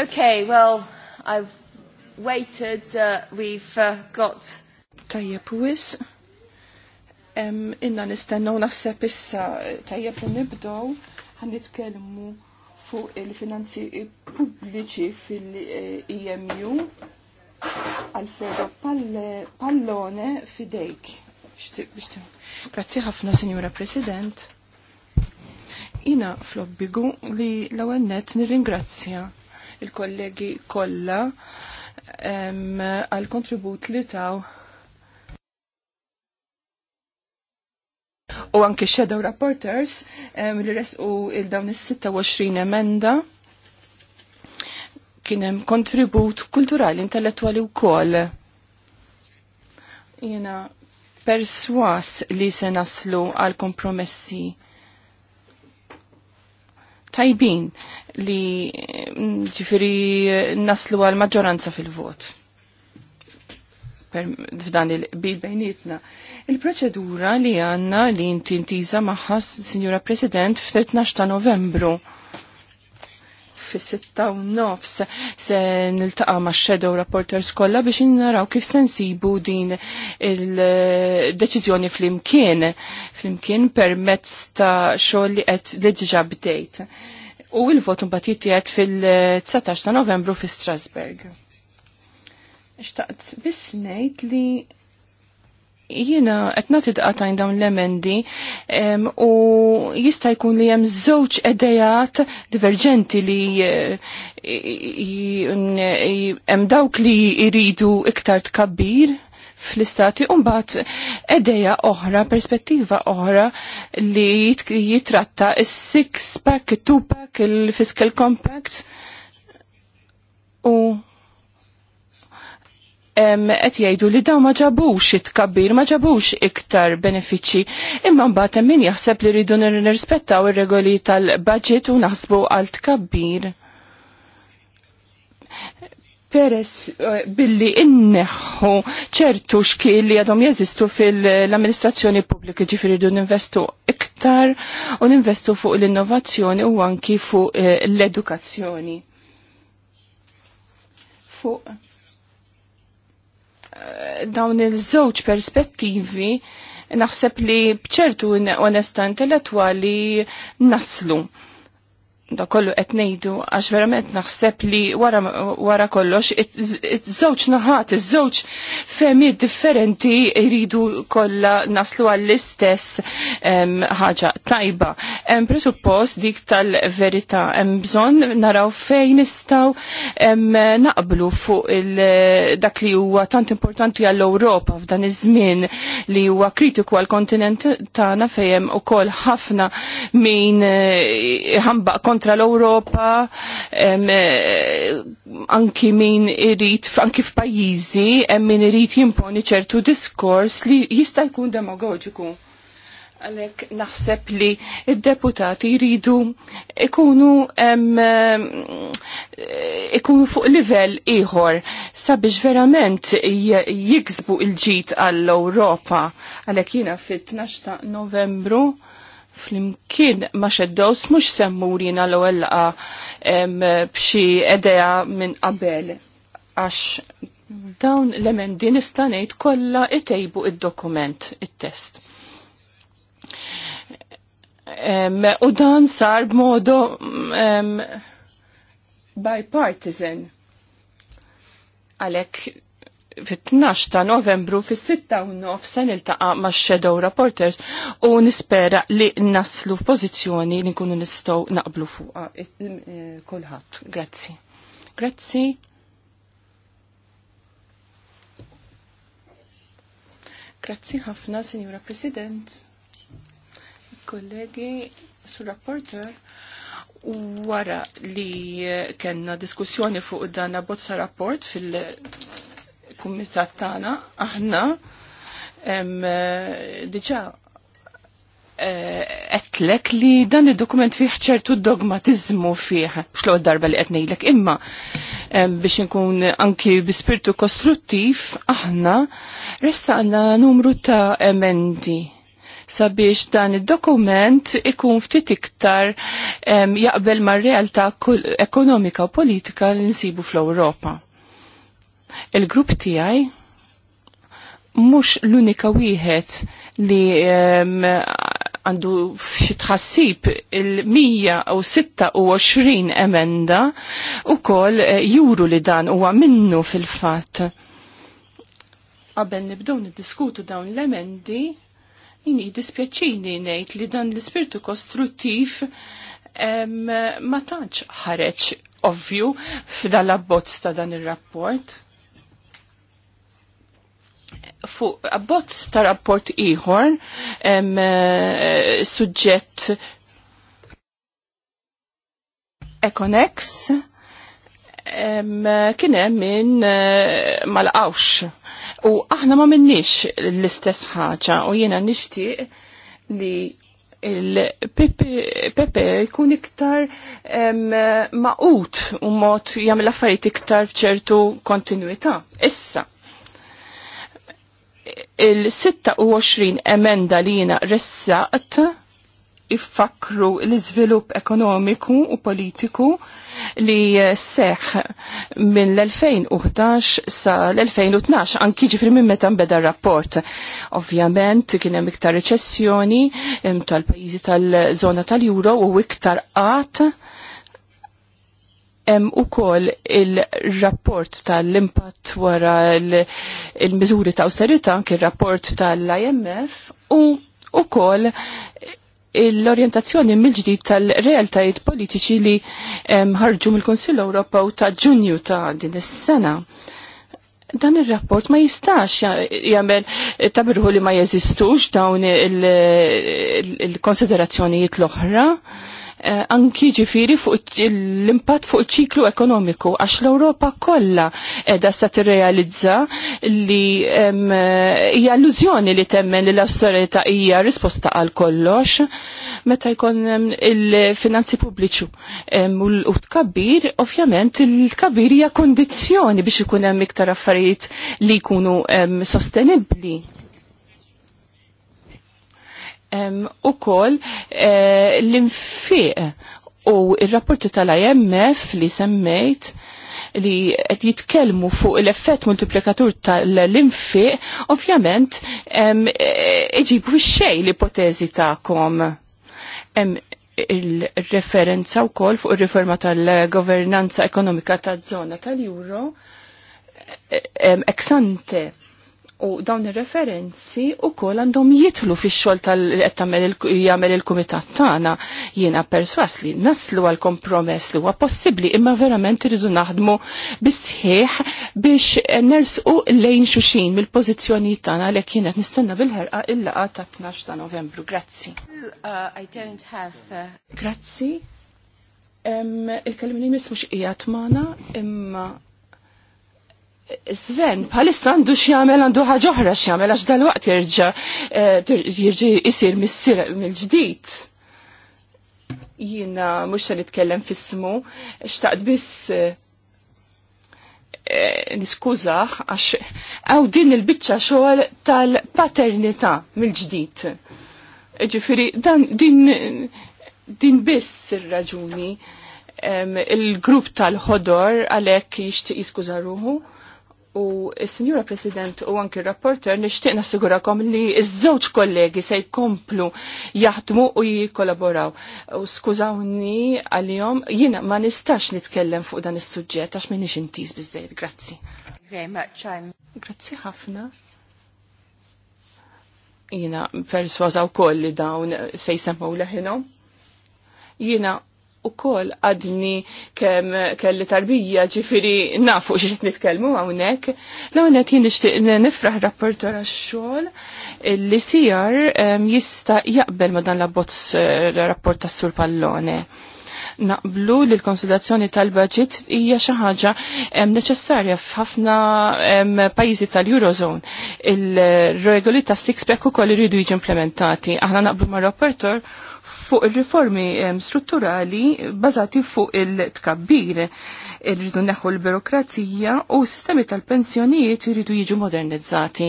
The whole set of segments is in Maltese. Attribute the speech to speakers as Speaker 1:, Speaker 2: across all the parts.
Speaker 1: Okay, well, I've waited, uh, we've uh, got... Tajjeb puis. Um, inna nistennaw naħseb issa tajjeb li nibdow għan nitkellmu fuq il-finanzi pubbliċi fil-EMU Alfredo Pallone fidejk. Grazzi ħafna, Signora President. Ina flobbigu li l-għennet nir-ingrazzja il-kollegi kollha għal kontribut li taw u anki shadow rapporters li resqu il-dawn is-26 emenda kien hemm kontribut kulturali intellettwali wkoll. Jiena perswas li se naslu għal kompromessi tajbin li ġifiri naslu għal maġġoranza fil-vot. F'dan il-bil bejnietna. Il-proċedura li għanna li inti maħħas, Signora President, f-13 ta' novembru fis-sitta u nofs se niltaqa' ma' shadow rapporters kollha biex naraw kif se nsibu din il-deċiżjoni flimkien flimkien permezz ta' xogħol li qed li diġà bdejt. U il-vot mbagħad jittieħed fil-19 ta' Novembru fi Strasburg. Xtaqt biss ngħid li Jiena qed nagħti dawn l-emendi u jista' jkun li hemm żewġ edejat diverġenti li eh, hemm dawk li jridu iktar tkabbir fl-istati umbat edeja oħra, perspettiva oħra li jitratta il-six pack, il-two pack, il-fiscal compact u qed jgħidu li dawn ma ġabux it-kabbir, ma ġabux iktar benefiċċji. Imma mbagħad hemm min jaħseb li rridu nirrispettaw ir-regoli tal-budget u naħsbu għal tkabbir peress eh, billi inneħħu ċertu xkil li għadhom jeżistu fil-amministrazzjoni pubblika ġifiri dun investu iktar u ninvestu fuq l-innovazzjoni u anki fuq eh, l-edukazzjoni. Fuq dawn il-żewġ perspettivi naħseb li bċertu onesta intellettwali naslu da kollu qed ngħidu għax verament naħseb li wara, wara kollox iż-żewġ naħat, iż-żewġ femi differenti jridu kollha naslu għall-istess ħaġa tajba. Hemm presuppost dik tal-verità hemm bżonn naraw fejn nistgħu naqblu fuq dak li huwa tant importanti għall-Ewropa f'dan iż-żmien li huwa kritiku għall-kontinent tagħna fejn ukoll ħafna min eh, ħambaq kontra l-Europa, eh, anki min irrit, anki f'pajjiżi, min irrit jimponi ċertu diskors li jista' jkun demagogiku. Għalek naħseb li il deputati jridu ikunu eh, ikunu fuq livell ieħor sabiex verament jiksbu il-ġit għall-Ewropa. Għalek jina fit-12 ta' Novembru flimkien ma xeddos mux semmurina l ewwel b'xi edeja minn qabel għax dawn l-emendi istanejt kolla it-tejbu id-dokument, it-test. U dan sar b'modo bipartisan. Għalek fit-12 ta' novembru fis-6 u nof se niltaqa' ma' Shadow Reporters u nispera li naslu f'pożizzjoni li nkunu nistgħu naqblu fuq eh, kulħadd. Grazzi. Grazzi. Grazzi ħafna, Sinjura President, kollegi, sur rapporter u wara li eh, kenna diskussjoni fuq dan abbozza rapport fil kumitat tagħna aħna eh, diċa eh, etlek li dan il-dokument fih ċertu dogmatizmu fih, biex darba li għetnejlek, imma biex nkun anki bispirtu kostruttiv, aħna għanna numru ta' emendi sabiex dan il-dokument ikun ftit iktar jaqbel mar-realtà ekonomika u politika li nsibu fl-Ewropa il-grupp tiegħi mhux l-unika wieħed li għandu xi tħassib il-126 emenda kol eh, juru li dan huwa minnu fil-fatt. Qabel nibdew niddiskutu dawn l-emendi, jini dispjaċini ngħid li dan l-ispirtu kostruttiv ma tantx ħareġ ovvju f'dan l-abbozz ta' dan ir-rapport fuq abbozz ta' rapport ieħor eh, suġġett Econex kien hemm min eh, ma u aħna ma minnix l-istess ħaġa u jiena nixtieq li il-Pepe jkun iktar maqut u mod jagħmel affarijiet iktar ċertu kontinuità. Issa, il-26 emenda li jina ressaqt iffakru l-izvilup ekonomiku u politiku li seħ minn l-2011 sa l-2012, anki ġifri minn meta mbeda rapport. Ovvjament, kien hemm iktar reċessjoni tal-pajjiżi tal zona tal-Euro u iktar qat Hemm ukoll il-rapport tal-impatt wara il-miżuri ta' austerità, anke il-rapport tal-IMF u ukoll l-orientazzjoni mill-ġdid tal-realtajiet politiċi li ħarġu mill-Konsill Ewropew ta' Ġunju ta' din is-sena. Dan ir-rapport ma jistax jagħmel tabirħu li ma jeżistux dawn il-konsiderazzjonijiet l-oħra. il, il konsiderazzjonijiet l oħra Eh, anki ġifiri fuq l-impatt fuq ċiklu ekonomiku, għax l-Europa kollha edha sa tirrealizza li eh, hija illużjoni li temmen li l-austerità hija risposta għal kollox meta jkun il-finanzi pubbliċu u tkabbir, ovvjament il kabir hija kondizzjoni biex ikun hemm iktar affarijiet li jkunu sostenibbli u kol eh, l-infiq u il-rapporti tal-IMF li semmejt li qed jitkellmu fuq l-effett multiplikatur tal-infiq, ovvjament e, iġibu xej l-ipotezi ta'kom. il-referenza u kol fuq il-riforma tal-governanza ekonomika tal-zona tal-euro, eksante U dawn ir-referenzi u kol għandhom jitlu fi xol tal-għettamel il-komitat tana jiena perswas li naslu għal kompromess li huwa possibli imma verament irridu naħdmu bisħiħ biex nersqu lejn xuxin mill-pozizjoni tana li kienet nistenna bil-ħerqa il-laqa ta' 12 ta' novembru. Grazzi. Uh, uh, Grazzi. Il-kelmini mis mux ijat maħna imma Sven, palissa għandu xiamel għandu ħagħuħra xiamel għax dal-waqt jirġa eh, jirġi jisir missir mill-ġdijt. Jina mux se nitkellem fissmu, xtaqt biss eh, niskużax għax għaw din il-bicċa xogħol tal-paternità mill-ġdijt. Ġifiri, din, din biss ir-raġuni il-grupp tal-ħodor għalek jishtiq jiskuża ruħu u s-Sinjura President u anki rapporter nishtiq nassigurakom li iż-żewġ kollegi se jkomplu jaħdmu u jikollaboraw. U skużawni għal-jom, jina ma nistax nitkellem fuq dan is-suġġett għax minni xintiż bizzejt. Grazzi. Grazzi ħafna. Jina perswaza u koll li dawn se jisemmaw leħinom. Jina u kol għadni kem kelli tarbija ġifiri nafu xiex nitkelmu għawnek. l għawnek jien nishtiq nifraħ rapportor għax-xogħol li sijar jista jaqbel ma dan l-abbozz eh, rapport tas sur pallone. Naqblu li l-konsultazzjoni tal-budget hija xi ħaġa neċessarja f'ħafna pajjiżi tal-Eurozone. Il-regoli tas six pack ukoll iridu jiġi implementati. Aħna naqblu ma' rapportor fuq il-riformi strutturali bazati fuq il-tkabbir. Irridu neħu l-birokrazija u s-sistemi tal-pensjonijiet irridu jiġu modernizzati.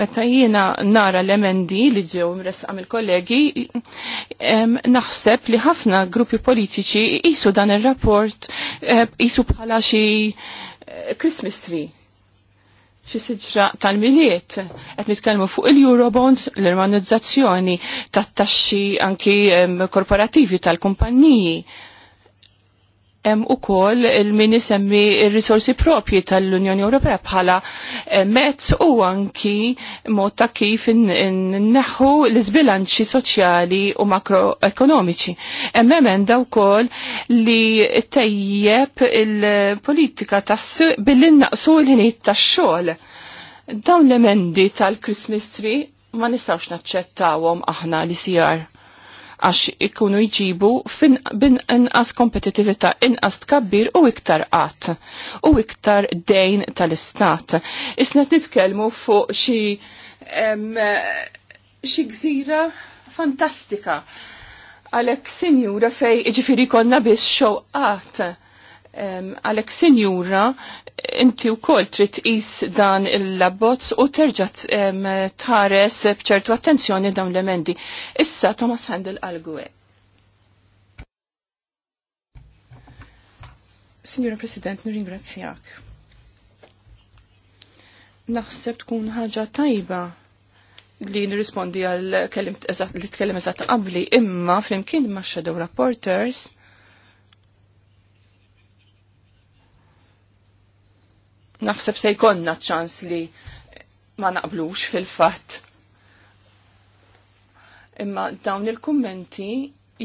Speaker 1: Meta jiena nara l-emendi li ġew mresqam il-kollegi, naħseb li ħafna gruppi politiċi jisu dan il-rapport jisu bħala xi eh, Christmas tree xi siġra tal-miliet qed nitkellmu fuq il-Eurobonds, l-irmanizzazzjoni tat-taxxi anki korporattivi tal-kumpanniji hemm ukoll il-min isemmi ir-risorsi propji tal-Unjoni Ewropea bħala eh, mezz u anki mod ta' kif inneħħu l-iżbilanċi soċjali u makroekonomiċi. Hemm emenda wkoll li tejjeb il-politika tas billi naqsu l-ħinijiet tax-xogħol. Dawn l-emendi tal-Christmas tree ma nistawx naċċettawhom aħna li sijar għax ikunu jġibu fin bin inqas kompetitività, inqas tkabbir u iktar qatt u iktar dejn tal-istat. Isnet nitkellmu fuq xi xi gżira fantastika għalek sinjura fej ġifiri konna bis xoqqat għalek sinjura inti wkoll trid tqis dan il-labbozz u terġa' tħares bċertu attenzjoni dawn l-emendi. Issa Thomas Handel għal-Gwe. Signora President, nirringrazzjak. Naħseb tkun ħaġa tajba li nirrispondi għal li tkellem eżatt qabli imma flimkien ma' Shadow Reporters naħseb se jkonna ċans li ma naqblux fil-fatt. Imma dawn il-kummenti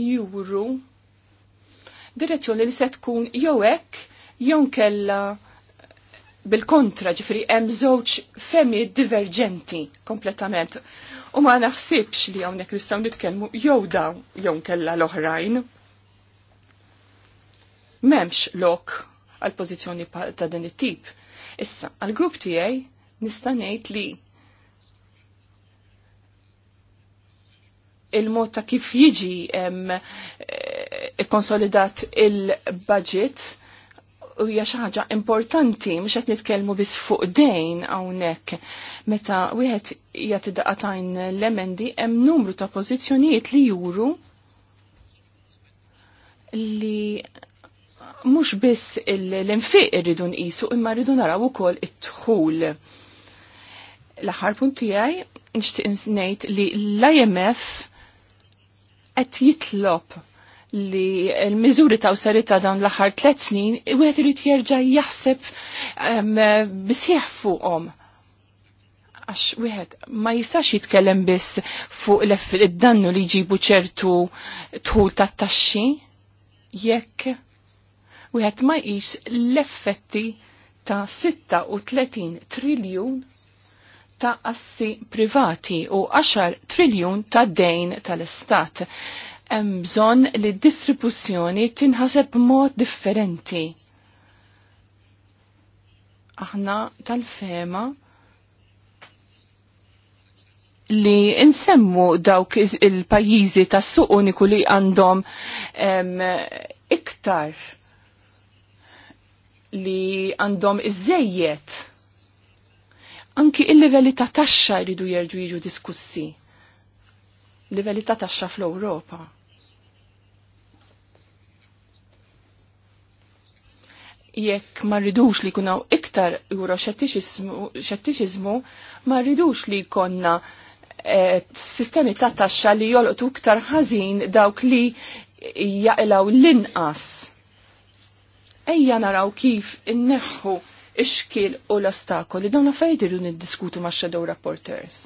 Speaker 1: juru direzzjoni li se tkun jew hekk jew kella bil-kontra ġifri hemm żewġ femi divergenti kompletament. U ma naħsibx li hawnhekk nistgħu nitkellmu jew dawn jew kella l-oħrajn. M'hemmx lok għal pożizzjoni ta' din it-tip Issa, għal-grupp tiegħi nista' ngħid li il-mod ta' kif jiġi eh, konsolidat il-budget u hija xi ħaġa importanti mhux qed nitkellmu biss fuq dejn hawnhekk. Meta wieħed jagħti daqatajn l-emendi hemm numru ta' pożizzjonijiet li juru li mhux biss l-infiq irridu nqisu imma rridu naraw ukoll it-dħul. L-aħħar punt tiegħi nixtieq ngħid li l-IMF qed jitlob li l-miżuri ta' awsterita dawn l-aħħar tliet snin wieħed irid jerġa' jaħseb bisieħ fuqhom għax wieħed ma jistax jitkellem biss fuq l danno li jġibu ċertu tħul tat-taxxi jekk wieħed ma jqis l-effetti ta' 36 triljun ta' assi privati u 10 triljun ta' dejn tal-istat. Hemm bżonn li d-distribuzzjoni tinħaseb mod differenti. Aħna tal-fema li nsemmu dawk il-pajjiżi tas-suq uniku li għandhom iktar li għandhom iżejjed. Anki il-livelli ta' taxxa jridu jerġu jiġu diskussi. Livelli ta' taxxa fl-Ewropa. Jekk ma rridux li kunaw iktar xettiċiżmu ma rridux li konna e, sistemi ta' taxxa li jolqtu iktar ħażin dawk li jaqlaw l-inqas ejja naraw kif inneħħu ix-xkiel u l-ostakoli dawn affarijiet irridu niddiskutu ma' shadow rapporters.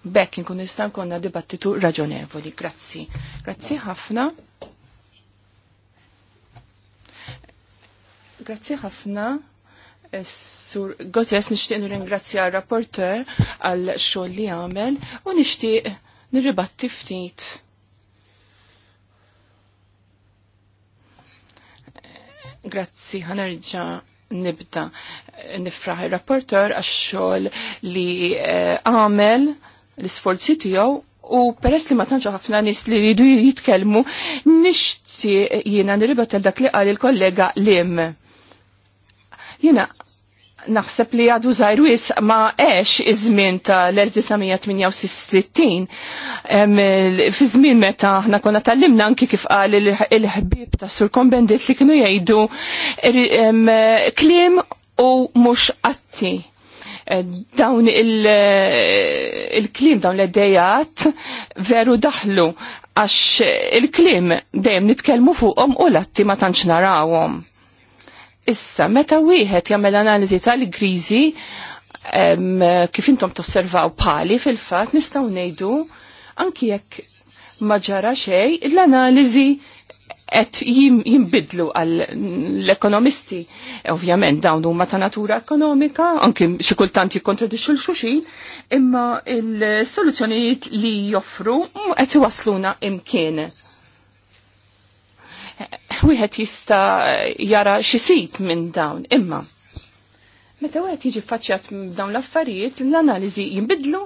Speaker 1: Bekk inkun nista' nkollna dibattitu raġonevoli. Grazzi. Grazzi ħafna. Grazzi ħafna. Sur Gozes nixtieq nirringrazzja r-rapporter għal xogħol li għamel u nixtieq nirribatti ftit Grazzi, ħanerġa nibda nifraħ il-rapporter għax xogħol li eh, għamel l-isforzi tiegħu u peress li ma tantx ħafna nies li jridu jitkellmu nixti jiena nirribatel dak li qal il-kollega Lim. Jiena naħseb li għadu zaħirwis ma eċ iż-żmien tal-1968 fi żmien meta aħna konna tallimna anki kif għal il-ħbib ta' Sur Kombendit li kienu jgħidu klim u mhux atti e, dawn il-klim, dawn l eddejat veru daħlu għax il-klim dejjem nitkellmu fuqhom u l-atti ma tantx narawhom Issa, meta wieħed jagħmel analiżi tal-griżi kif intom tosservaw pali fil-fatt nistgħu ngħidu anki jekk ma ġara xejn, l-analiżi qed jinbidlu għal l-ekonomisti. Ovvjament dawn huma ta' natura ekonomika, anki xi kultant jikkontradixxu l-xuxin, imma il-soluzzjonijiet li joffru qed iwassluna imkien wieħed jista jara xi sit minn dawn, imma. Meta wieħed jiġi faċċjat dawn l-affarijiet, l-analiżi jinbidlu,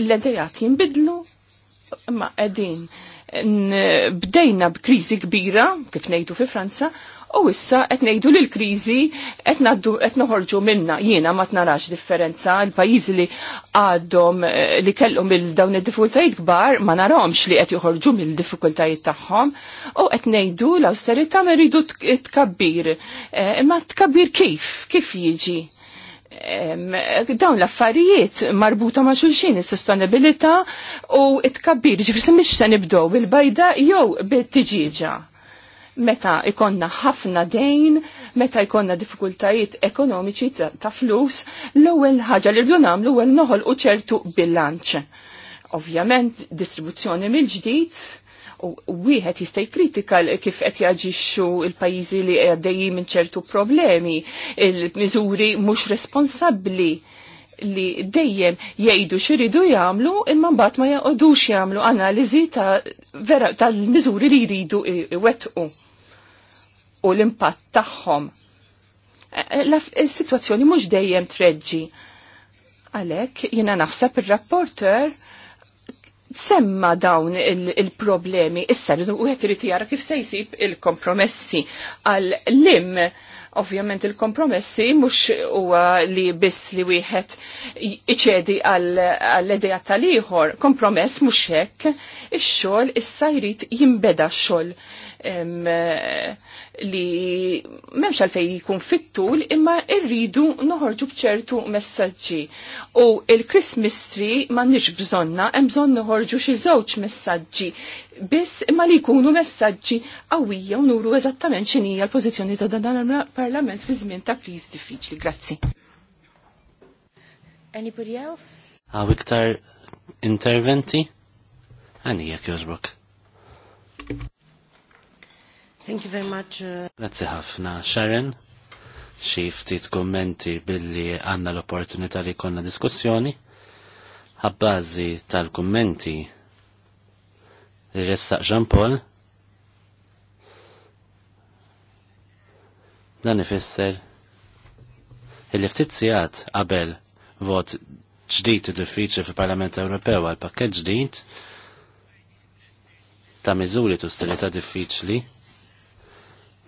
Speaker 1: l idejat jinbidlu, imma qegħdin bdejna b'kriżi kbira, kif ngħidu fi Franza, U issa qed ngħidu li kriżi qed noħorġu minna jiena ma tnarax differenza l-pajjiżi li għadhom eh, li kellhom il dawn id-diffikultajiet kbar ma narahomx li qed joħorġu mill-diffikultajiet tagħhom u qed ngħidu l-awsterità ma rridu tkabbir. Eh, imma tkabbir kif? Kif jiġi? dawn l-affarijiet marbuta ma' xulxin is-sostenibilità u it-kabbir ġifri se mhix se nibdew bil-bajda jew bit-tiġiġa meta ikonna ħafna dejn, meta ikonna diffikultajiet ekonomiċi ta' flus, l-ewwel ħaġa li rridu nagħmlu ewwel noħol u ċertu bilanċ. Ovvjament distribuzzjoni mill-ġdid u wieħed jista' jkritika kif qed jaġixxu l-pajjiżi li għaddejji minn ċertu problemi, il-miżuri mhux responsabbli li dejjem jgħidu xiridu jagħmlu imma mbagħad ma jaqgħodux jagħmlu analiżi ta' vera tal-miżuri li jridu iwettqu u l-impatt tagħhom. Eh, eh, Is-sitwazzjoni mhux dejjem treġġi. Għalhekk jiena naħseb ir-rapporter semma dawn il-problemi, il issa u qed irid jara kif se jsib il-kompromessi għal-lim. Ovvjament il-kompromessi mhux huwa li biss li wieħed iċedi għall-edeja tal-ieħor. Kompromess mhux hekk, ix-xogħol issa jrid jinbeda x-xogħol eh, li memx għalfej jikun fit-tul imma irridu noħorġu bċertu messaġġi. U il-Christmas tree ma nix bżonna, hemm bżonn noħorġu xi żewġ messaġġi. Biss imma li jkunu messaġġi qawwija u nuru eżattament hija l-pożizzjoni ta' dan il-Parlament fi żmien ta' kriż diffiċli. Grazzi. Anybody else?
Speaker 2: Għaw iktar interventi? Għanija kjożbok. Thank you very much. Uh, Grazie ħafna, Sharon. Xi ftit kommenti billi għanna l-opportunità li konna diskussjoni. Għabbażi tal-kommenti li ressaq Jean Paul. Dan ifisser il ftit sigħat qabel vot ġdid u diffiċli fil-Parlament Ewropew għal pakket ġdid ta' miżuri tu stilita diffiċli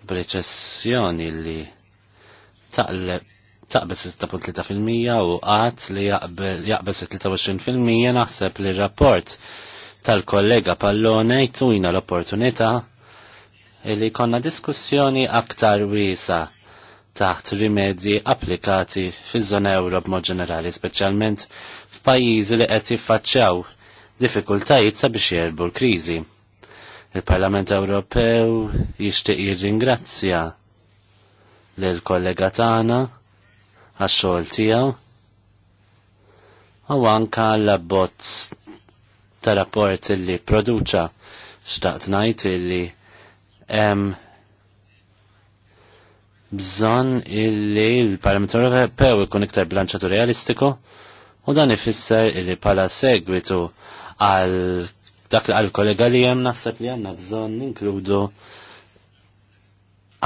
Speaker 2: b'reċessjoni li taqleb taqbel 6.3% u għat li jaqbel 23% naħseb li rapport tal-kollega Pallone jtujna l-opportunità li konna diskussjoni aktar wisa taħt rimedji applikati fi zona euro b'mod ġenerali, speċjalment f'pajjiżi li qed jiffaċċjaw diffikultajiet sabiex jerbu l-kriżi. Il-Parlament Ewropew jixtieq jirringrazzja lill kollega tagħna għax-xogħol tiegħu u anka l-abbozz ta' rapport li produċa xtaqt ngħid illi hemm bżonn illi l-Parlament Ewropew ikun iktar blanċatu realistiku u dan ifisser illi pala segwitu għal dak li għal-kollega li jem naħseb li għanna bżon ninkludu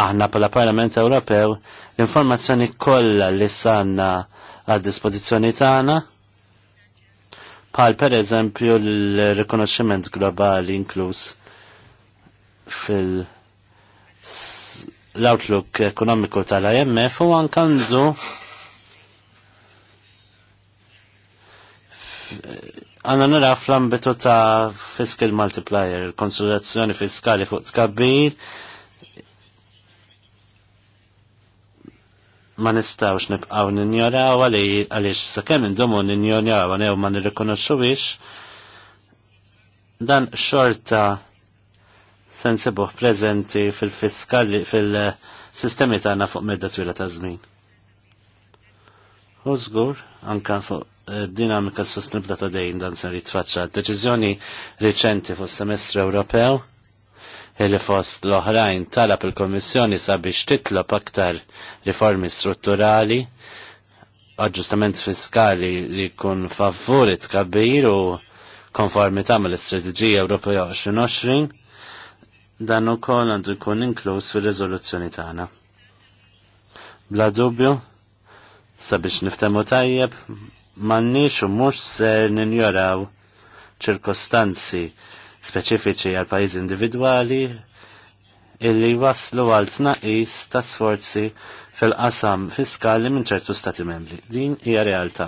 Speaker 2: aħna pala Parlament Ewropew l-informazzjoni kollha li sanna għad dispożizzjoni tagħna bħal per eżempju l-rikonoxximent globali inkluż fil l-outlook ekonomiku tal-IMF u għankandu Għanna nara fl-ambitu ta' fiscal multiplier, konsolidazzjoni fiskali fuq tkabbir, ma nistawx nibqaw ninjoraw għalix sakemm indomu ninjoraw għanew ma nirrikonoxxu dan xorta sensibuħ prezenti fil-fiskali fil-sistemi tagħna fuq medda twila ta' żmien. U żgur anka fuq Eh, dinamika sostenibla ta' dejn dan se jitfaċċa. Deċiżjoni riċenti fuq semestru Ewropew li fost l-oħrajn talab il-Kommissjoni sabiex titlob aktar riformi strutturali, aġġustament fiskali li kun favuri tkabbir u konformità l istrateġija Ewropea 2020, dan ukoll għandu jkun inkluż fir-riżoluzzjoni tagħna. Bla dubju, sabiex niftemu tajjeb, mannix u mux ser ninjoraw ċirkostanzi speċifiċi għal pajiz individuali illi waslu għal tnaqis ta' sforzi fil-qasam fiskali minn ċertu stati membri. Din hija realtà.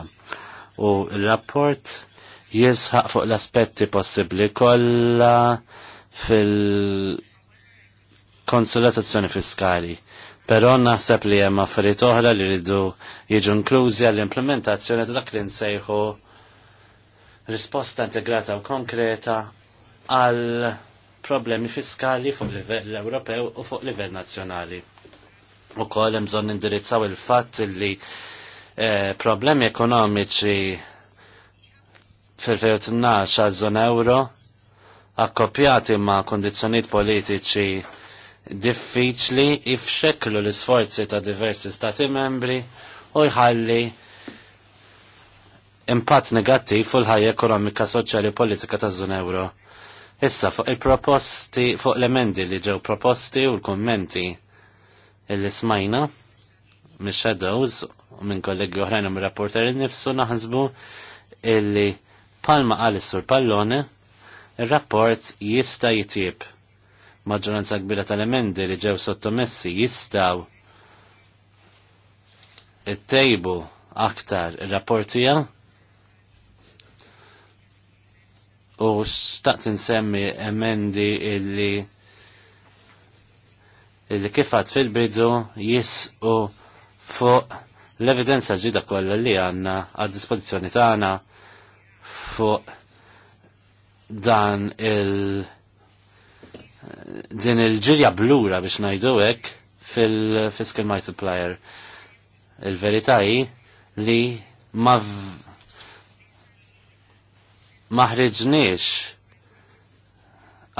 Speaker 2: U l-rapport jisħaq fuq l-aspetti possibbli kollha fil-konsolatazzjoni fiskali Però naħseb li hemm affarijiet oħra li rridu jiġu nklużi għall-implementazzjoni ta' dak li nsejħu risposta integrata u konkreta għal problemi fiskali fuq livell Ewropew u fuq livell nazzjonali. U koll hemm bżonn indirizzaw il-fatt li eh, problemi ekonomiċi fil-2012 għaż-żona euro akkoppjati ma' kondizjoniet politiċi diffiċli ifxeklu l-isforzi ta' diversi stati membri u jħalli impatt negattiv fuq il-ħajja ekonomika, soċjali u politika ta' żun euro. Issa fuq il-proposti, fuq l-emendi li ġew proposti u l-kommenti li smajna minn shadows u minn kollegi oħrajn u rapporter nifsu naħsbu illi palma għal sur pallone il-rapport jista jitjib maġġoranza kbira tal-emendi li ġew sottomessi jistaw it-tejbu aktar rapportija u staqt insemmi emendi illi illi kifat fil-bidu jisqu fuq l-evidenza ġida kollha li għanna għad dispożizzjoni tagħna fuq dan il- din il-ġirja blura biex najdu hekk fil fiskal multiplier. Il-verità hi li ma maħriġniex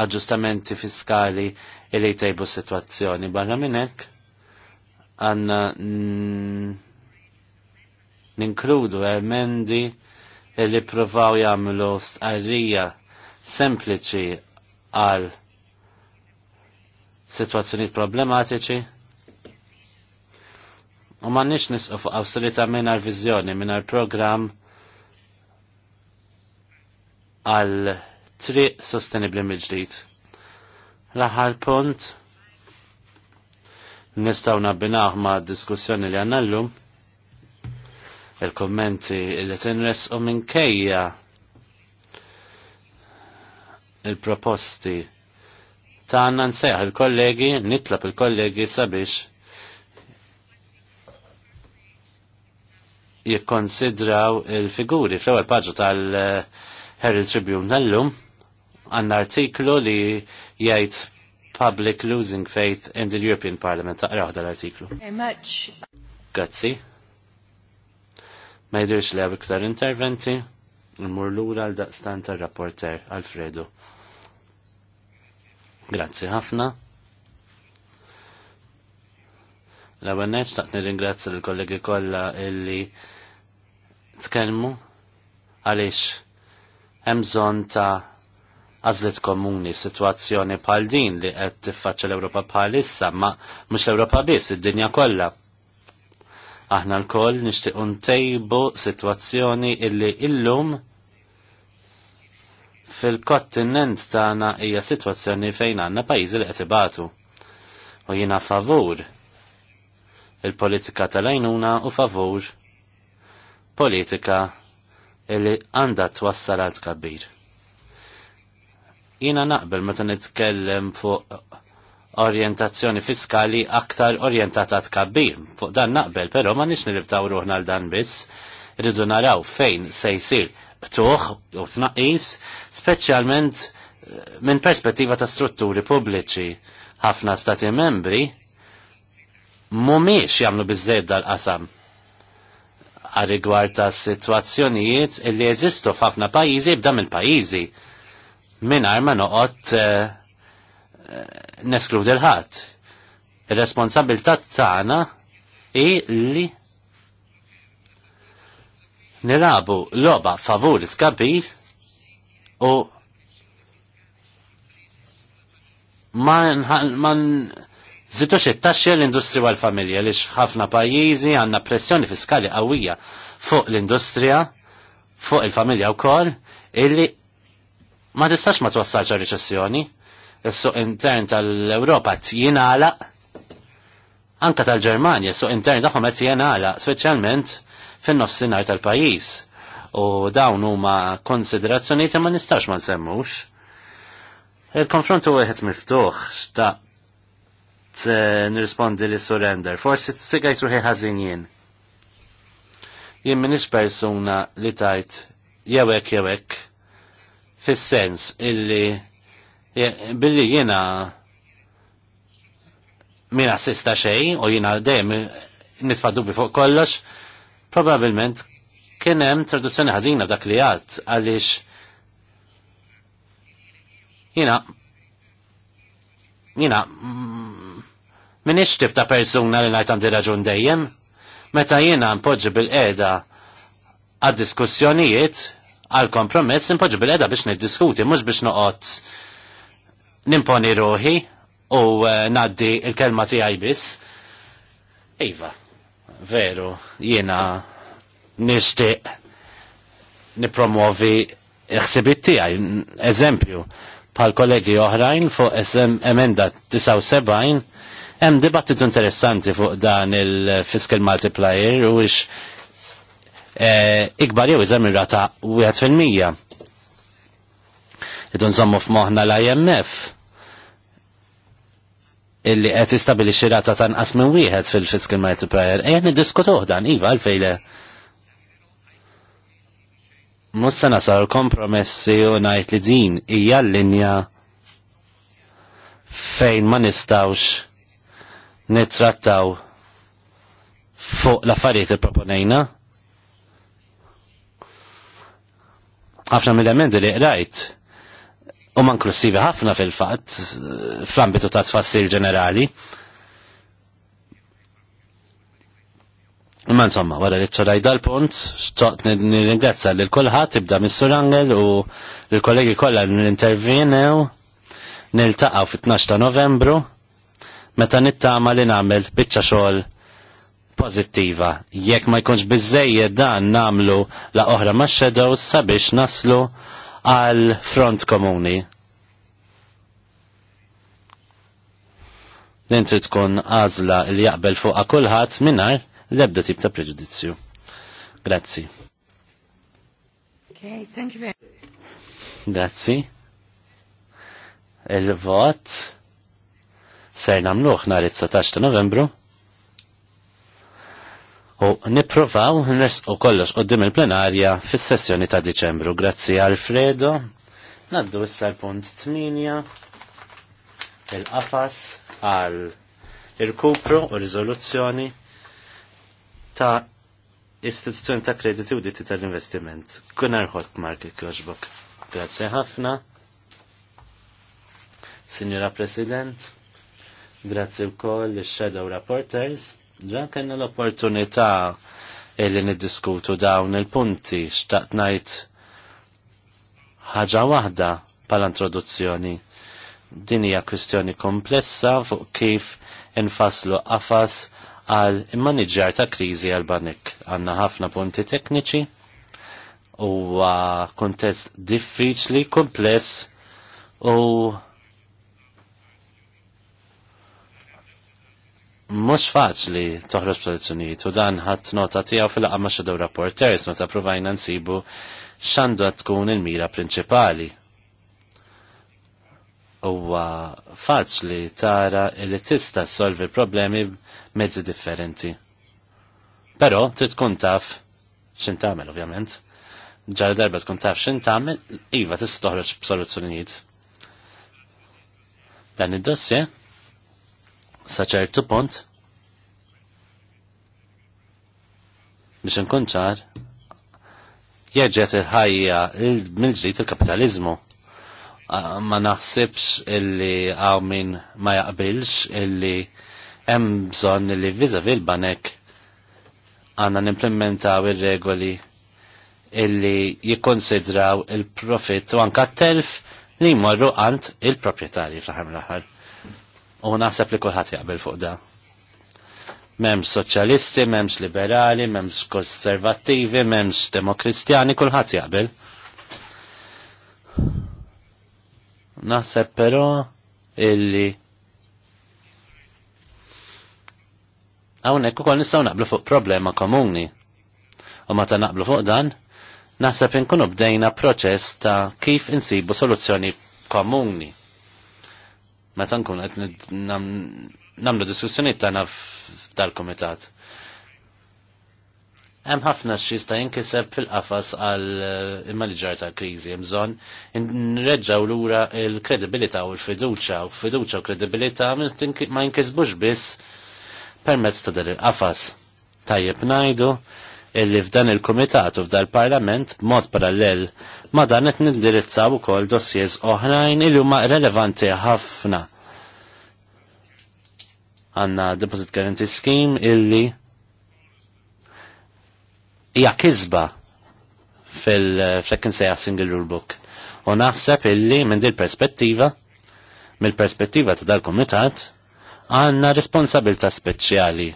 Speaker 2: aġġustamenti fiskali li tajbu situazzjoni. Barra minnek għanna ninkludu emendi li provaw jamlu stqarrija sempliċi għal situazzjoniet problematiċi. U ma nix nisqu fuq awsolita minar vizjoni, minar program għal triq sostenibli mill Laħal L-aħħar punt nistaw nabbinaħ ma' diskussjoni li għannallum, l-lum il-kommenti li tinres u kejja il-proposti il-proposti ta' għanna nseħ il-kollegi, nitlab il-kollegi sabiex jikkonsidraw il-figuri fl-ewwel paġu tal-Herald Tribune tal-lum għanna artiklu li jgħid Public Losing Faith in the European Parliament taqraħ dal-artiklu. Grazzi. Ma jidirx li għab iktar interventi, l mur l-ura għal-daqstan tal-rapporter Alfredo. Grazzi ħafna. L-għabanneċ taqt nir-ingrazzi l-kollegi kolla illi tkelmu għalix emżon ta' għazlet komuni situazzjoni bħal din li qed tiffaċċa l-Ewropa bħalissa, ma mhux l-Ewropa biss, id-dinja kollha. Aħna l-koll nixtiequ ntejbu situazzjoni illi illum fil-kontinent tagħna hija sitwazzjoni fejn għandna pajjiżi li qed ibatu. U jiena favur il-politika tal-għajnuna u favur politika li għandha twassal għal tkabbir. Jiena naqbel meta nitkellem fuq orjentazzjoni fiskali aktar orjentata tkabbir. Fuq dan naqbel, però ma nix nirribtaw ruħna l-dan biss, rridu naraw fejn se jsir ptuħ u tnaqqis, speċjalment eh, minn perspettiva ta' strutturi pubbliċi. Ħafna stati membri mumiex jagħmlu biżżejjed dal-qasam għal-rigward ta' situazzjonijiet li jeżistu f'ħafna pajjiżi b'da mill-pajjiżi mingħajr ma noqgħod eh, eh, neskludi l-ħadd. Ir-responsabilità tagħna hi li nilabu loba favur skabir u ma Zitux it-taxxi l industri għal familja li ħafna pajjiżi għandna pressjoni fiskali qawwija fuq l-industrija, fuq il-familja wkoll, illi ma tistax ma twassalx għal riċessjoni. Is-suq intern tal-Ewropa tjinala, anka tal-Ġermanja, suq intern tagħhom qed jingħalaq, speċjalment fin-nofsinhar tal-pajjiż. U dawn huma konsiderazzjonijiet ma nistax ma nsemmux. Il-konfront u wieħed miftuħ xta' eh, nirrispondi li surrender. Forsi t-figajt ruħi ħażin jien. Jien minix persuna li tajt jewek jewek fis-sens illi billi jiena min sista xej u jiena dejjem nitfaddu bi fuq kollox Probabilment kien hemm traduzzjoni ħażina dak li għalt għaliex jina jina mm, miniex tip ta' persuna li ngħid għandi raġun dejjem meta jiena npoġġi bil-qeda għad diskussjonijiet għal kompromess npoġġi bil-qeda biex niddiskuti mhux biex noqgħod nimponi ruħi u eh, naddi il-kelma tiegħi biss. Iva, veru, jiena nishtiq nipromovi iħsibit ħsibit tijaj, eżempju, pal kollegi oħrajn fuq emenda 79, hemm dibattitu interessanti fuq dan il-fiscal multiplier u ix eh, ikbar jew iżem ir-rata 1%. Idun żommu f'moħħna l-IMF illi qed istabilixxi rata tan nqas minn wieħed fil fiskal multiplier, ejja niddiskutuh dan iva għalfejle. Mussa se nasal kompromessi u ngħid li din hija l-linja fejn ma nistawx nittrattaw fuq l-affarijiet li proponejna. ħafna mill emendi li qrajt u man manklusivi ħafna fil-fatt fl-ambitu ta' tfassir ġenerali. Imma insomma, wara li ċorajda dal punt nil-ingrazza li lil kulħadd ibda Missur Angel u l-kollegi kollha nil intervjenew niltaqgħu fit-12 ta' Novembru meta nittama li nagħmel biċċa xogħol pozittiva. Jekk ma jkunx biżejjed dan nagħmlu la oħra ma' shadows sabiex naslu għal front komuni. Din trid tkun għażla li jaqbel fuqha kulħadd mingħajr l-ebda tip ta' preġudizzju. Grazzi. Okay, thank you very much. Grazzi. Il-vot ser namluħ nhar it-19 ta' Novembru u niprovaw u kollox dim il-plenarja fis-sessjoni ta' Diċembru. Grazzi Alfredo. Naddu issa l-punt 8 il-qafas għal kupru u riżoluzzjoni ta' istituzzjoni ta' krediti u ditti tal-investiment. Gunnar Hotmark Marki kroġbok Grazzi ħafna. Signora President, grazie u koll il-Shadow Rapporters Ġa kena l-opportunità illi niddiskutu dawn il-punti xtaqt najt ħaġa waħda pal-introduzzjoni. Din hija kwistjoni komplessa fuq kif infaslu qafas għal immaniġġar ta' kriżi għal banik. Għanna ħafna punti tekniċi u kontest diffiċli, kompless u mhux faċli toħroġ b'soluzzjonijiet u dan ħadd nota tiegħu fil-laqgħa ma' xedew rapporters meta provajna nsibu x'għandu tkun il-mira prinċipali. Huwa faċli tara li tista' solvi problemi mezzi differenti. Però trid tkun taf x'in tagħmel ovvjament. Ġar darba tkun taf x'in tagħmel, iva tista' toħroġ soluzzjonijiet. Dan id-dossier saċertu pont biex nkunċar ċar il-ħajja mill-ġdid il-kapitalizmu. Ma naħsibx illi għaw min ma jaqbilx illi hemm bżonn illi viza fil-banek għandna nimplementaw ir-regoli illi jikkonsidraw il-profit u anka t-telf li jmorru għand il-proprjetarji fl-ħar mill-aħħar. U naħseb li kulħadd jaqbel fuq da. Memx soċjalisti, memx liberali, memx konservattivi, memx demokristjani, kulħadd jaqbel. Naħseb però illi Hawnhekk ukoll nistgħu naqblu fuq problema komuni. U meta naqblu fuq dan, naħseb inkunu bdejna proċess ta' kif insibu soluzzjoni komuni meta nkun qed nagħmlu diskussjonijiet tagħna dal-kumitat. Hemm ħafna x'jista' jinkiseb fil-qafas għal eh, ġar tal-kriżi hemm bżonn nreġgħu lura l-kredibilità u l-fiduċja u fiduċja u kredibilità ma jinkisbux biss permezz ta' dan il-qafas. Tajjeb ngħidu illi f'dan il-Komitat u f'dan il-Parlament mod parallel ma dan qed nindirizzaw ukoll dossiers oħrajn illi huma relevanti ħafna. Għanna Deposit Guarantee Scheme illi hija kisba fil-flekken sejja Single Rule Book. U naħseb illi minn dil perspettiva mill-perspettiva ta' dal-Komitat, għanna responsabilta speċjali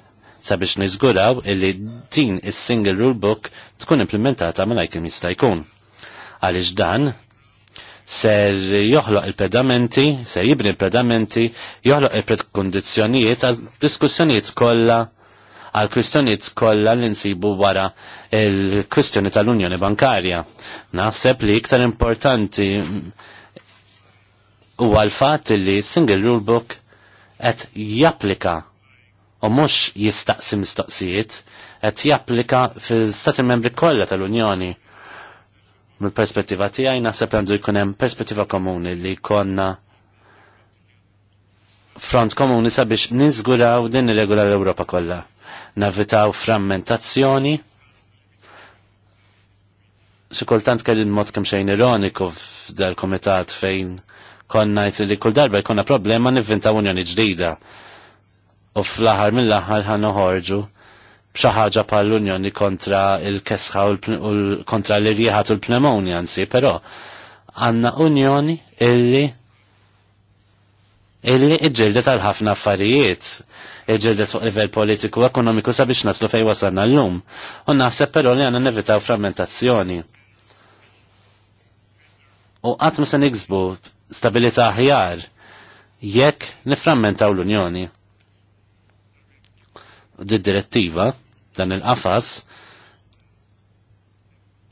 Speaker 2: sabiex niżguraw illi din is-single rule book tkun implementata ma kemm jista' jkun. Għaliex dan ser joħloq il-pedamenti, ser jibni il-pedamenti, joħloq il-prekondizzjonijiet għal diskussjonijiet kollha għal kwistjonijiet kollha li nsibu wara il-kwistjoni tal-Unjoni Bankarja. Naħseb li iktar importanti huwa l-fatt li single rule book qed japplika u mhux jistaqsi mistoqsijiet qed japplika fil-Stati Membri kollha tal-Unjoni. Mill-perspettiva tiegħi naħseb għandu jkun hemm perspettiva komuni li konna front komuni sabiex niżguraw din ir regula l ewropa kollha. Navitaw frammentazzjoni. kultant kelli mod kemm xejn ironiku f'dal komitat fejn konna li kull darba jkollna problema nivvintaw unjoni ġdida u fl ħar mill aħħar ħan uħorġu bxaħġa pal l-Unjoni kontra il-kesħa u kontra l-irjiħat u l-pneumonia nsi, pero għanna Unjoni illi illi iġġildet għal ħafna affarijiet, iġġildet fuq livell politiku u ekonomiku sabiex naslu fej wasanna l-lum, u naħseb pero li għanna nevitaw frammentazzjoni. U għatmu se nigzbu stabilita ħjar jekk niframmentaw l-Unjoni di direttiva dan il-qafas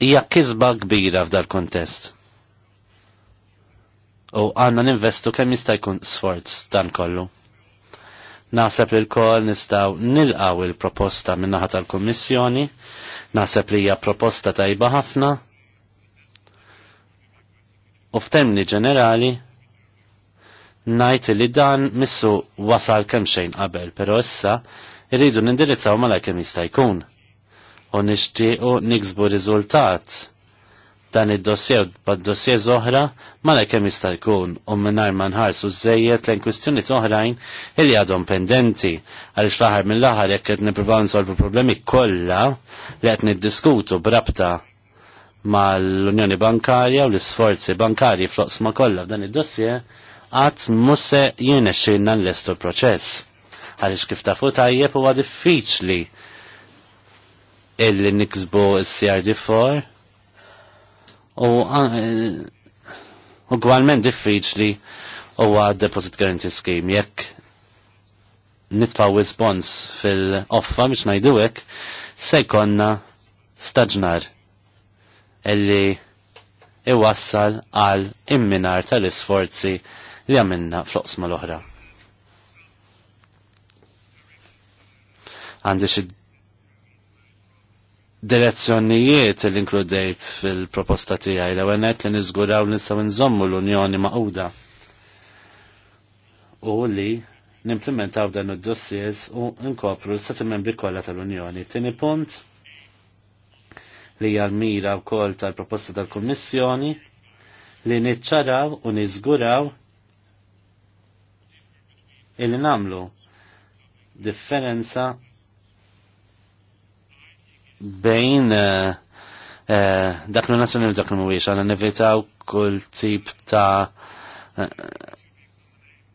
Speaker 2: hija kisba kbira f'dal kontest. U għanna ninvestu kemm jista' jkun sforz dan kollu. Naħseb li l-kol nistaw nilqaw il-proposta minnaħa tal-Kommissjoni, naħseb li hija proposta tajba ħafna, u f'temni ġenerali najt li dan missu wasal kemm xejn qabel, però issa irridu nindirizzaw mala kemm jista' jkun. U nixtiequ niksbu riżultat dan id-dossier bad dossier oħra mala kemm jista' jkun u mingħajr ma nħarsu żejjed lejn kwistjonijiet oħrajn illi għadhom pendenti għaliex fl-aħħar mill-aħħar jekk qed nippruvaw nsolvu problemi kollha li qed niddiskutu b'rabta mal-Unjoni Bankarja u l-isforzi bankarji ma kollha f'dan id-dossier għat musse jiena xinna l-estu proċess għalix kif tafu tajjeb huwa diffiċli illi niksbu s-CRD4 u uh, gwalment diffiċli huwa deposit guarantee scheme jekk nitfaw respons fil-offa biex najduwek se staġnar illi iwassal għal imminar tal-isforzi li għamilna floqsma l-oħra. għandi xi direzzjonijiet li inkludejt fil-proposta tijaj, l għenet li niżguraw li nistgħu nżommu l-Unjoni Maquda u li nimplementaw dan id-dossiers u nkopru l sati Membri kollha tal-Unjoni. Tieni punt li hija l-mira wkoll tal-proposta tal-Kummissjoni li niċċaraw u nizguraw il namlu differenza bejn eh, eh, dak li u dak li mhuwiex nevitaw kull tip ta' eh,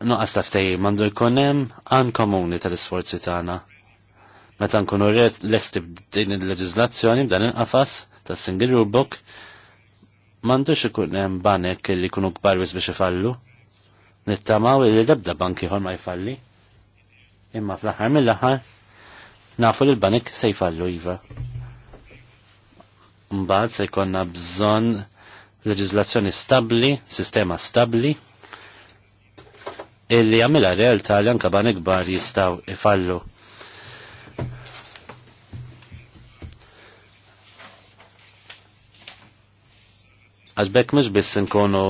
Speaker 2: nuqqas ta' ftej, mandu jkun hemm għan komuni tal-isforzi tagħna. Meta nkunu l-esti b'din il-leġiżlazzjoni b'dan il-qafas tas single rule book m'għandux ikun hemm banek li jkunu gbarwis biex ifallu. Nittamaw li l-ebda banki ma jfalli. Imma fl-aħħar mill-aħħar nafu li l-banek se jfallu iva. Mbagħad se jkollna bżonn leġiżlazzjoni stabbli, sistema stabbli, illi jagħmilha realtà li anke ban ikbar jistgħu ifallu. Għaxbek mhux biss inkunu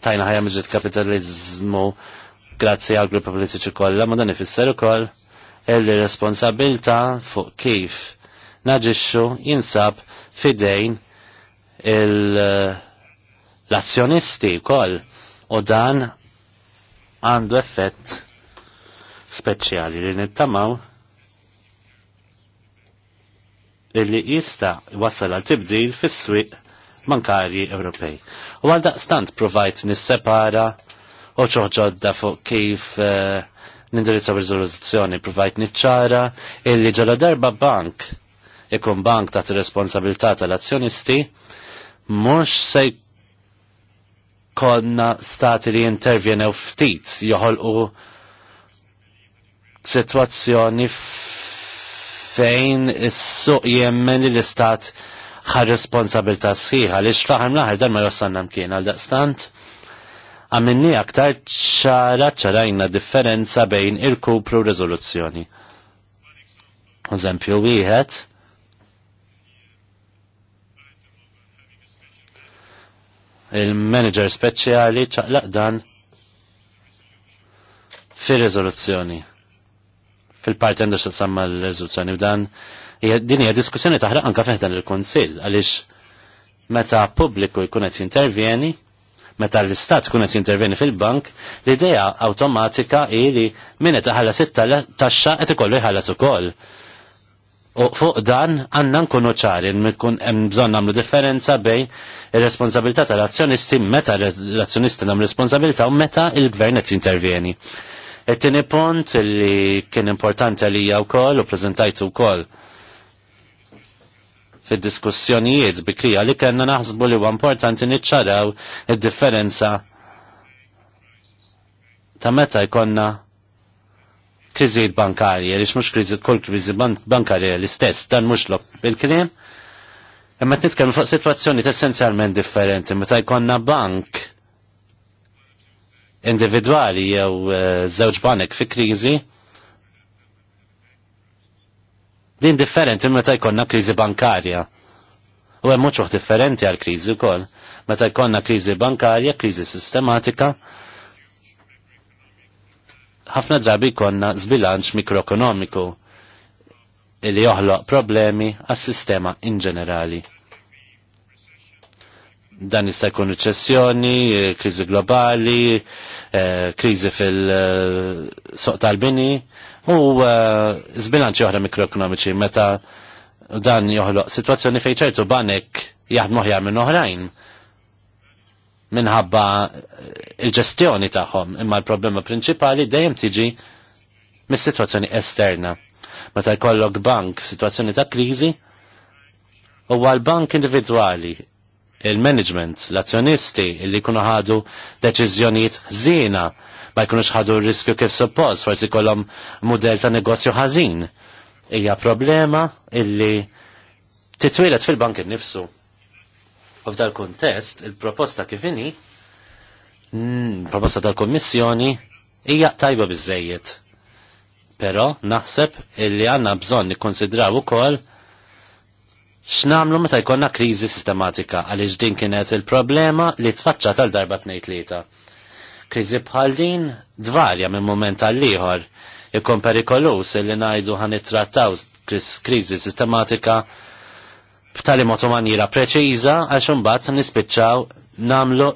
Speaker 2: tajna ħajja miġġiet kapitalizmu grazzi għal grupp politiċi kollha, ma dan ifisser ukoll il-responsabilta fuq kif naġixxu jinsab fidejn l-azzjonisti wkoll u dan għandu effett speċjali li nittamaw illi jista wasal għal tibdil fis-swieq bankarji Ewropej. U għal daqstant provajt nissepara u ċoħġodda fuq kif uh, nindirizzaw rizoluzzjoni provajt niċċara illi ġala darba bank ikun bank ta' responsabilità tal-azzjonisti, mhux se konna stati li u ftit joħolqu situazzjoni fejn is-suq jemmen li l-istat ħa responsabilta sħiħa li xfaħam laħar dan ma jossanna mkien għal daqstant għamenni aktar ċara ċarajna differenza bejn il-kupru rezoluzzjoni. Eżempju wieħed, il-manager speċjali ċaqlaq dan fil-rezoluzzjoni fil-parti għandu xtaqsamma l-rezoluzzjoni u dan din hija diskussjoni taħraq anka dan il-Konsil għaliex meta pubbliku jkun qed jintervjeni meta l-istat kun qed jintervjeni fil-bank l-idea awtomatika hi li min qed iħallas it-taxxa qed ikollu jħallas ukoll. U fuq dan għanna nkunu ċari, nkun hemm bżonn nagħmlu differenza bejn ir-responsabilità tal-azzjonisti meta l-azzjonisti namlu responsabilità u meta il-gvern qed Et-tieni punt li kien importanti li għalija wkoll u preżentajtu kol fid-diskussjonijiet bikrija li kellna naħsbu li huwa importanti niċċaraw id-differenza ta' meta jkollna 'K'i-kriżi bankarja, li mhux kriżi kull kriżi bankarja l-istess, dan mhux bil kliem Imma t-nitkellmu fuq situazzjoni essenzjalment differenti, meta jkollna bank individwali jew eh, żewġ banek fi kriżi, din differenti meta jkollna kriżi bankarja. U hemm mhux differenti għal kriżi wkoll. Meta jkollna kriżi bankarja, kriżi sistematika, ħafna drabi konna zbilanċ mikroekonomiku li joħloq problemi għas sistema in ġenerali. Dan jista' jkun riċessjoni, kriżi globali, eh, kriżi fil-soq tal-bini u eh, zbilanċi oħra mikroekonomiċi meta dan joħloq situazzjoni fejn ċertu banek jaħdmu ħjar minn oħrajn minħabba eh, il-ġestjoni tagħhom, imma l-problema prinċipali dejjem tiġi mis-sitwazzjoni esterna. Meta jkollok bank sitwazzjoni ta' kriżi, huwa l-bank individwali, il-management, l-azzjonisti li jkunu ħadu deċiżjonijiet ħżiena ma jkunux ħadu r-riskju kif suppost, forsi kollhom mudell ta' negozju ħażin. Hija problema illi titwilet fil-bank innifsu. U f'dal kuntest il-proposta kif inhi proposta tal-Kommissjoni hija tajba biżejjed. Però naħseb illi għandna bżonn nikkonsidraw ukoll x'namlu meta jkollna kriżi sistematika għaliex din kienet il-problema li tfaċċa tal-darba tnejn tlieta. Kriżi bħal din dvarja minn mument għal ieħor ikun perikolus illi ngħidu ħan nittrattaw kriżi sistematika b'tali mod maniera preċiża għax imbagħad nispiċċaw nagħmlu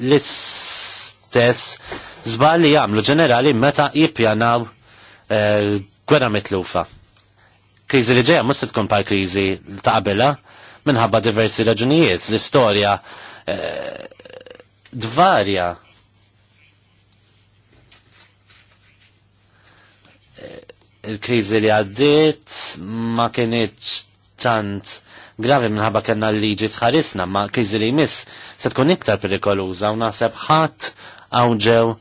Speaker 2: l-istess żball li jagħmlu ġenerali meta jippjanaw eh, gwerra mitlufa. Kriżi li ġejja mhux se tkun par kriżi ta' qabela minħabba diversi raġunijiet, l-istorja eh, dvarja. Eh, il-krizi li għaddit ma kienieċ tant gravi minħabba kellna l-liġi tħarisna ma' kriżi li jmiss se tkun iktar perikoluża u naħseb ħadd hawn ġew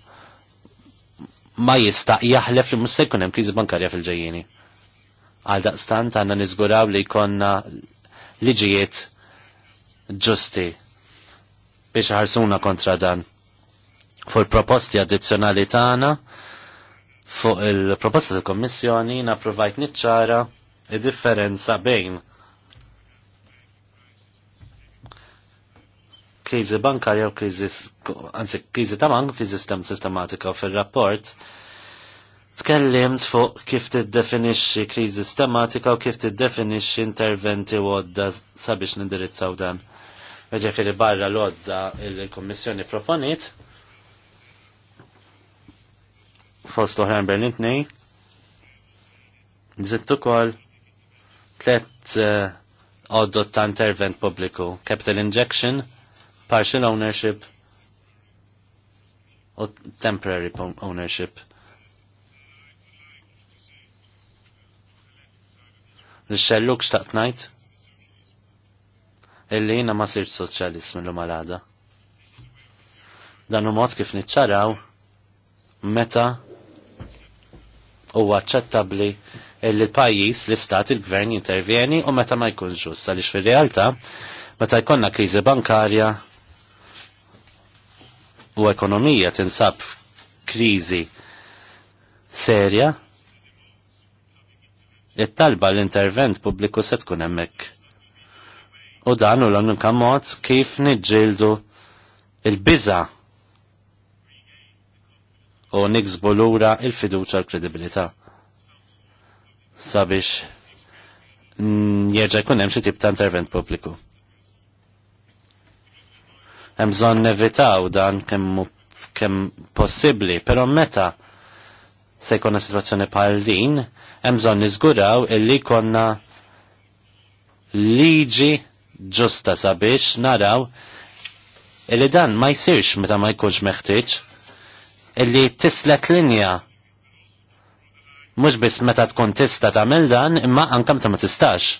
Speaker 2: ma jista' jaħlef li mhux se jkun hemm kriżi bankarja fil-ġejjieni. Għal daqstant għandna niżguraw li jkollna liġijiet ġusti biex ħarsuna kontra dan. Fuq il-proposti addizzjonali tagħna fuq il-proposta tal-Kommissjoni napprovajt niċċara id-differenza bejn kriżi bankarja u kriżi, anzi kriżi ta' bank, kriżi sistem sistematika fil-rapport, tkellimt fuq kif tiddefinixxi kriżi sistematika u kif tiddefinixxi interventi u għodda sabiex nindirizzaw dan. Ġifiri barra l-għodda il-Kommissjoni proponit, fost oħran Berlin 2, nżittu kol tlet eh, għoddot ta' intervent publiku, capital injection, partial ownership u temporary ownership. Nixxelluk xtaqt najt? Illi jina ma sirt soċjalist mill malada. Dan u mod kif niċċaraw, meta u għacċettabli illi l-pajis, l-istat, il-gvern jintervjeni u meta ma jkun ġust. Għalix fil-realta, meta jkonna krizi bankarja, u ekonomija tinsab krizi serja, it-talba l-intervent pubbliku se tkun hemmhekk. U dan u l-unika mod kif niġġieldu il-biża u niksbu lura il-fiduċa l-kredibilità. Sabiex mm, jerġa' jkun hemm xi tip ta' intervent pubbliku hemm bżonn nevitaw dan kemm possibli, però meta se jkunna sitwazzjoni bħal din, hemm bżonn niżguraw illi konna liġi ġusta sabiex naraw illi dan ma jsirx meta ma jkunx meħtieġ illi tislet linja mhux biss meta tkun tista tagħmel dan imma anke meta ma tistax.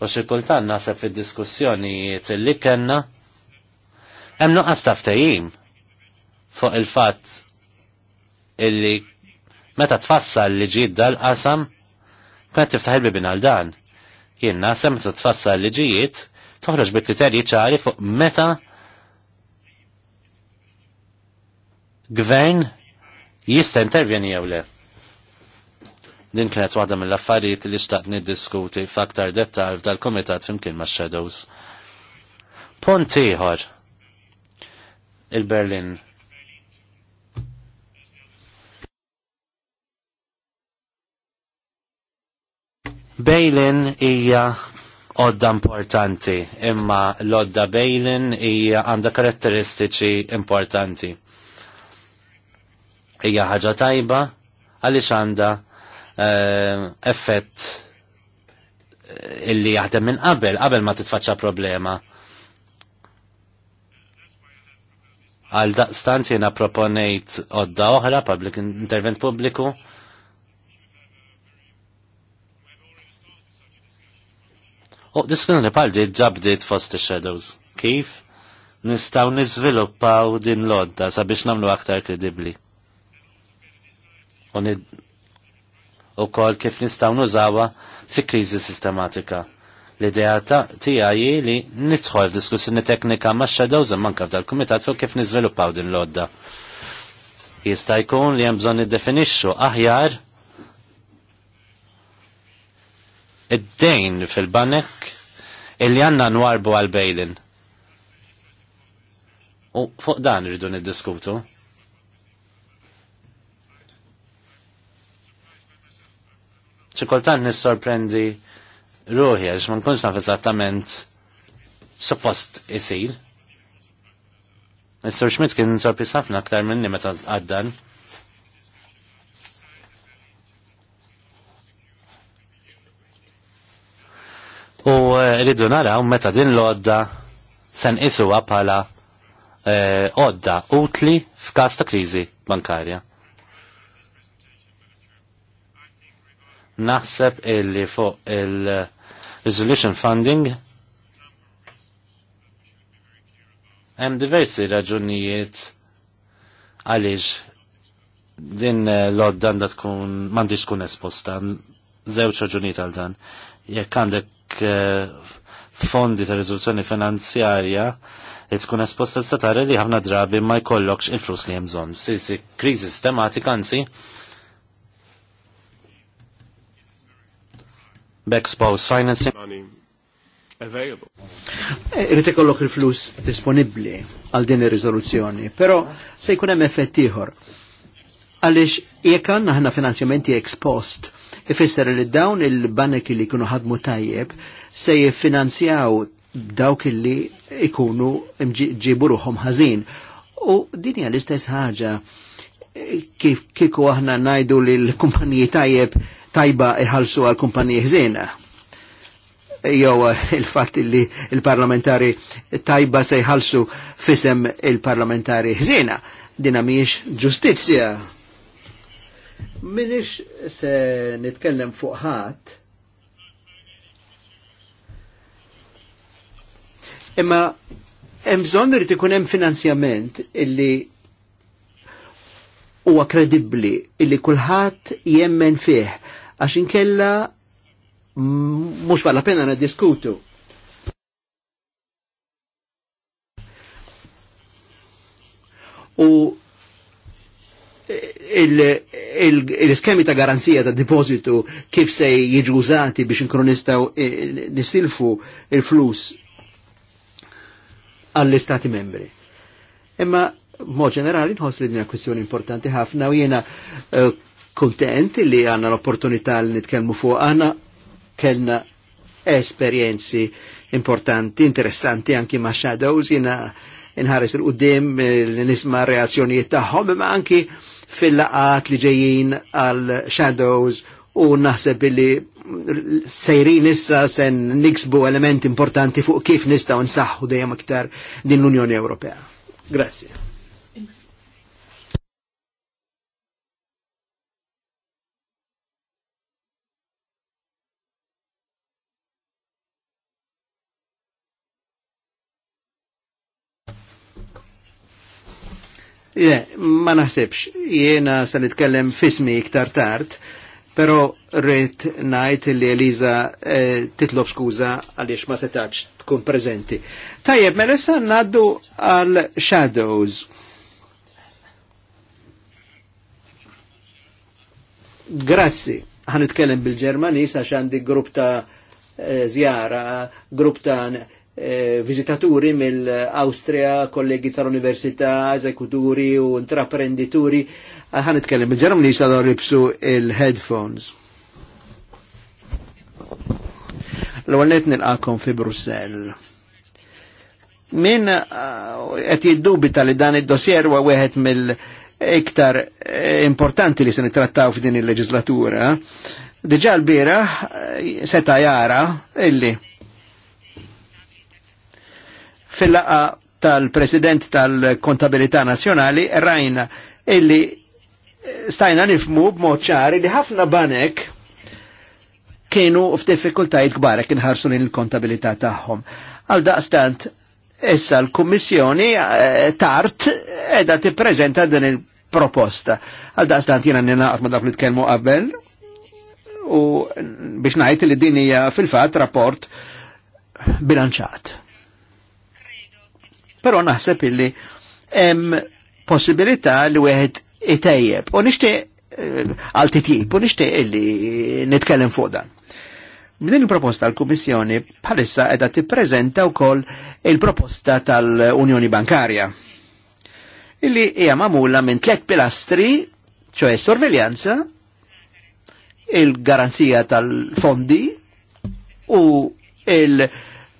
Speaker 2: U xi kultant naħseb fid-diskussjonijiet illi kellna Hemm nuqqas taftajim fuq il-fatt illi meta tfassal li ġid dal-qasam kont tiftaħ il-bibin għal dan. Jien nasem meta tfassal li ġijiet toħroġ bi kriterji ċari fuq meta gvern jista' intervjeni jew le. Din kienet waħda mill-affarijiet li xtaqt niddiskuti f'aktar dettal tal-Kumitat flimkien ma' Shadows. Punt ieħor il-Berlin. Bejlin hija odda importanti, imma l-odda Bejlin hija għandha karatteristiċi importanti. Hija ħaġa tajba għaliex għandha uh, effett eh, illi jaħdem minn qabel, qabel ma titfaċċa problema. Għal daqstant jena proponejt odda oħra, public intervent publiku, U diskunu li paldi ġabdit fost shadows Kif? Nistaw nizviluppaw din lodda sabiex namlu aktar kredibli. U kol kif nistaw nużawa fi krizi sistematika. L-idea tiegħi li nidħol diskussjoni teknika ma' shadows manka f'dal-kumitat fuq kif niżviluppaw din l-odda. Jista' jkun li hemm bżonn iddefinixxu aħjar id-dejn fil-banek illi għanna nwarbu għal-bejlin. U fuq dan rridu niddiskutu. ċikoltant nissorprendi ruħi għax ma nkunx naf eżattament suppost isir. Mr. Schmidt kien sorpi ħafna aktar minni meta għaddan. U eh, rridu naraw meta din l-odda sen isu bħala eh, odda utli f'każ ta' kriżi bankarja. Naħseb illi fuq il-, -il Resolution Funding hemm diversi raġunijiet għaliex din eh, l-odda da tkun m'għandix tkun esposta żewġ raġunijiet għal dan. Jekk għandek eh, fondi ta' riżoluzzjoni finanzjarja li tkun esposta tara li ħafna drabi ma jkollokx il-flus li hemm bżonn. Sisi kriżi sistematika anzi
Speaker 3: backspose financing. Money available. Eh, irrid ikollok il-flus disponibli għal din ir-riżoluzzjoni, però se jkun hemm effett ieħor. Għaliex jekk għandna aħna finanzjamenti ex post, ifisser li dawn il-banek li jkunu ħadmu tajjeb se jiffinanzjaw dawk li ikunu ġibu ruħhom ħażin. U din hija l-istess ħaġa eh, kif kieku aħna najdu lil kumpaniji tajjeb tajba iħalsu għal kumpaniji ħzina. Jew eh, il-fatt li il-parlamentari tajba se jħalsu fisem il-parlamentari ħzina. Dina miex ġustizzja. Minix se nitkellem fuq ħadd. Imma hemm bżonn irid ikun hemm finanzjament illi huwa kredibbli illi kulħadd jemmen fih għax inkella mhux vala pena niddiskutu. U il-skemi ta' garanzija ta' depositu kif se jiġu użati biex nkunu nistaw e, nisilfu il-flus għall-istati membri. Imma mod ġenerali nħoss li dina kwestjoni importanti ħafna u jena eh, kontent li għanna l-opportunità li nitkelmu fuq għanna kellna esperienzi importanti, interessanti anki ma' shadows jina inħares il-qoddim eh, li nisma reazzjonijiet tagħhom imma anki fil-laqat li ġejjin għal shadows u naħseb li sejrin issa sen niksbu element importanti fuq kif nistaw nsaħħu dejjem aktar din l-Unjoni Ewropea. Grazie. ma naħsebx, jiena se nitkellem fismi iktar tard, pero rrit najt li Eliza eh, titlob skuza għaliex ma setax tkun prezenti. Tajjeb, mela issa naddu għal Shadows. Grazzi, ħan bil ġermani sa' xandi grupp ta' eh, zjara, grupp ta' Eh, vizitaturi mill-Austria, kollegi tal-Università, eżekuturi u intraprendituri. Għan eh, itkellem, ġerom li jisador ribsu il-headphones. L-għalnet nil-għakom fi Brussel. Min għet eh, jiddubita li dan id-dossier u għahet mill- iktar importanti li se nitrattaw f'din il-leġislatura, diġa l-bira seta jara illi fil-laqa tal-President tal-Kontabilità Nazzjonali rajna illi stajna nifmu b'mod ċari li ħafna banek kienu f'diffikultajiet kbarek gbarek ħarsu lil il-kontabilità tagħhom. Għal daqstant issa l-Kummissjoni eh, tart edha tippreżenta din il-proposta. Għal daqstant jiena ninaqgħod ma' dak li tkellmu qabel u biex ngħid li din hija fil-fatt rapport bilanċat. Però naħseb illi hemm possibilità li wieħed itejjeb. U nixtieq eh, għal titjib, u nixtieq illi nitkellem fuq dan. Din il-proposta tal-Kummissjoni bħalissa qiegħda tippreżenta wkoll il-proposta tal-Unjoni Bankarja. Illi hija magħmula minn tliet pilastri, ċoe sorveljanza, il-garanzija tal-fondi u il-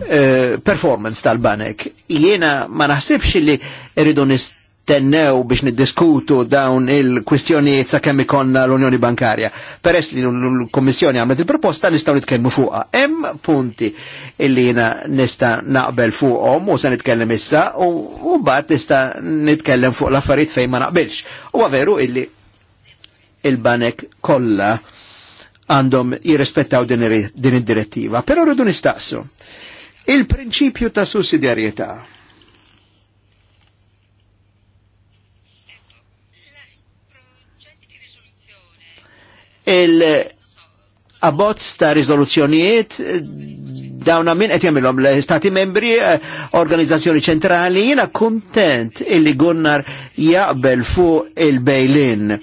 Speaker 3: Eh, performance tal-banek. Jiena ma naħsibx li rridu nistennew biex niddiskutu dawn il-kwistjonijiet sa' kemm ikonna l-Unjoni Bankarja. Peress li l-Kommissjoni għamlet il-proposta nistgħu nitkellmu fuqha. Hemm punti illi jiena nista' naqbel fuqhom u se nitkellem issa u mbagħad nista' nitkellem fuq l-affarijiet fejn ma naqbilx. Huwa veru illi il-banek kollha għandhom jirrispettaw din id-direttiva, però rridu nistaqsu il-prinċipju ta' sussidjarjetà. il-abbozz ta' rizoluzzjonijiet dawna minn qed jagħmilhom l istati membri, eh, organizzazzjoni ċentrali, jiena kuntent illi Gunnar jaqbel fuq il-bejlin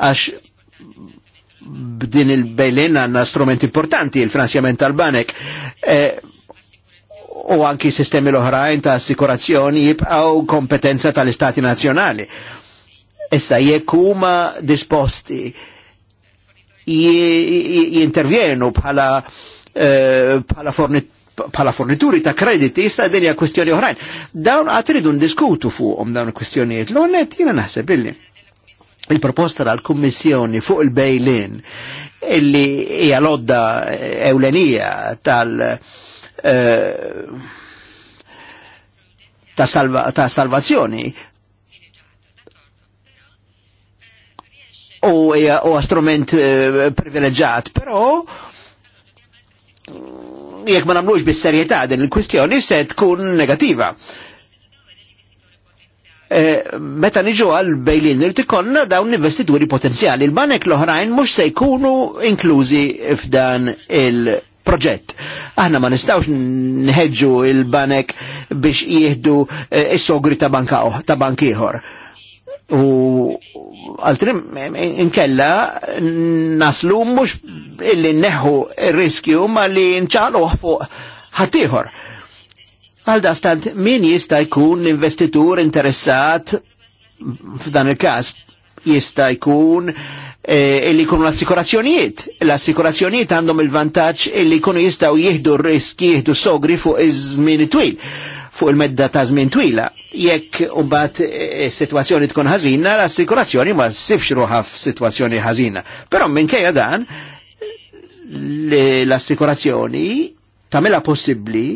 Speaker 3: għax b'din il-bejlin għandna strumenti importanti il-finanzjament tal-banek. Eh, u anki sistemi l-oħrajn ta' assikurazzjoni jibqaw kompetenza tal-istati nazjonali. Issa jekk huma disposti jintervjenu bħala eh, bħala fornituri ta' krediti jista' hija kwestjoni oħrajn. Dawn qatt iridu ndiskutu fuqhom dawn il-kwestjonijiet. L-onnet jiena naħseb illi il-proposta tal-Kummissjoni fuq il-bejlin illi hija lodda ewlenija tal- Eh, ta' salva, ta' salvazzjoni u eh, o strument eh, privileġġat, però jekk ma nagħmlux bis-serjetà din il-kwistjoni se tkun negativa. E, meta niġu għal bejlin irid ikollna dawn investituri potenziali, Il-banek l-oħrajn mhux se jkunu inklużi f'dan il- proġett. Aħna ma nistawx nħedġu il-banek biex jihdu eh, is-sogri ta' banka ta' bank ieħor. U għaltrim inkella naslu mux illi neħu il-riskju ma li nċaluħ fuq ħatiħor. Għalda stant min jista jkun investitur interessat f'dan il-kas jista jkun E, illi kunu l-assikurazzjonijiet. L-assikurazzjonijiet għandhom il-vantaġġ illi jkunu jistgħu jieħdu riski jieħdu sogri fuq iż-żmien twil fuq il-medda ta' żmien twila. Jekk mbagħad is e, situazzjoni tkun ħażina, l-assikurazzjoni ma ssibx ruħha f'sitwazzjoni ħażina. Però minkejja dan l-assikurazzjoni tamela possibbli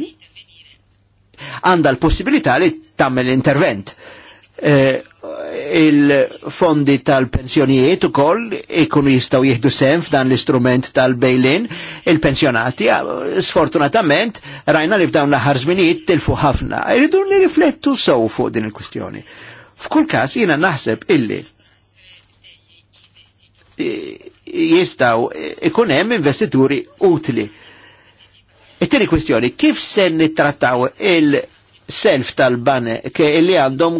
Speaker 3: għandha l-possibilità li tagħmel intervent. E, il-fondi tal-pensjonijiet u koll ikunu jistaw jihdu sem f'dan l-istrument tal-bejlin il-pensjonati. Sfortunatament, rajna li f'dawn l-ħar zminijiet tilfu ħafna. Irridu nirriflettu sow fuq din il-kwistjoni. F'kull każ jiena naħseb illi jistaw ikun hemm investituri utli. It-tieni kwistjoni, kif se nittrattaw il- self tal-bane ke li għandhom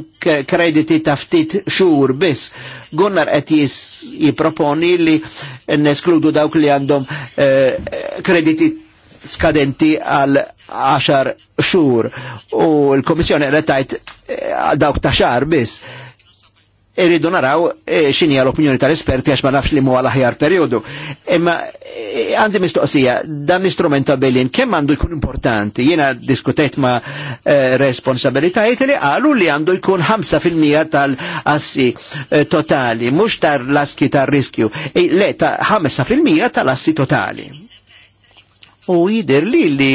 Speaker 3: krediti ta' ftit xhur biss. Gunnar qed jipproponi li neskludu dawk li għandhom eh, krediti skadenti għal 10 xhur u l-Komissjoni qed tajt eh, dawk ta' xar biss irridu naraw e, xinija l-opinjoni tal-esperti għax ma nafx li mu għal-ħjar periodu. Imma e, għandi mistoqsija, dan l-istrument ta' Belin kemm għandu jkun importanti? Jena diskutejt ma e, responsabilitajiet li għalu li għandu jkun 5% tal-assi totali, mux tal laski tar-riskju, le ta' 5% tal-assi totali u jider li li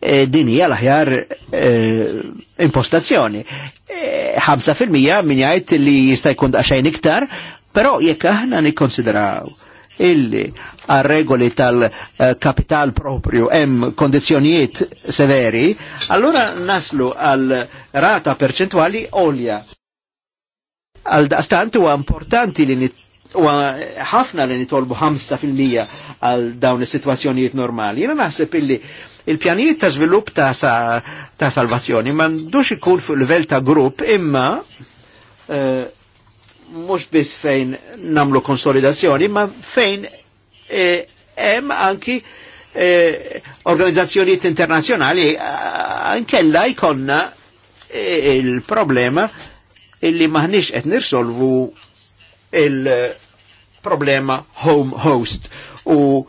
Speaker 3: e, eh, dinija l-aħjar e, eh, impostazzjoni. 5% eh, min jgħid li jista' jkun daqsxejn iktar, però jekk aħna nikkonsidraw illi għal-regoli tal-kapital propju hemm kondizjonijiet severi, allura naslu għal rata perċentwali olja. Għal daqstant huwa importanti li nit U ħafna li nitolbu 5% għal dawn is-sitwazzjonijiet normali. Jena naħseb illi il-pjanijiet ta' svilupp ta', ta salvazzjoni mandux ikun fuq livell ta' grupp imma eh, mhux biss fejn namlu konsolidazzjoni, ma fejn eh, hemm anki eh, organizzazzjonijiet internazzjonali ankella jkollna il-problema illi maħniex qed nirsolvu il-problema home host u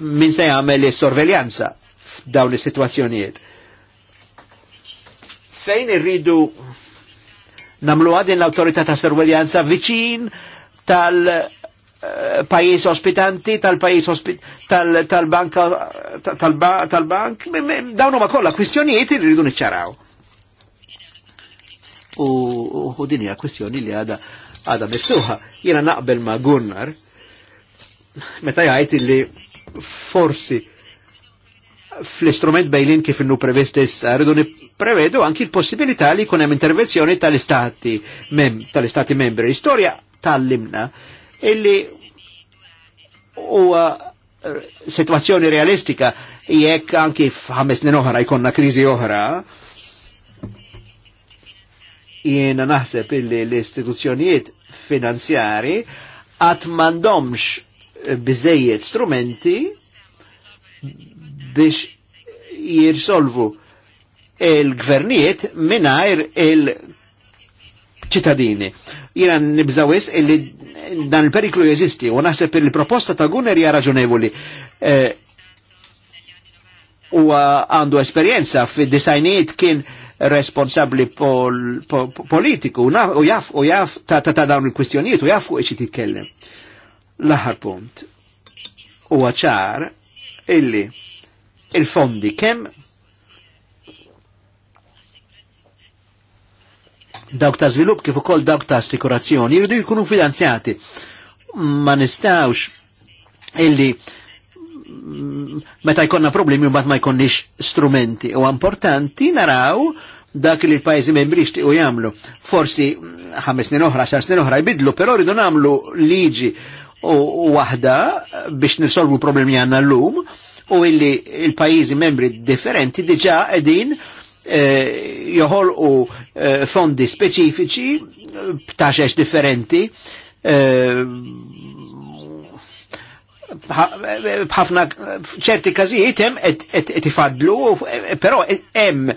Speaker 3: min se jagħmel is-sorveljanza f'dawn is situazzjoniet Fejn irridu namlu għadin l autorita ta' sorveljanza viċin tal- eh, pajis ospitanti tal-pajis ospit tal-banka tal-bank tal ma huma kollha kwistjonijiet li rridu niċċaraw. U, u din hija kwistjoni li għada għada miftuħa. Jena naqbel ma' Gunnar, meta jgħajt li forsi fl-istrument bejlin kif innu previst issa, rridu prevedu anki l-possibilità li kunem intervenzjoni tal-istati mem, tal-istati membri. L-istoria tal-limna illi u eh, situazzjoni realistika jekk anki f'ħames snin oħra jkonna krizi oħra, Jiena naħseb illi l-istituzzjonijiet finanzjari għat mandomx bizzejiet strumenti biex jirsolvu il-gvernijiet minnajr il-ċittadini. Jiena nibżawis illi dan il-periklu jeżisti u naħseb il-proposta ta' Gunner hija raġunevoli. E, u għandu esperienza fi disajnijiet kien responsabli pol, pol, politiku u jaf u jaf ta' ta', ta dawn il-kwistjonijiet u jaf fuq iċi titkellem. L-aħar punt u ċar illi il-fondi kemm dawk ta' żvilupp kif ukoll dawk ta' assikurazzjoni jridu jkunu finanzjati. Ma nistawx illi meta jkonna problemi u ma jkonniex strumenti. U importanti naraw dak li l-pajzi membri u jamlu. Forsi ħames snin oħra, xar snin oħra jbidlu, però rridu namlu liġi u waħda biex nisolvu problemi għanna l-lum u illi il pajzi membri differenti diġa edin eh, joħol u eh, fondi speċifiċi eh, ta' differenti bħafna ċerti każijiet hemm qed ifadlu, però hemm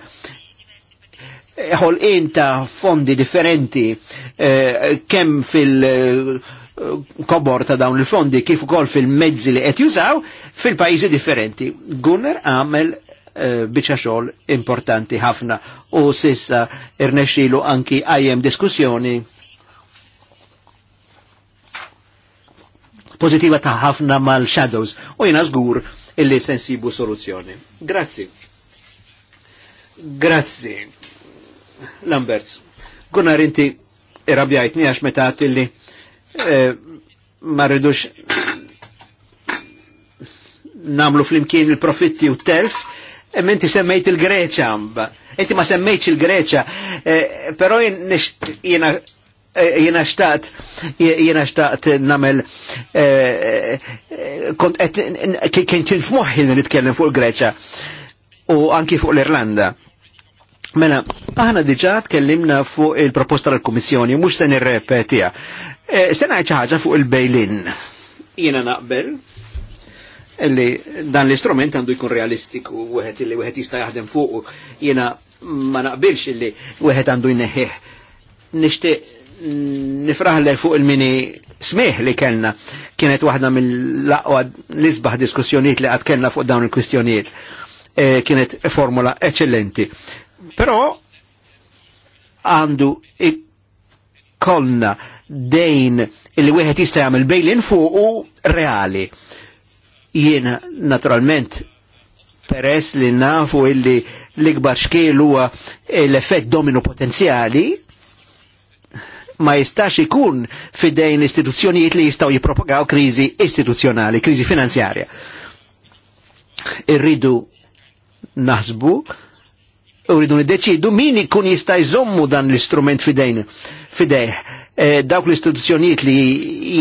Speaker 3: ħolqien ta' fondi differenti eh, kemm fil- eh, kobor ta' dawn il-fondi kif ukoll fil-mezzi li qed jużaw fil-pajjiżi differenti. Gunner għamel eh, biċa xogħol importanti ħafna u sissa irnexxilu anki għajjem diskussjoni pozitiva ta' ħafna mal-shadows u jina zgur illi sensibu soluzzjoni. Grazzi. Grazzi. Lamberts, Gunnar inti irrabjajtni għax meta illi eh, ma rridux namlu flimkien il-profitti u terf, e menti semmejt il-Greċa. Enti ma semmejt il-Greċa, eh, pero jina Eh, jina xtaqt jina xtaqt namel eh, eh, kont kien kien f'moħħi li nitkellem fuq il-Greċa u anki fuq l-Irlanda. Mela, aħna diġa tkellimna fuq il-proposta tal-Kummissjoni, mhux se nirrepetija. Se ngħid xi ħaġa fuq il-bejlin. Jiena naqbel li dan l-istrument għandu jkun realistiku, wieħed li wieħed jista' jaħdem fuq jiena ma naqbilx li wieħed għandu jneħħih. Nixtieq nifraħle fuq il-mini smieħ li kellna kienet waħda mill-laqwa l-isbaħ diskussjoniet li għad kellna fuq dawn il-kwistjoniet. E, kienet formula eccellenti. Però għandu ikkolna dejn li wieħed jista' jagħmel bejlin fuq u reali. Jiena naturalment peress li nafu illi l-ikbar xkiel huwa l-effett dominu potenzjali ma jistax ikun fidejn istituzzjonijiet li jistaw jipropagaw krizi istituzzjonali, krizi finanzjarja. Irridu naħsbu u rridu niddeċidu min ikun jista' jżommu dan l-istrument fidejn fidejh. E, dawk l-istituzzjonijiet li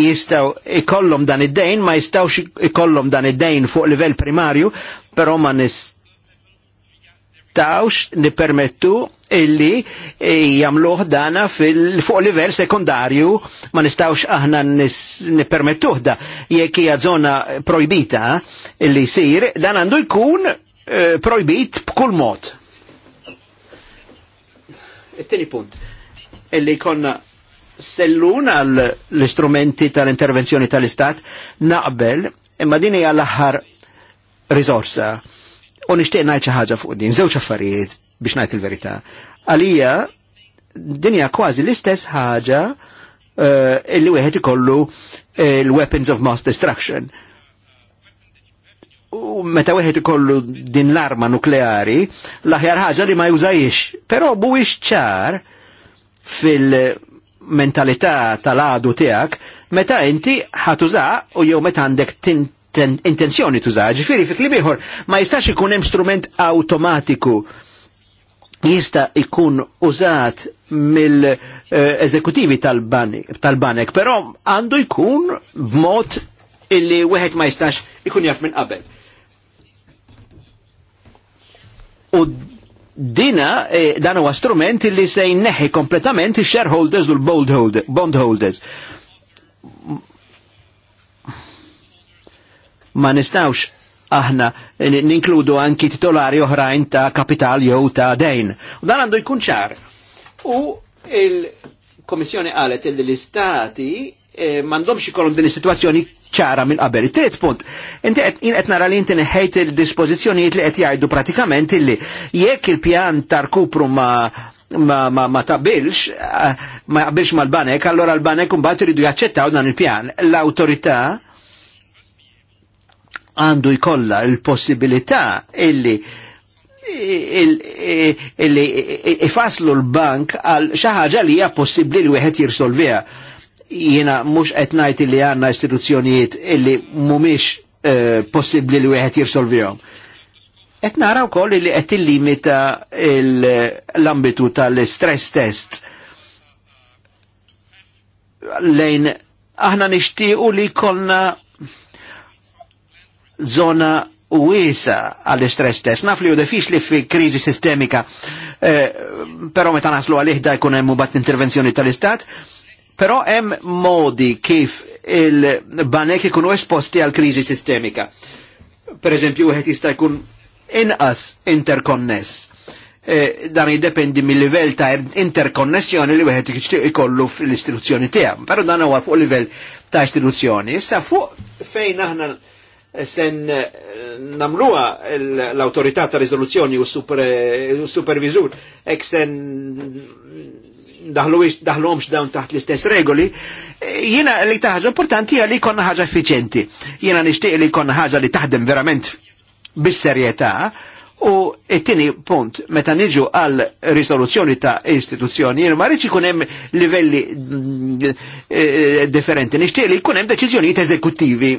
Speaker 3: jistaw ikollhom dan id-dejn ma jistawx ikollhom dan id-dejn fuq livell primarju, però ma nist naċċettawx nipermettu illi jamluħ dana fuq livell sekundarju ma nistawx aħna nipermettuħ da jekk hija zona projbita illi jsir dan għandu jkun eh, projbit b'kull mod. il tieni punt illi konna sellun għal l-istrumenti tal-intervenzjoni tal-Istat naqbel imma din hija l-aħħar risorsa U nishtiq ngħid xi ħaġa fuq din, żewġ affarijiet biex ngħid il-verità. Għalija dinja kważi l-istess ħaġa uh, illi wieħed ikollu eh, l weapons of mass destruction. U meta wieħed ikollu din l-arma nukleari, l-aħjar ħaġa li ma jużajiex. Però mhuwiex ċar fil-mentalità tal-għadu tiegħek meta inti ħatuża u jew meta għandek tint intenzjoni tużaha, ġifieri fi kliem ieħor ma jistax ikun hemm strument awtomatiku jista' ikun użat mill-eżekutivi tal-banek, però għandu jkun b'mod illi wieħed ma jistax ikun jaf minn qabel. U dina eh, dan huwa strument illi se jneħħi kompletament ix-shareholders u l-bondholders. ma nistawx aħna ninkludu anki titolari oħrajn ta' kapital jew ta' dejn. U dan għandu jkun ċar. U il-Komissjoni qalet il l-istati eh, mandomx ikollhom din is-sitwazzjoni ċara minn qabel. Tret punt, inti qed qed nara li inti neħejt il-dispożizzjonijiet li qed jgħidu pratikament illi jekk il-pjan tarkupru ma' ma, ma, ma tabilx, eh, ma jaqbilx mal-banek, allora l-banek un bat iridu jaċċettaw dan il-pjan. l awtorità għandu jkollha l-possibilità illi illi ifaslu l-bank għal xaħġa li hija possibbli li wieħed jirsolviha. Jiena mhux qed ngħid li għandna istituzzjonijiet illi mhumiex possibli eh, possibbli li wieħed jirsolvihom. Et nara wkoll li qed illimita l-ambitu tal-stress test lejn aħna nixtiequ li konna zona wisa għall-istress test. Naf li u defix li fi krizi sistemika, eh, pero meta naslu għal-ihda jkun hemm bat intervenzjoni tal-Istat, pero hemm modi kif il-banek ikunu esposti għal krizi sistemika. Per eżempju, wieħed jista' jkun inqas interkonness. Eh, dan jiddependi mill-livell ta' interkonnessjoni li wieħed ikollu fl-istituzzjoni tiegħu. Però dan huwa fuq livell ta' istituzzjoni. Issa fuq fejn aħna sen eh, namluwa l-autorità ta' rizoluzzjoni u supervizur ek sen daħlomx dawn taħt l-istess regoli, e, jiena li taħġa importanti li konna ħaġa effiċenti. Jiena nishtiq li konna ħaġa li taħdem verament bis-serjetà u it-tini punt, meta niġu għal risoluzzjoni ta' istituzzjoni, jien marriċ ikun hemm livelli mm, eh, differenti, nixtieq li jkun hemm deċiżjonijiet eżekuttivi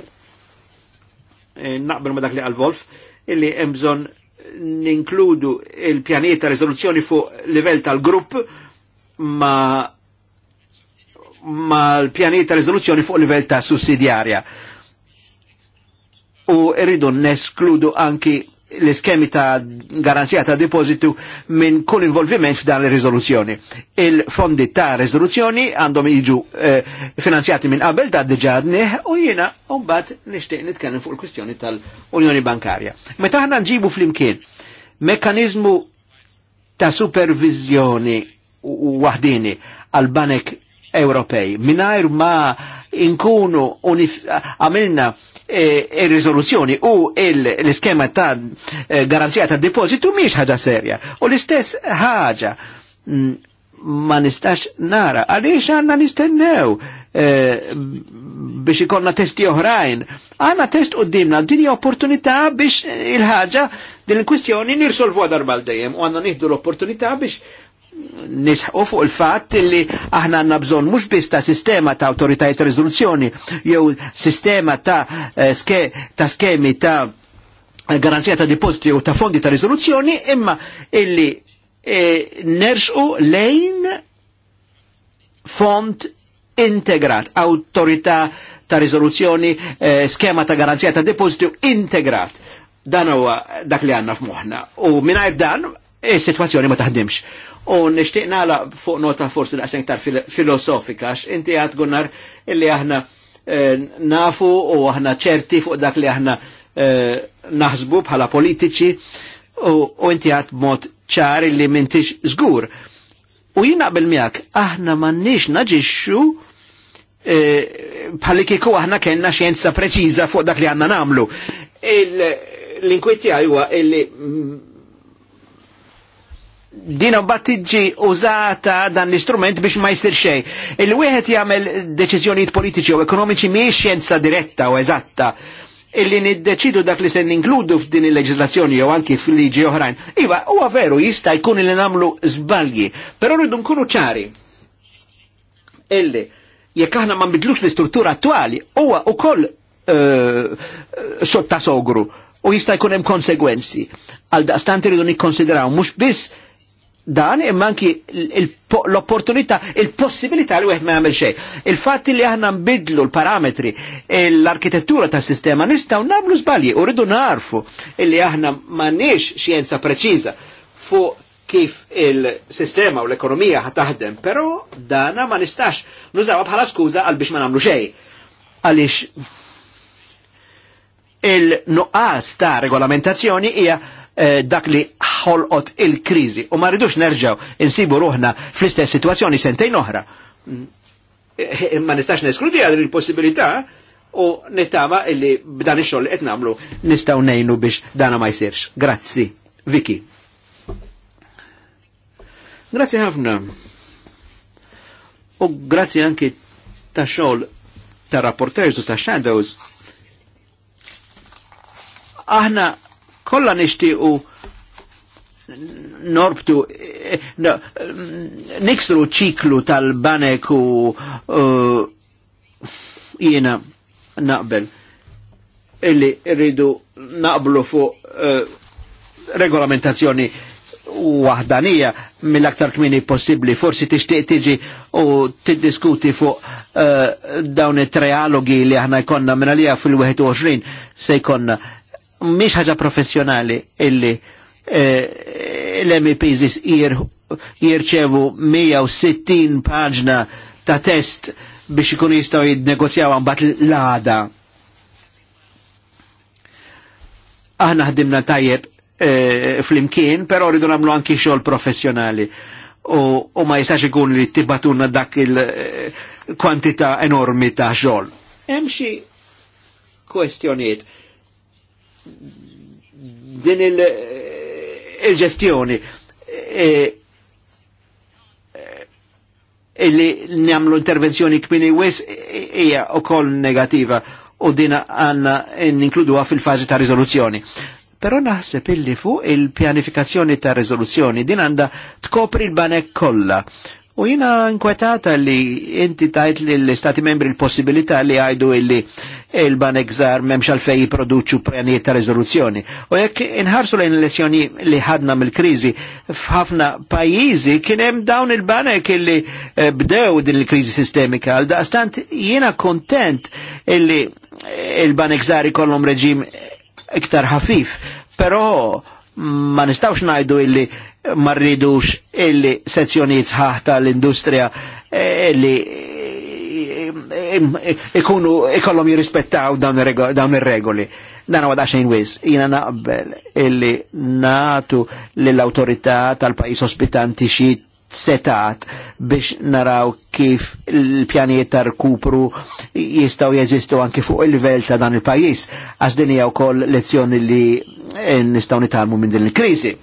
Speaker 3: Eh, naqbel ma dak li għal-Wolf, illi jemżon ninkludu il-pjanieta rezoluzzjoni fuq livell tal-grupp ma ma l-pjanieta rezoluzzjoni fuq livell ta' sussidjarja. U rridu neskludu anki l-iskemi ta' garanzija ta' depositu minn kull involviment f'dan il-rizoluzzjoni. Il-fondi ta' rizoluzzjoni għandhom jiġu eh, finanzjati minn qabel ta' d-ġadni u jiena bat nishtiq nitkellem fuq il-kwistjoni tal-Unjoni Bankarja. Meta ħna nġibu fl-imkien mekanizmu ta' supervizjoni waħdini għal-banek Ewropej, minnajr ma' inkunu għamilna eh, il-rizoluzzjoni u l-iskema ta' eh, garanzija ta' depositu miex ħaġa serja. U l-istess ħaġa mm, ma nistax nara, għaliex għanna nistennew eh, biex ikonna testi oħrajn. Għanna test u dimna, dini opportunità biex il-ħagġa din il-kwistjoni nirsolvu għadar dejjem u għanna nieħdu l-opportunità biex nisħu fuq il-fatt li aħna għanna bżon mux biss ta' sistema ta' autoritajiet rezoluzzjoni jew sistema ta' eh, ske, ta' skemi ta' garanzija ta' depositi jew ta' fondi ta' rezoluzzjoni imma illi e, eh, nerxu lejn fond integrat, autorità ta' rizoluzzjoni, eh, skema ta' garanzija ta' depositu integrat. Dan huwa dak li għanna f'moħna. U minn dan, e sitwazzjoni ma taħdimx. U nixtieq nagħlaq fuq nota forsi daqsejn tar filosofika x'inti inti għad gunnar illi aħna eh, nafu u aħna ċerti fuq dak li aħna eh, naħsbu bħala politiċi u inti għad mod ċar illi mintix żgur. U jina qbel miegħek aħna m'għandniex naġixxu eh, bħalli kiku aħna kellna xjenza preċiża fuq dak li għanna nagħmlu. L-inkwiti huwa illi din battiġi tiġi użata dan l-istrument biex ma jsir xejn. Il-wieħed jagħmel deċiżjonijiet politiċi u ekonomiċi mhijiex xjenza diretta u eżatta illi niddeċidu dak li se ninkludu f'din il-leġislazzjoni jew anki fil-liġi oħrajn. Iva, huwa veru jista' jkun li nagħmlu żbalji, però rridu nkunu ċari. Illi jekk aħna ma nbidlux l-istruttura attwali, huwa wkoll uh, eh, sotta sogru u jista' jkun hemm konsegwenzi. Għal daqstant irridu nikkonsidraw mhux biss dan imma anki l-opportunità, il-possibilità li wieħed ma jagħmel xejn. Il-fatt li aħna nbidlu l-parametri, l-arkitettura tas sistema nistgħu nagħmlu żbalji u rridu narfu li aħna m'għandniex xjenza preċiża fuq kif il-sistema u l-ekonomija ħataħdem, però dana ma nistax nużawa bħala skuża għal biex ma nagħmlu xejn. Għaliex il-nuqqas ta' regolamentazzjoni hija eh, dak li ħolqot il krizi u ma rridux nerġgħu insibu ruħna fl-istess situazzjoni sentejn oħra. Mm. Eh, eh, ma nistax neskludi għadri il-possibilità u nittama illi b'dan ix-xogħol li qed nagħmlu nistgħu ngħinu biex dana ma jsirx. Grazzi, Viki. Grazzi ħafna. U grazzi anki ta' xogħol ta' rapporters u ta' shadows aħna kollha nixtiequ norbtu eh, no, mm, ċiklu tal-banek u uh, jiena naqbel illi rridu naqblu fuq eh, regolamentazzjoni wahdanija mill-aktar kmini possibli, forsi tixtieq tiġi u tiddiskuti fuq uh, dawn it-trialogi li aħna jkonna minn għalija fil-21 se jkonna mhix ħaġa professjonali illi Eh, l-MEPs jirċevu 160 paġna ta' test biex ikun jistaw jinnegozjaw għambat l-għada. Aħna ħdimna tajjeb eh, fl-imkien, pero rridu namlu anki xogħol professjonali. U, ma jistax ikun li tibatunna dak il eh, kwantita enormi ta' xogħol. Hemm xi din il- il-ġestjoni e, e, illi njamlu intervenzjoni kmini wis e, hija kol negativa u dina għanna ninkluduha fil fazi ta' riżoluzzjoni. Pero naħseb illi fuq il-pjanifikazzjoni ta' riżoluzzjoni din għandha tkopri l-banek kolla. U jina inkwetata li inti tajt li l-Stati membri l-possibilità li għajdu illi il-banek zar memx għalfej jiproduċu prenijiet ta' rezoluzzjoni. U jekk inħarsu lejn lezzjoni li ħadna mill-krizi f'ħafna pajjiżi kien hemm dawn il-banek illi eh, bdew din il-krizi sistemika għal daqstant jiena kontent illi il-banek zar ikollhom reġim iktar ħafif, però ma nistawx najdu illi marridux illi sezzjonijiet sħaħ tal-industrija eh, illi eh, eh, ikunu ikollom jirrispettaw dawn ir-regoli. Dan għadha xejn wis, jina naqbel illi natu l-autorità tal pajis ospitanti xi setat biex naraw kif il pjaniet ta' rkupru jistaw jeżistu anki fuq il-livell ta' dan il-pajis. Għax din hija wkoll lezzjoni li nistaw nitalmu minn din il krizi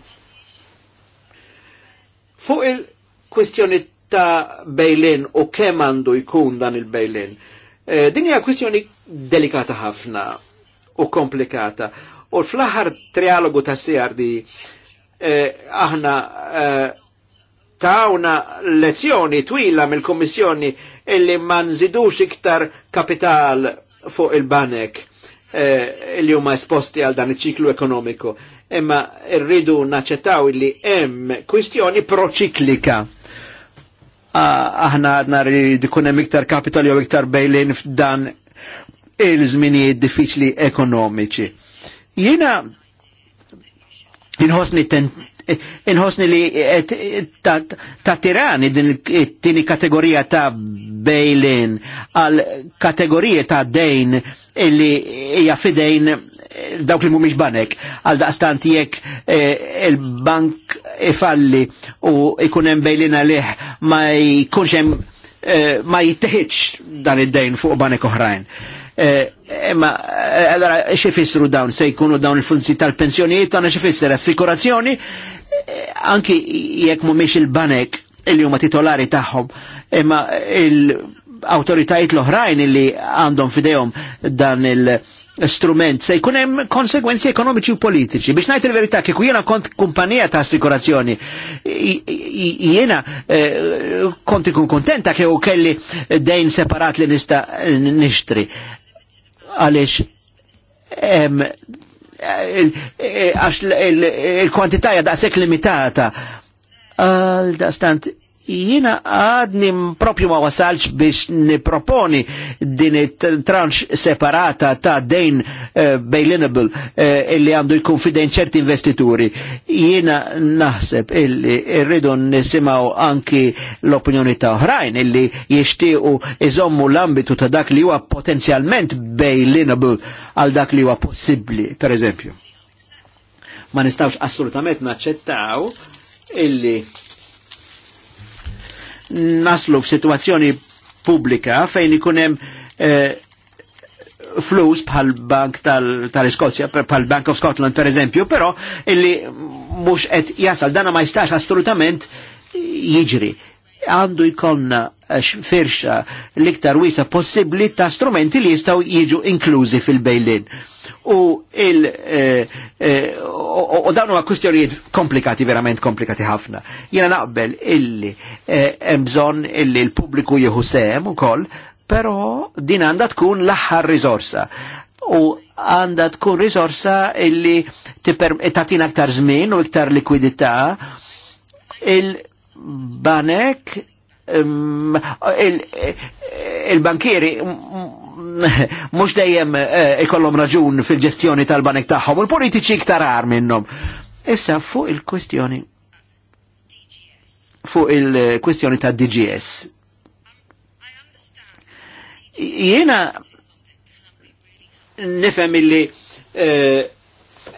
Speaker 3: Fuq il-kwistjoni ta' bejlin u kemm għandu jkun dan il-bejlin, eh, din hija kwistjoni delikata ħafna u komplikata. U fl-aħħar trialogu ta' CRD eh, aħna e, tawna lezzjoni twila mill-Kommissjoni illi ma nżidux iktar kapital fuq il-banek li huma esposti għal dan iċ-ċiklu ekonomiku imma rridu naċċettaw li hemm kwistjoni proċiklika. Aħna għadna rridu kunem hemm iktar kapital jew iktar bejlin f'dan il-żminijiet diffiċli ekonomiċi. Jiena inħossni inħosni li eh, ta', tirani din it-tini kategorija ta' bejlin għal kategorija ta' dejn illi hija fidejn dawk li mumiex banek, għal daqstant jekk eh, il-bank ifalli u ikunem bejlina liħ ma jkunx hemm eh, ma jittħiċ dan id-dejn fuq banek oħrajn. Eh, imma, għallara, xifissru dawn, se jkunu dawn il-funzi tal-pensjonijiet, għana xifisser assikurazzjoni, anki jekk mumiex il-banek il-li huma titolari tagħhom, imma il-autoritajiet l-oħrajn li għandhom fidejhom dan il- strument se jkun hemm konsegwenzi ekonomiċi u politiċi. Biex ngħid il-verità kieku jiena kont kumpanija ta' assikurazzjoni, jiena eh, kont ikun kontenta kieku kelli dejn separat li nista' nixtri. Għaliex eh, eh, għax il-kwantità il, il, daqshekk limitata. Għal daqstant jina għadni propju ma wasalx biex niproponi din tranx separata ta' dejn uh, bailinable uh, illi għandu jkun fidejn ċerti investituri. Jina naħseb illi rridu nisimaw anki l-opinjoni ta' oħrajn illi jishtiqu iżommu l-ambitu ta' dak li huwa potenzjalment bailinable għal dak li huwa possibbli, per eżempju. Ma nistawx assolutament naċċettaw illi naslu f'sitwazzjoni pubblika fejn ikun hemm eh, flus bħal bank tal-Iskozja, bħal Bank of Scotland per eżempju, però illi mhux qed jasal dana ma jistax assolutament jiġri. Għandu jkollna eh, firxa l-iktar wisa possibli ta' strumenti li jistgħu jiġu inklużi fil-bejlin u il eh, eh, u dawnu huwa komplikati verament komplikati ħafna. Jiena naqbel illi eh, hemm illi l-pubbliku jieħu u ukoll, però din għandha tkun l-aħħar risorsa u għanda tkun rizorsa illi tatin aktar żmien u iktar likwidità il-banek mm, il-bankieri il banek il bankieri mhux dejjem eh, ikollom raġun fil-ġestjoni tal-banek tagħhom, u l-politiċi iktar għar minnhom. Issa fuq il-kwestjoni fuq il-kwestjoni ta' DGS. Jiena nifem illi eh,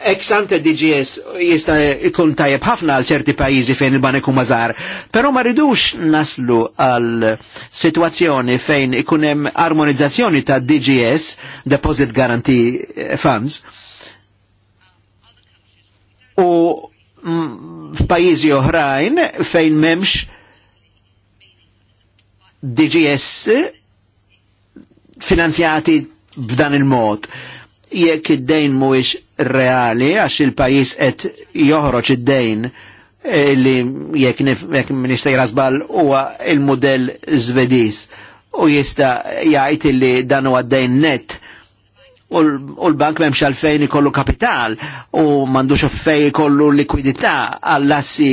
Speaker 3: ex ante DGS jista ikun tajjeb ħafna għal ċerti pajjiżi fejn il-banek huma żgħar, però ma ridux naslu għal situazzjoni fejn ikun hemm armonizzazzjoni ta' DGS, Deposit Guarantee Funds, u f'pajjiżi oħrajn fejn memx DGS finanzjati b'dan il-mod jekk id-dejn mhuwiex reali għax il-pajis qed joħroġ id-dejn eh, li jekk jekk minister Rasbal huwa il mudell Zvediż u jista' jgħid li dan huwa dejn net u l-bank memx għalfejn ikollu kapital u mandux fej ikollu likwidità għall-assi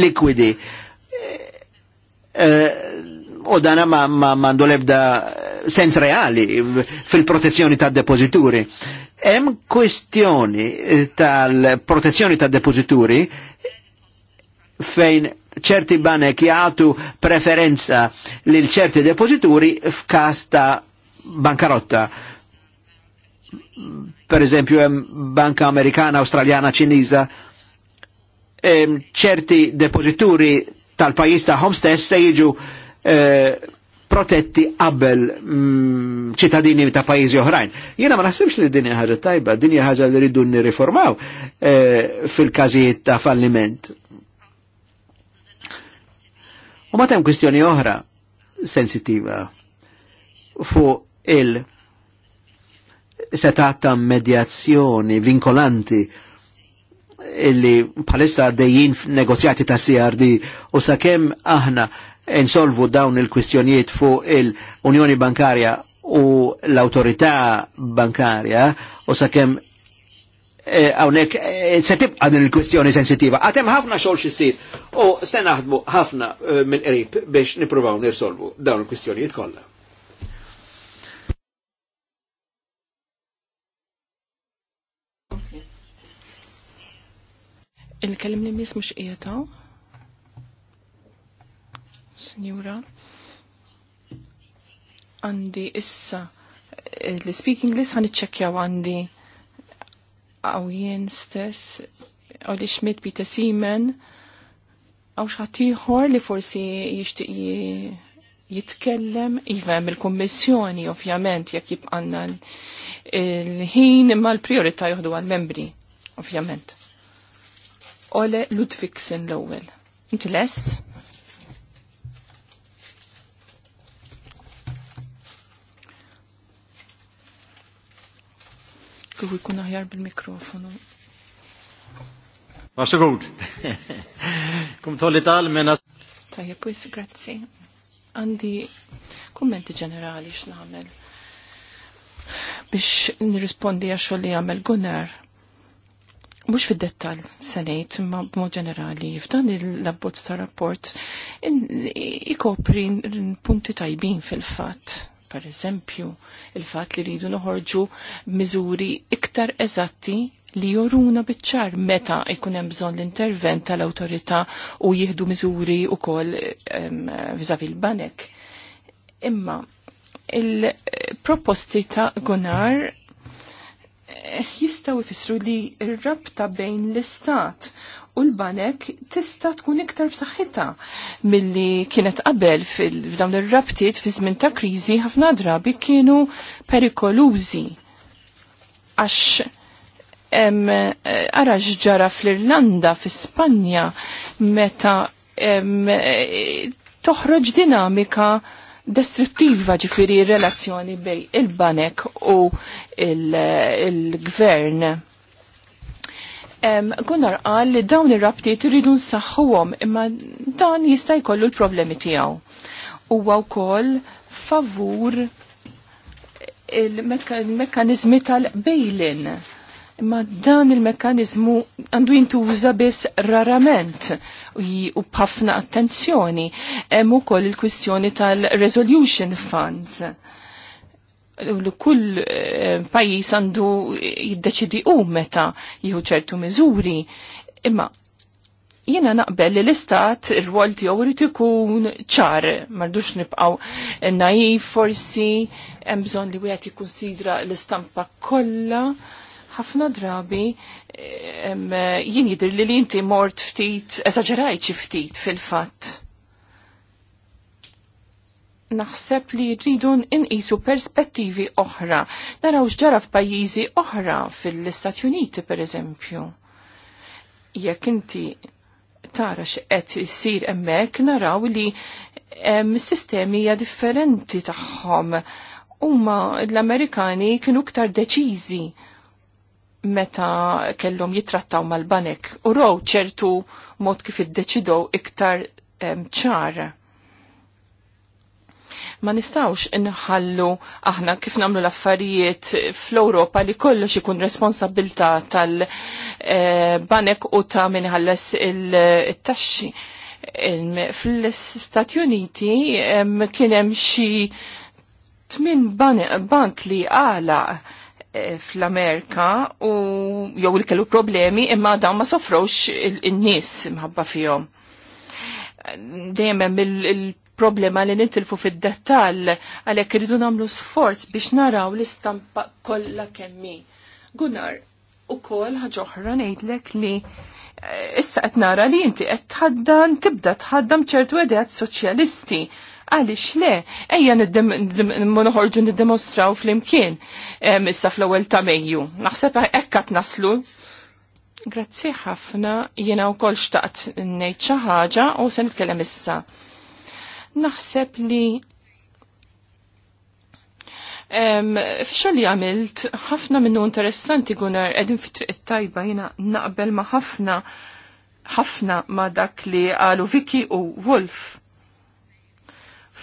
Speaker 3: likwidi. Eh, u dana ma, ma mandu lebda sens reali fil-protezzjoni ta' depozituri. Hemm kwestjoni tal-protezzjoni tad-depożituri fejn ċerti banek jgħatu preferenza lil ċerti depozituri f'każ ta' bankarotta. Per eżempju, hemm banka amerikana, australjana, ċiniża. Ċerti depozituri tal pajjiż tagħhom stess se jiġu eh, protetti qabel mm, ċittadini ta' pajjiżi oħrajn. Jiena ma naħsibx li din ħaġa tajba, din hija ħaġa li rridu nirriformaw eh, fil-każijiet ta' falliment. U matem kwistjoni oħra sensitiva fuq il setat ta' medjazzjoni vinkolanti illi palissa dejjin negozjati ta' CRD u sakemm aħna insolvu dawn il-kwistjonijiet fuq il-Unjoni Bankarja u l-Autorità Bankarja u sakemm għawnek eh, eh, se tibqa din il-kwistjoni sensitiva. Għatem ħafna xogħol xissir u se naħdmu ħafna eh, mill-qrib biex nippruvaw nirsolvu dawn il-kwistjonijiet kollha.
Speaker 1: Il-kellim li mis mux ijetaw? Signora, għandi issa eh, l-speaking list għan iċċekjaw għandi jien stess għal xmit bita simen għaw xħatiħor li forsi jishtiq jitkellem jivem il-kommissjoni ovvjament jek jibqanna l-ħin imma l-priorita juhdu għal-membri ovvjament. Ole Ludwigsen l-ewel. Inti lest? kieku jkun aħjar bil-mikrofonu.
Speaker 3: Varsågod. Kom ta lite allmänna...
Speaker 1: Tajja, pujs, grazzi. Għandi kommenti ġenerali x'namel biex nirrispondi għax li għamel Gunnar. Mux fid dettal senejt, ma b'mod ġenerali, f'dan il-labbozz ta' rapport ikopri punti tajbin fil-fat Per eżempju, il-fat li rridu noħorġu miżuri iktar eżatti li joruna bitċar meta ikunem hemm bżonn l-intervent tal-awtorità u jieħdu miżuri wkoll vizavi l-banek. Imma il-proposti ta' Gonar eh, jistaw ifissru li r-rabta bejn l-istat u l-banek tista' tkun iktar b'saħħitha milli kienet qabel f'dawn ir-rabtiet fi żmien ta' kriżi ħafna drabi kienu perikolużi għax eh, ara ġara fl-Irlanda, fl-Spanja, meta eh, toħroġ dinamika destruttiva ġifiri relazzjoni bej il-banek u il-gvern. Il Gunnar għal li dawn ir-rabtiet iridu nsaħħuhom imma dan jista' jkollu l-problemi tiegħu. Huwa wkoll favur il mekkaniżmi tal-bejlin. Imma dan il mekkaniżmu għandu jintuża biss rarament u b'ħafna attenzjoni. Hemm ukoll il-kwistjoni tal-resolution funds L kull eh, pajis għandu jiddeċidi u meta jieħu ċertu miżuri. Imma jiena naqbel li l-istat ir-rwol tiegħu irid ikun ċar, m'għandux nibqgħu naif forsi, hemm bżonn li wieħed jikkunsidra l-istampa kollha. Ħafna drabi eh, jien jidher li inti mort ftit, esaġerajt ftit fil-fatt naħseb li rridu inqisu perspettivi oħra. Naraw x'ġara f'pajjiżi oħra fil-Istati Uniti pereżempju. Jekk inti tara x'qed isir hemmhekk naraw li sistemi hija differenti tagħhom. Huma l-Amerikani kienu ktar deċiżi meta kellhom jitrattaw mal-banek u raw ċertu mod kif iddeċidow iktar ċar Ma nistawx inħallu aħna kif namlu l-affarijiet fl-Europa li kollox ikun responsabilta tal-banek u ta' minħalles il-taxxi. Fl-Stati Uniti kienem xi tmin bank li għala eh, fl-Amerika u jew li kellu problemi imma dawn ma sofrowx in-nies imħabba fihom dejjem hemm problema li nintilfu fid-dettall għalhekk irridu nagħmlu sforz biex naraw l-istampa kollha kemmi. Gunnar, ukoll ħaġa oħra ngħidlek li eh, issa qed nara li inti qed tħaddan tibda tħaddam ċertu edijat soċjalisti għalix le, ejja noħorġu demonstraw fl-imkien eh, issa fl-ewwel ta' Mejju. Naħseb ekkat naslu. Grazzi ħafna, jiena wkoll xtaqt ngħid xi ħaġa u se nitkellem issa Naħseb li Fisċa li għamilt, ħafna minnu interessanti għunar edin fitriq it-tajba jina naqbel ma ħafna, ħafna ma dak li għalu Vicky u Wolf.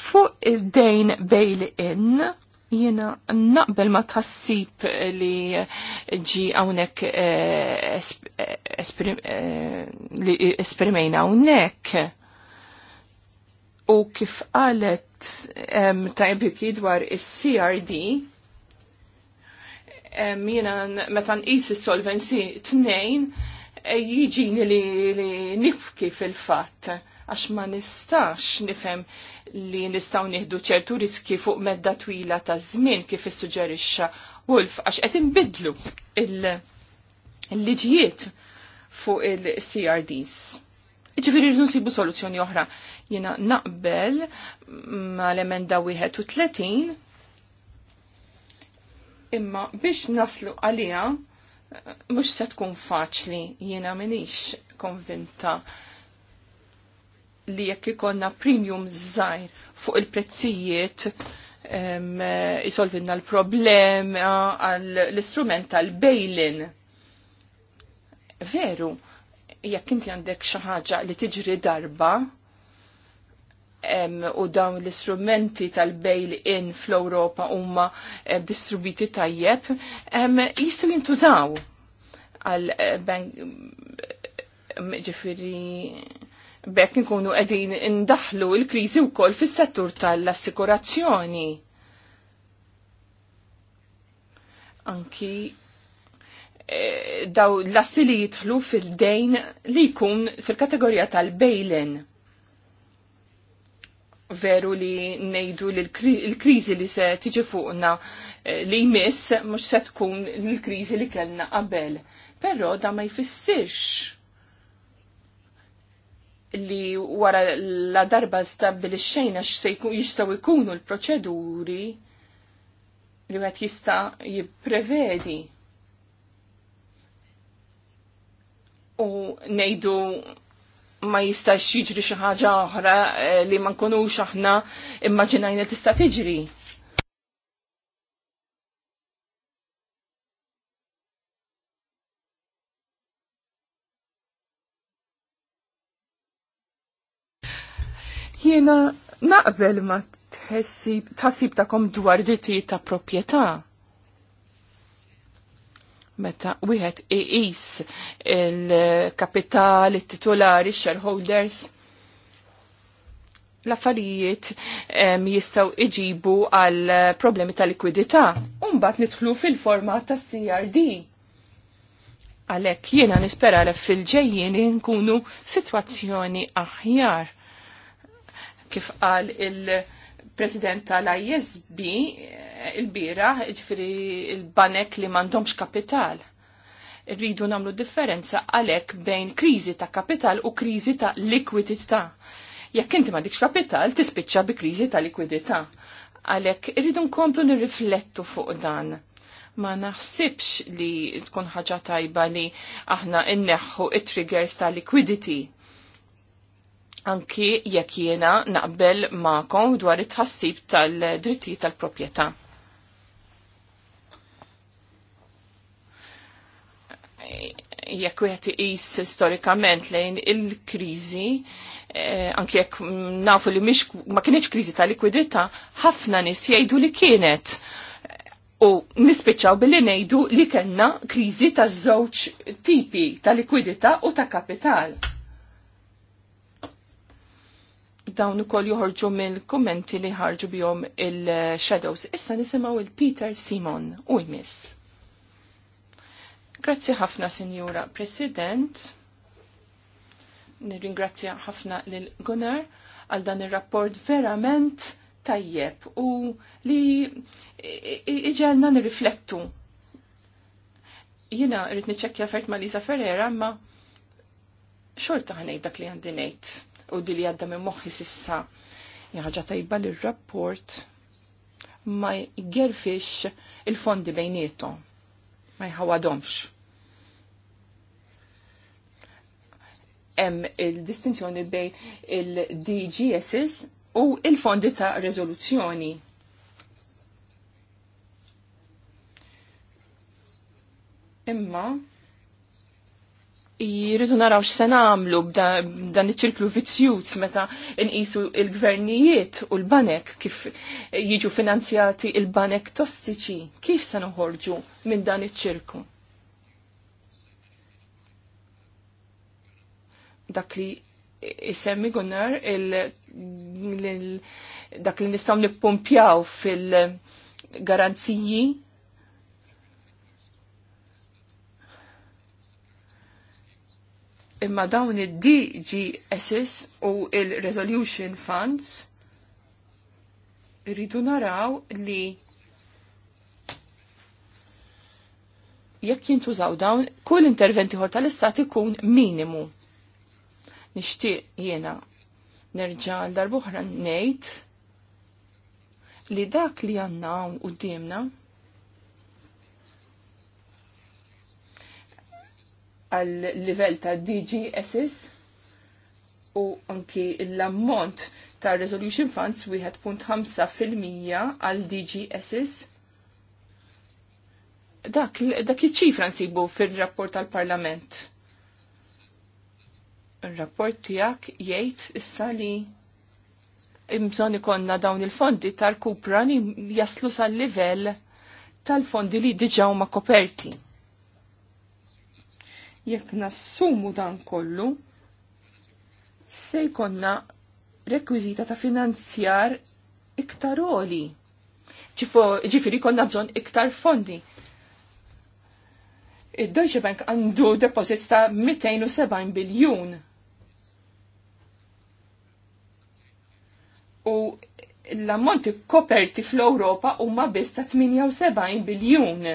Speaker 1: Fuq id-dejn bail-in, jina naqbel ma tħassib li ġi għawnek eh, eh, eh, li esprimejna għawnek U kif qalet um, tajbiki dwar is-CRD, um, jina meta nqis is-solvency tnejn e, jiġini li, li nifki fil-fatt għax ma nistax nifhem li nistaw nieħdu ċertu riski fuq medda twila ta' żmien kif issuġġerixxa Wolf għax qed inbidlu il-liġijiet fuq il-CRDs. Ġifiri rridu nsibu soluzzjoni oħra. Jena naqbel ma l-emenda 31 imma biex naslu għalija mux se tkun faċli jena minix konvinta li jekk ikonna premium żgħir fuq il-prezzijiet jisolvinna l-problema għall-istrument tal-bejlin. Veru, jekk inti għandek xi ħaġa li tiġri darba em, u dawn l-istrumenti tal-bail-in fl ewropa huma distribuiti tajjeb, jistgħu jintużaw għal eh, bank ġifiri bekk nkunu qegħdin indaħlu l-kriżi wkoll fis-settur tal-assikurazzjoni. Anki Eh, daw l-assi li jitħlu fil-dejn li jkun fil-kategorija tal-bejlen. Veru li nejdu li l-krizi li se tiġi fuqna eh, li jmiss mux se tkun l-krizi li kellna qabel. Pero da ma jfissirx li wara la darba stabilixxejna x'jistaw ikunu l-proċeduri li għet jista' jipprevedi u nejdu ma jistax jiġri xi ħaġa oħra eh, li ma nkunux aħna immaġinajna tista' tiġri. Jiena naqbel ma tħassib tagħkom dwar drittijiet ta' proprjetà meta wieħed iqis il-kapital, it-titolari, shareholders l-affarijiet jistaw iġibu għal problemi ta' likwidità. Umbat nidħlu fil-format ta' CRD. Għalek jiena nispera fil-ġejjien nkunu situazzjoni aħjar. Kif qal il- president tal-ISB eh, il-bira, ġifiri il-banek li mandomx kapital. Rridu namlu differenza għalek bejn krizi ta' kapital u krizi ta' likwidità. Jekk inti ma dikx kapital, tispiċċa bi krizi ta' likwidità. Għalek irridu nkomplu nirriflettu fuq dan ma naħsibx li tkun ħaġa tajba li aħna inneħħu it-triggers ta' liquidity anki jekk jiena naqbel ma'kom dwar it-tħassib tal drittijiet tal-proprjetà. Jekk wieħed iqis storikament lejn il-kriżi, eh, anki jekk nafu li mhix ma kienx kriżi ta' likwidità, ħafna nies jgħidu li kienet u nispiċċaw billi ngħidu li kellna kriżi taż-żewġ tipi ta' likwidità u ta' kapital dawn ukoll joħorġu mill-kummenti li ħarġu bihom il-Shadows. Issa nisimgħu il-Peter Simon u jmiss. Grazzi ħafna, Sinjura President. Nirringrazzja ħafna lil Gunnar għal dan ir-rapport verament tajjeb u li iġelna nirriflettu. Jina rrit niċċekkja fert ma' Lisa Ferrera, ma xorta ħanejt dak li għandi ngħid u di li għadda minn moħħi sissa. Jaħġa tajba li r-rapport ma jgerfix il-fondi bejnieto ma jħawadomx. Hemm il-distinzjoni bej il-DGSs u il-fondi ta' rezoluzzjoni. Imma, jiridu naraw x'se nagħmlu b'dan iċ-ċirklu vizzjuż meta nqisu l-gvernijiet u l-banek kif jiġu finanzjati l-banek tossiċi, kif se noħorġu minn dan iċ-ċirku? Dak li isemmi Gunnar dak li nistgħu nippumpjaw fil-garanziji imma dawn id-DGSs u il-Resolution Funds rridu naraw li jekk jintużaw dawn, kull interventi ħor tal-istat ikun minimu. Nixtieq jiena nerġa' l-darbuħra ngħid li dak li għandna hawn qudiemna għal-livell ta' DGSs u anki l-ammont ta' Resolution Funds 1.5% għal DGSS. Dak, dak iċ-ċifra nsibu fil-rapport tal-Parlament. Il-rapport tijak jgħid issa li imżon ikonna dawn il-fondi tal-kupra li jaslu sal-livell tal-fondi li diġaw ma koperti. Jekk nassumu dan kollu, se jkonna rekwiżita ta' finanzjar iktar oli. Ġifiri konna bżon iktar fondi. Id-Deutsche Bank għandu deposits ta' 270 biljun. U l-ammonti koperti fl-Europa huma biss ta' 78 biljun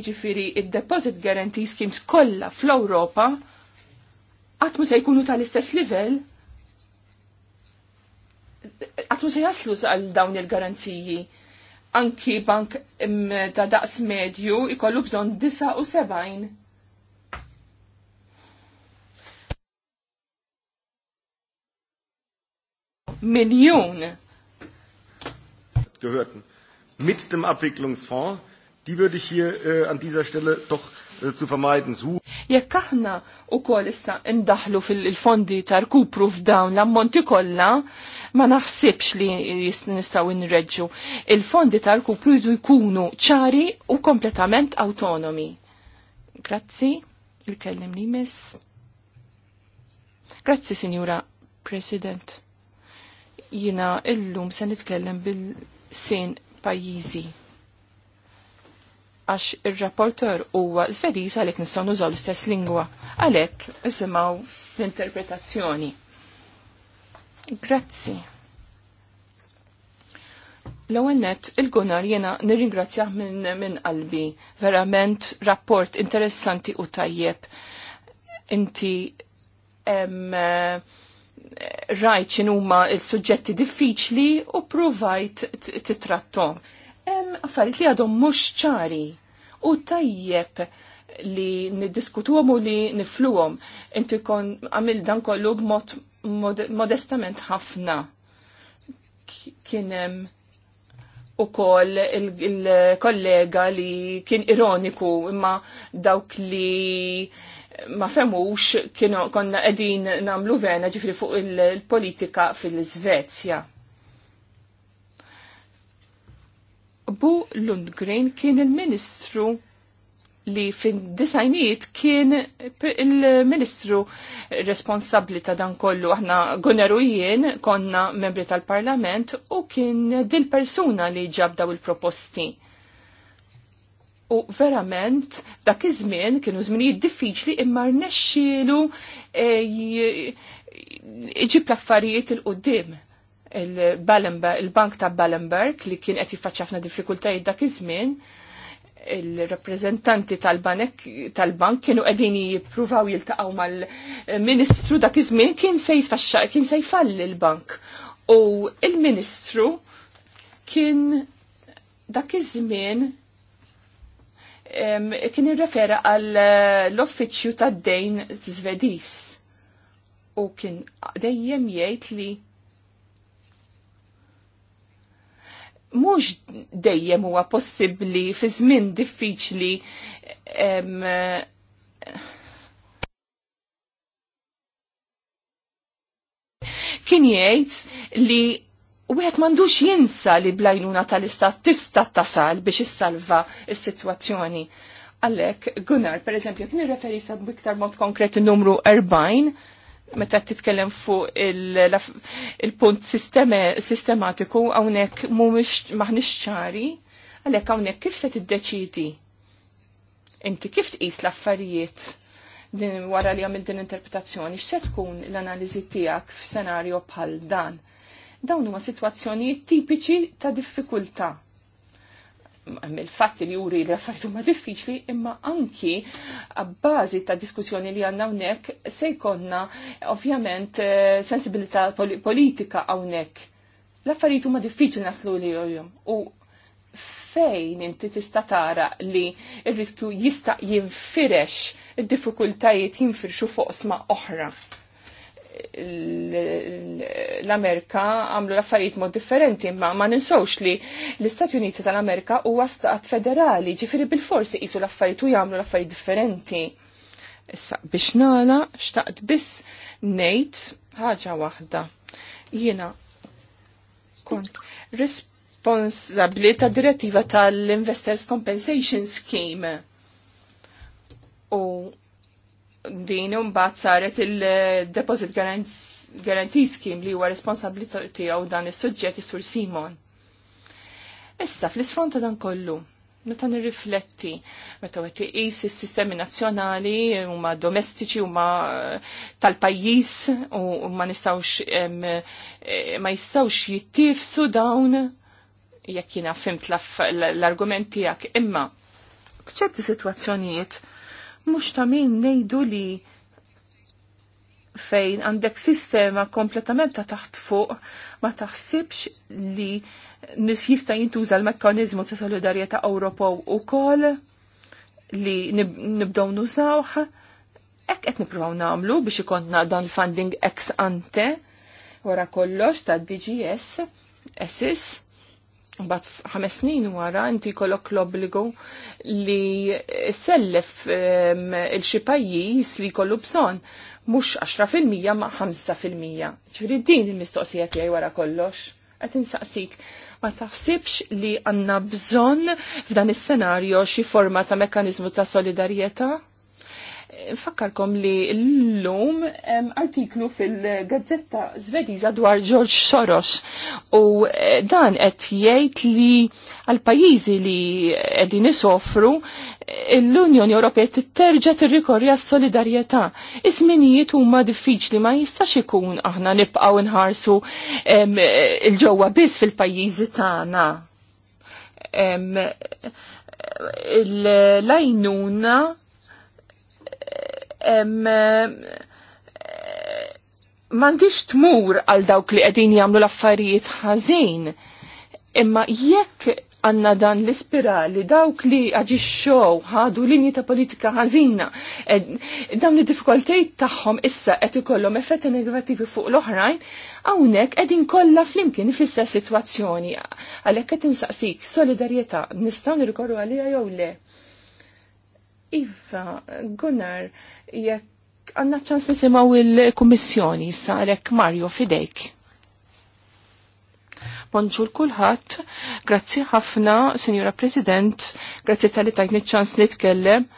Speaker 1: Iġifiri, il deposit guarantee schemes kolla fl-Ewropa għatmu se jkunu tal-istess livell għatmu se jaslu għal dawn il-garanziji. Anki bank ta' daqs medju ikollu bżon 79 Millionen gehörten. Mit dem Abwicklungsfonds die würde ich hier äh, an dieser Stelle doch äh, zu vermeiden suchen. Jekk aħna ukoll issa ndaħlu fil-fondi tarku rkupru f'dawn l-ammonti kollha, ma naħsibx li nistgħu nreġġu. Il-fondi tal rkupru jdu jkunu ċari u kompletament autonomi. Grazzi, il-kellim li miss. Grazzi, Sinjura President. Jina illum se nitkellem bil-sin pajjiżi għax il-rapporter huwa Zvediż għalhekk nistgħu nużaw l-istess lingwa. Għalhekk isimgħu l-interpretazzjoni. Grazzi. L-ewwel nett il gunar jiena nirringrazzjah minn min qalbi. Verament rapport interessanti u tajjeb. Inti em, rajt x'inhuma l-suġġetti diffiċli u provajt titrattom affarijiet li għadhom mhux ċari u tajjeb li niddiskutuhom u li nifluhom. Inti kon għamil dan kollu b'mod modestament ħafna. Kien hemm ukoll il-kollega il li kien ironiku imma dawk li ma femux kienu konna edin namlu vena ġifri fuq il-politika fil-Svezja. Bu Lundgren kien il-ministru li fin-disajnijiet kien il-ministru responsabli ta' dan kollu. Aħna goneru jien konna membri tal-parlament u kien dil-persuna li daw il-proposti. U verament, dak iż-żmien kienu żminijiet diffiċli imma rnexxielu iġib eh, l-affarijiet il-qudiem il-bank ta' Ballenberg li kien qed jiffaċċafna diffikultajiet dak iż-żmien, il-rappreżentanti tal-bank kienu qegħdin jippruvaw jiltaqgħu mal-Ministru dak iż-żmien kien se kien se jfalli l-bank. U il-Ministru kien dak iż-żmien kien irrefera għal l-offiċju tad-dejn Svediż u kien dejjem jgħid li mhux dejjem huwa possibbli fi żmien diffiċli kien jgħid li wieħed m'għandux jinsa li blajnuna tal-istat tista' tasal biex issalva s-sitwazzjoni. Għalhekk Gunnar, pereżempju, kien irreferi sa iktar mod konkret numru 40, meta titkellem fuq il-punt sistematiku hawnhekk mhumiex maħniex ċari, għalhekk hawnhekk kif se tiddeċidi? Inti kif tqis l-affarijiet din wara li għamil din interpretazzjoni, x'se tkun l-analiżi tiegħek f'senarju bħal dan? Dawn huma sitwazzjonijiet tipiċi ta' diffikultà Il-fatti li juri li affarijiet huma diffiċli, imma anki għabbażi ta' diskussjoni li għandna hawnhekk se jkollna ovvjament eh, sensibilità politika hawnhekk. L-affarijiet huma diffiċli naslu li jom. U fejn inti tista' tara li r-riskju jista' jinfirex id-diffikultajiet jinfirxu fuq sma oħra l-Amerika għamlu l-affarijiet mod differenti, ma ma ninsawx li l-Istati Uniti tal-Amerika huwa għastat federali, ġifiri bil-forsi qisu l-affarijiet u jagħmlu l-affarijiet differenti. Issa biex nala xtaqt biss ngħid ħaġa waħda. Jiena kont responsabli ta' direttiva tal-Investors Compensation Scheme. U din mbagħad saret il-deposit guarantee scheme li huwa responsabbli tiegħu dan is-suġġett is-Sur Simon. Issa fl-isfond ta' dan kollu, meta nirrifletti, meta qed iqis is-sistemi nazzjonali huma domestiċi huma eh, tal-pajjiż u ma nistgħux eh, ma jistgħux jittifsu dawn jekk jiena fimt l-argument tiegħek imma f'ċerti sitwazzjonijiet mhux ta' min ngħidu li fejn għandek sistema kompletament ta' taħt fuq ma taħsibx li nis jista' jintuża l-mekkanizmu ta' solidarjetà Ewropew ukoll li nibdew nużawh hekk qed nippruvaw nagħmlu biex ikontna dan funding ex ante wara kollox ta' DGS, SIS, bat ħames snin wara inti jkollok l-obbligu li sellef um, il-xi pajjiż li kollu bżonn mhux 10% ma' 5%. Ġifieri din il-mistoqsija tiegħi wara kollox. Qed insaqsik, ma taħsibx li għandna bżonn f'dan is senarju xi forma ta' mekkaniżmu ta' solidarjetà? Fakkarkom li l-lum artiklu fil-gazzetta svediża dwar George Soros u eh, dan qed jgħid li għal pajjiżi li qegħdin isofru eh, l-Unjoni Ewropea titterġa' tirrikorja s-solidarjetà. Iż-żminijiet huma diffiċli ma jistax ikun aħna nibqgħu nħarsu eh, il-ġewwa biss fil-pajjiżi tagħna il lajnuna mandiċ tmur għal dawk li għedin jamlu l-affarijiet ħazin. Imma jekk għanna dan l-ispirali dawk li xow ħadu linji ta' politika ħazina, dawn li diffikultajt tagħhom issa qed ikollhom effetti negativi fuq l-oħrajn, hawnhekk qegħdin kollha flimkien fl-istess sitwazzjoni. Għalhekk qed insaqsik solidarjetà nistgħu nirkorru għaliha jew le. Iva, Gunnar, jekk għanna ċans nisimaw il-Kummissjoni sarek għalhekk Mario fidejk. Bonġur kulħadd, grazzi ħafna, Sinjura President, grazzi tal-li tajtni ċans nitkellem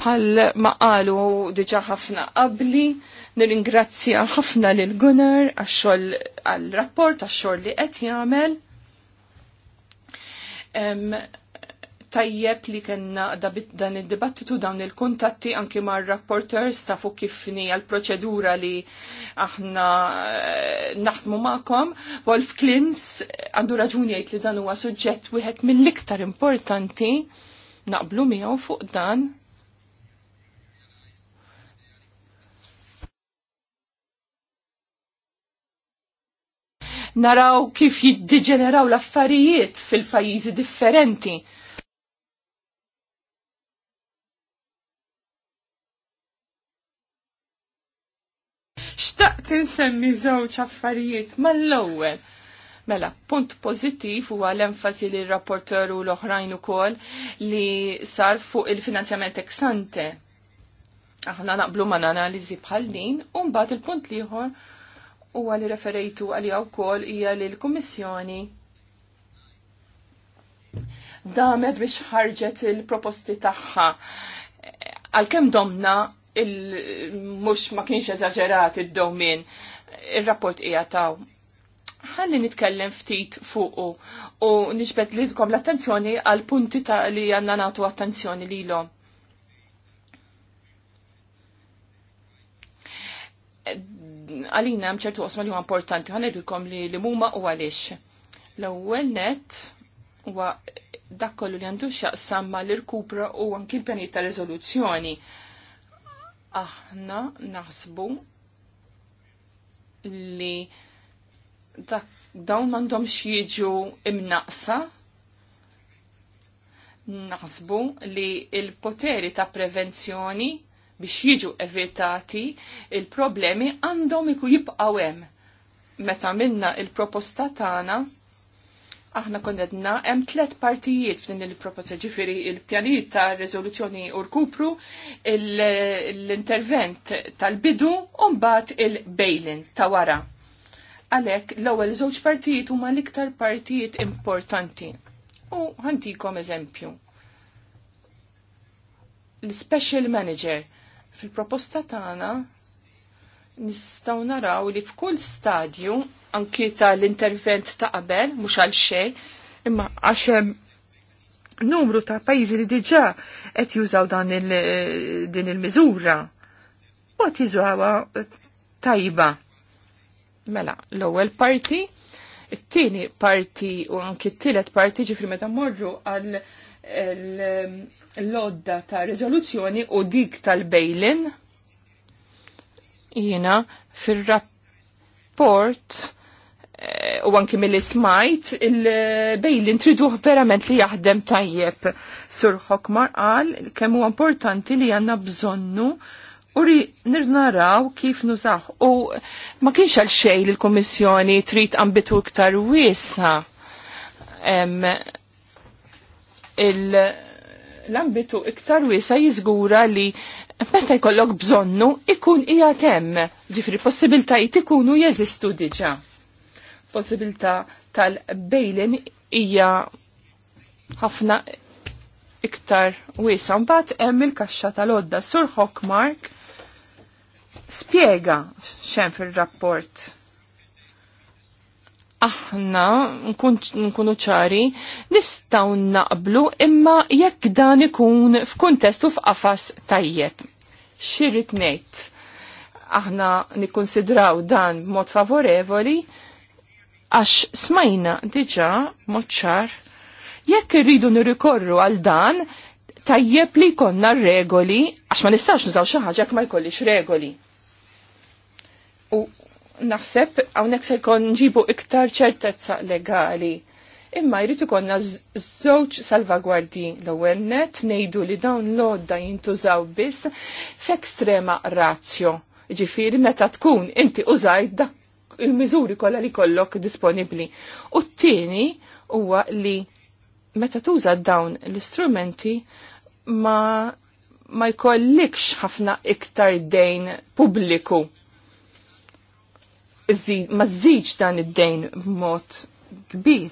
Speaker 1: pal maqalu diġa ħafna qabli, nir-ingrazzja ħafna lil-Gunnar xogħol għal-rapport, għax-xogħol li qed jagħmel tajjeb li kena dan id-dibattitu dawn il-kontatti anki mar rapporters ta' fuq kifni għal-proċedura li aħna eh, naħdmu ma'kom. Wolf Klins eh, għandu raġuni jgħid li dan huwa suġġett wieħed mill-iktar importanti naqblu miegħu fuq dan. Naraw kif jiddiġeneraw l-affarijiet fil-pajjiżi differenti Xtaqt insemmi żewġ affarijiet mal-ewwel. Mela, punt pozittiv huwa l-enfasi li r-rapporter u l-oħrajn ukoll li sar fuq il-finanzjament eksante. Aħna naqblu ma' analiżi bħal din, u mbagħad il-punt liħor huwa li referejtu għalija wkoll hija li l-Kummissjoni damet biex ħarġet il-proposti tagħha għalkemm domna il-mux ma kienx eżagġerat id-domin, il-rapport ija taw. Ħalli nitkellem ftit fuqu u nixbet lidkom l-attenzjoni għal punti ta' li għanna natu attenzjoni li l-om. Għalina mċertu għosma li huwa importanti ħanedilkom li li muma u għalix. L-ewwel net huwa dak li għandu xaqsam ma l-irkupra u anki l ta' riżoluzzjoni aħna naħsbu li dawn mandom xieġu imnaqsa naħsbu li il-poteri ta' prevenzjoni biex jiġu evitati il-problemi għandhom iku jibqawem. hemm. Meta minna il-proposta tagħna aħna konnedna hemm tliet partijiet f'din il-proposta ġifieri il-pjanijiet ta' riżoluzzjoni u rkupru, l-intervent tal-bidu u mbagħad il-bejlin ta' wara. Għalhekk l-ewwel żewġ partijiet huma l-iktar partijiet importanti. U ħantikom eżempju. L-special manager fil-proposta tagħna nistgħu naraw li f'kull stadju anki tal-intervent ta' qabel, mhux għal xej, imma għax numru ta' pajjiżi li diġà qed jużaw dan il, din il-miżura u qed tajba. Mela, l-ewwel parti, it-tieni parti u anki t-tielet parti ġifri meta morru għal l-lodda ta' riżoluzzjoni u dik tal-bejlin jina fir-rapport u anki mill-ismajt il-bejl intriduħ verament li jaħdem tajjeb. Sur Hokmar qal kemm huwa importanti li għandna bżonnu u ri nirnaraw kif nużaw. U ma kienx għal xej li l komissjoni trid ambitu iktar wiesa l-ambitu iktar wiesa jiżgura li meta jkollok bżonnu ikun hija temm, ġifri possibiltajiet ikunu jeżistu diġà possibilità tal-bejlin hija ħafna iktar wiesa. Mbagħad hemm il-kaxxa tal-odda Sur Hockmark spjega xem fir-rapport. Aħna nkunu ċari nistgħu naqblu imma jekk dan ikun f'kuntestu f'qafas tajjeb. Xirrit ngħid aħna nikkonsidraw dan mod favorevoli Għax smajna diġa moċċar jekk irridu nirrikorru għal dan tajjeb li konna regoli għax ma nistax nużaw xi ħaġa ma jkollix regoli. U naħseb hawnhekk se jkun nġibu iktar ċertezza legali. Imma jrid ikonna żewġ salvagwardji l-ewwel net ngħidu li dawn l-odda jintużaw biss f'ekstrema razzjo. Ġifieri meta tkun inti użajt dak il-miżuri kollha li kollok disponibbli. U t-tieni huwa li meta tuża dawn l-istrumenti ma ma jkollikx ħafna iktar dejn pubbliku. Ma żidx dan id-dejn b'mod kbir.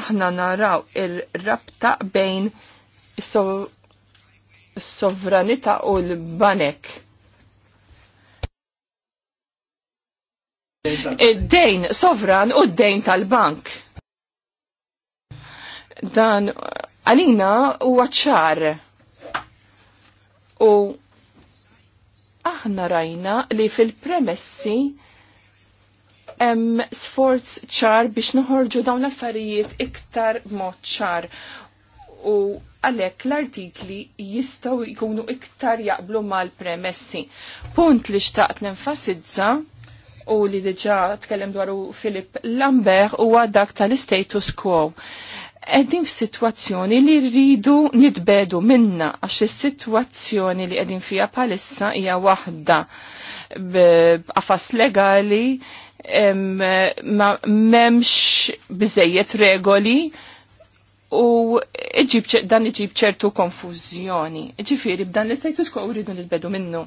Speaker 1: Aħna naraw il-rabta bejn is-sovranità u l-banek id-dejn sovran u d-dejn tal-bank. Dan għalina u għacċar. U aħna rajna li fil-premessi hemm sforz ċar biex nħorġu dawn l-affarijiet iktar mod ċar. U għalhekk l-artikli jistgħu jkunu iktar jaqblu mal-premessi. Punt li xtaqt nenfasizza u li diġa tkellem dwaru Filip Lambert u dak tal-status quo. Edin f-situazzjoni li rridu nitbedu minna, għax is-situazzjoni li edin fija palissa hija waħda b'għafas legali, ma memx biżejjed regoli, u dan iġib ċertu konfuzjoni. Ġifiri, b'dan li sejtu skor rridu nitbedu minnu.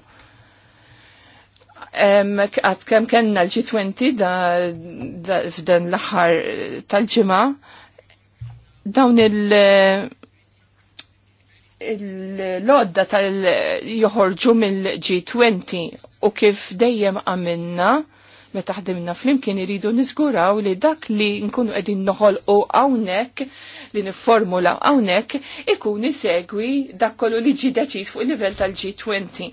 Speaker 1: Għad kem kena l-G20 f'dan l ħar tal-ġima, dawn il- l-lodda tal-joħorġu mill-G20 u kif dejjem għamilna meta ħdimna flimkien iridu niżguraw li dak li nkunu qegħdin noħolqu hawnhekk li nifformula hawnhekk ikun isegwi dak kollu li ġi deċiż fuq il-livell tal-G20.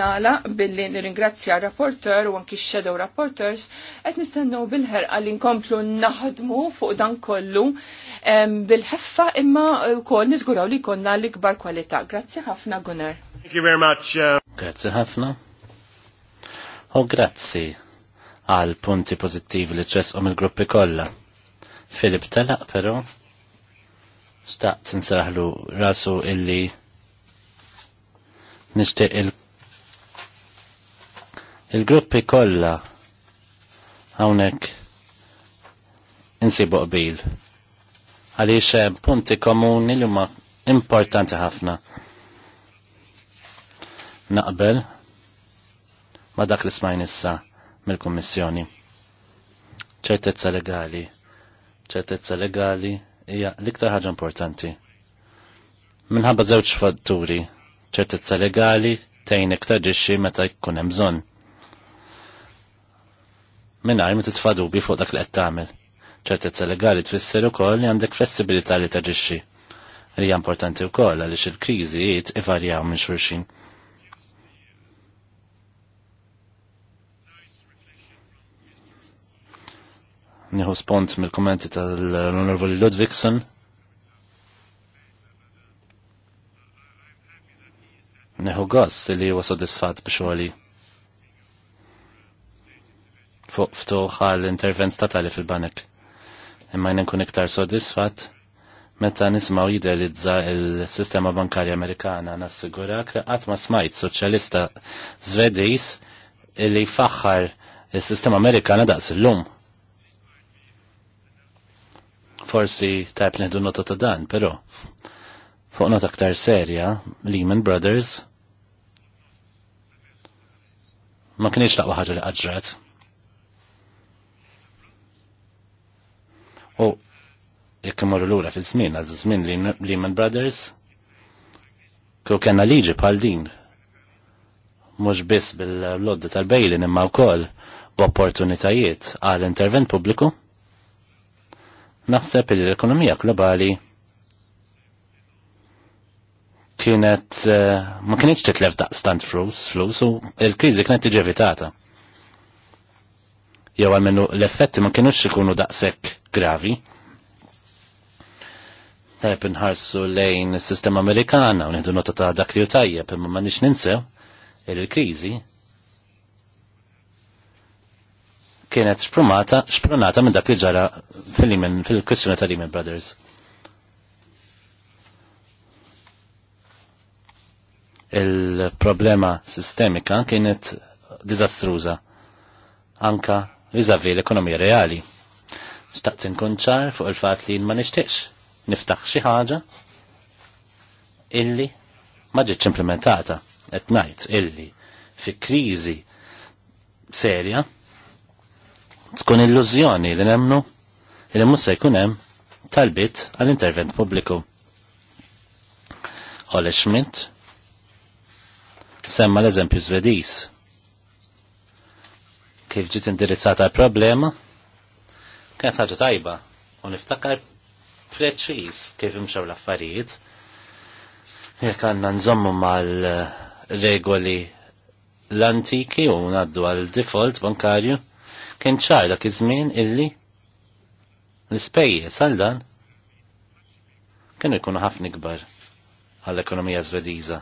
Speaker 1: Nala billi nirringrazzja rapporter u anki shadow rapporters qed nistennew bil-ħerqa li nkomplu naħdmu fuq dan kollu bil-ħeffa imma wkoll niżguraw li konna l-ikbar kwalità. Grazzi ħafna Gunnar.
Speaker 3: Thank you very much. Uh...
Speaker 2: Grazzi ħafna. Oh grazzi għal punti pozittivi li ċesqom il-gruppi kollha. Filip telaq però xtaqt tinsaħlu rasu illi nixtieq il- il-gruppi kollha hawnhekk insibu qbil għaliex punti komuni li huma importanti ħafna. Naqbel ma dak l ismajn issa mill-Kummissjoni. ċertezza legali. ċertezza legali hija l-iktar ħaġa importanti. Minħabba żewġ fatturi, ċertezza legali tejn iktar ġixxi meta jkun hemm bżonn. Mingħajr ma titfa' dubi fuq dak li qed tagħmel. Ċertezza legali tfisser ukoll li għandek flessibilità li taġixxi. Hija importanti wkoll għaliex il-kriżijiet ivarjaw minn xulxin. nieħu spont mill-kommenti tal-Onorevoli Ludwigson. Nieħu gost li huwa sodisfatt biex għali. Fuq ftuħ għal intervent statali fil-banek. Imma jnen kun iktar sodisfatt meta nismaw jidelizza il-sistema bankarja Amerikana nassigura kraqat ma smajt soċjalista Zvediż li faħħar il-sistema Amerikana daqs il-lum. il lum forsi tajb neħdu nota ta' dan, pero fuq nota aktar serja, Lehman Brothers ma kienx laqwa ħaġa li qaġrat. U jekk imorru lura fiż-żmien, għal żmien Lehman Brothers, kieku kellna liġi bħal din. Mhux biss bil-lodda tal-bejlin imma wkoll b'opportunitajiet għal intervent pubbliku naħseb li l-ekonomija globali kienet eh, ma kienx titlef daqstant flus, flus u l-kriżi kienet tiġi evitata. Jew għalmenu l-effetti ma kienux ikunu daqshekk gravi. Tajb inħarsu lejn is-sistema Amerikana u nħidu nota ta' dak li tajjeb imma ma nix ninsew il-kriżi kienet sprumata, sprunata minn dak il ġara fil-Limen, fil-kwistjoni ta' Lehman Brothers. Il-problema sistemika kienet dizastruza, anka vizavi l-ekonomija reali. Xtaqt inkun ċar fuq il-fat li ma nishtiqx, niftaħ xi ħaġa illi ma ġietx implementata qed ngħid illi fi kriżi serja tkun illużjoni li nemnu li mhux se jkun hemm talbit għall-intervent pubbliku. Ole Schmidt semma l-eżempju Svediż. Kif ġiet indirizzata l-problema? Kienet ħaġa tajba u niftakar preċiż kif imxew l-affarijiet. Jekk għandna nżommu mal-regoli l-antiki u ngħaddu għal default bankarju kien ċar dak iż-żmien illi l-ispejjeż għal dan kienu jkunu ħafna ikbar għall-ekonomija Svediża.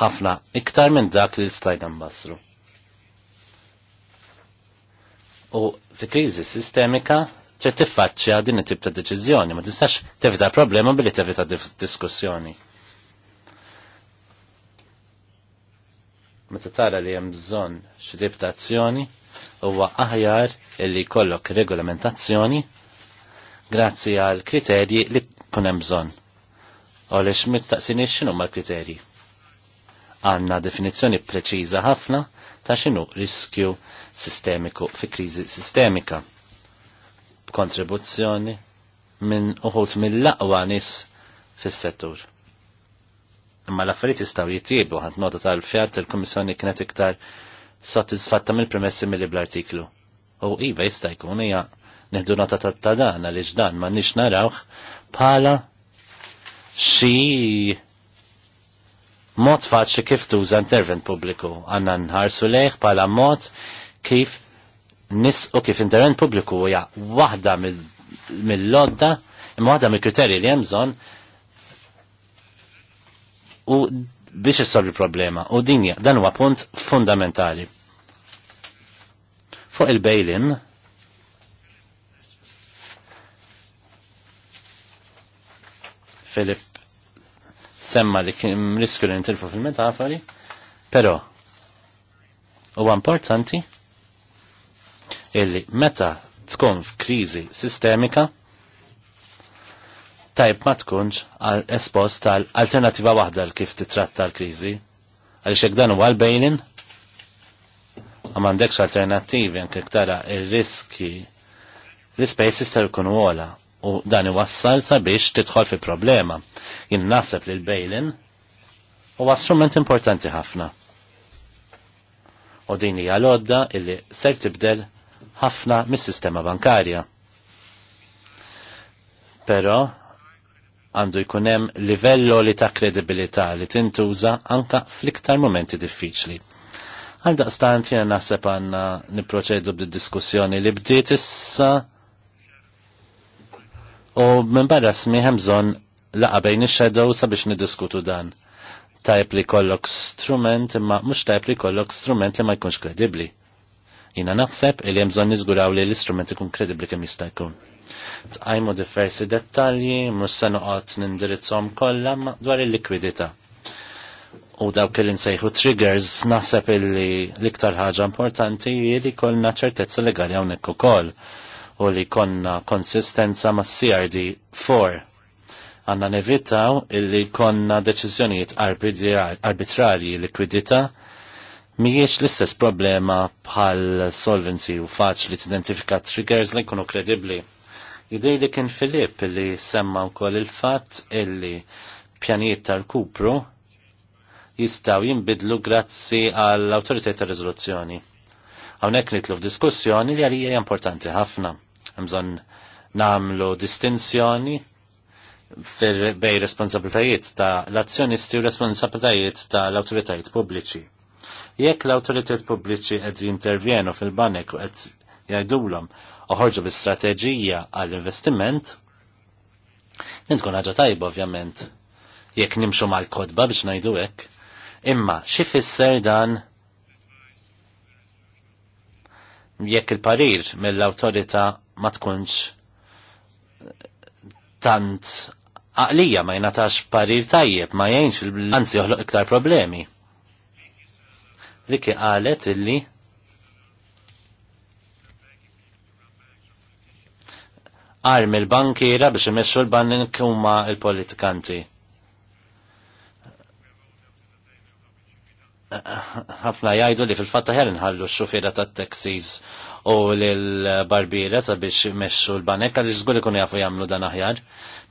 Speaker 2: Ħafna iktar minn dak li l-slajda mbassru. U fi kriżi sistemika trid tiffaċċja din it-tip ta' deċiżjoni, ma tistax tevita problema billi tevita diskussjoni. meta tara li hemm bżonn xi tip ta' azzjoni huwa aħjar illi jkollok regolamentazzjoni grazzi għal kriterji li kun hemm bżonn. U Għaliex mittaqsini x'inhu ma' kriterji. Għandna definizzjoni preċiża ħafna ta' x'inhu riskju sistemiku fi kriżi sistemika. Kontribuzzjoni minn uħut mill-laqwa nies fis-settur imma l-affarijiet jistgħu jitjiebu ħadd nota tal-fjat il-Kummissjoni kienet iktar sottisfatta mill-premessi milli bl-artiklu. U iva jista' jkun hija neħdu nota ta' dan għaliex dan ma nix narawh bħala xi mod faċli kif tuża intervent pubbliku għandna nħarsu lejh bħala mod kif nis u kif intervent pubbliku hija waħda mill-lodda imma waħda mill-kriterji li hemm bżonn u biex jissolvi problema u dinja dan huwa punt fundamentali. Fuq il-bejlin Filip semma li kim riskju li nitilfu fil-metafori, pero huwa importanti illi meta tkun f'kriżi sistemika tajb ma tkunx espost tal-alternativa waħda l-kif titratta l-krizi. Għalix jek dan huwa l-bejnin, għam għandekx alternativi anke ktara il-riski, l-space jistaw jkunu għola u dan iwassal sabiex tidħol fi problema. Jien naħseb li l-bejlin huwa strument importanti ħafna. U din hija lodda illi ser tibdel ħafna mis-sistema bankarja. Però għandu jkunem livello li ta' kredibilità li tintuża anka fl-iktar momenti diffiċli. Għal daqstant jena nasib għanna niproċedu b'diskussjoni li bdiet issa u minn barra smiħem zon laqa bejn ix-shadow sabiex nidiskutu dan. Tajp li kollok strument imma mhux tajb li kollok strument li ma jkunx kredibbli. Jina naħseb li hemm bżonn niżguraw li l-istrument ikun kredibbli kemm jista' jkun. Tqajmu diversi dettalji, mhux se noqgħod nindirizzom kollha dwar il-likwidità. U dawk li nsejħu triggers naħseb illi l-iktar ħaġa importanti hi li kollna ċertezza legali hawnhekk ukoll u li konna konsistenza ma' CRD 4 għanna nevitaw illi konna deċizjoniet arbitrarji likwidita Mijiex l-istess problema bħal solvency u faċ li t-identifika triggers li kunu kredibli. Jidir li kien Filipp li semma wkoll il-fatt illi pjanijiet tal-kupru jistaw jimbidlu grazzi għall autoritet ta' rizoluzzjoni. Hawnhekk nitlu f'diskussjoni li għalija importanti ħafna. Mżon namlu distinzjoni bej responsabiltajiet ta' l-azzjonisti u responsabiltajiet ta' l-autoritajiet pubbliċi. Jekk l-autoritet pubbliċi qed jintervjenu fil-banek u għed jgħidulhom oħorġu bi strateġija għall-investiment, nintkun ħaġa tajba ovvjament jekk nimxu mal-kodba biex ngħidu hekk. Imma xi fisser dan jekk il-parir mill-awtorità ma tkunx tant għalija ma jnatax parir tajjeb ma jgħinx l-anzi joħloq iktar problemi. Riki qalet illi arm il bankira biex imessu l-bannik huma il-politikanti. ħafna jgħidu li fil-fatta ħer nħallu x-xufiera tat-taxis u l ta' sabiex imessu l-banek għal żgur ikunu jafu jagħmlu dan aħjar.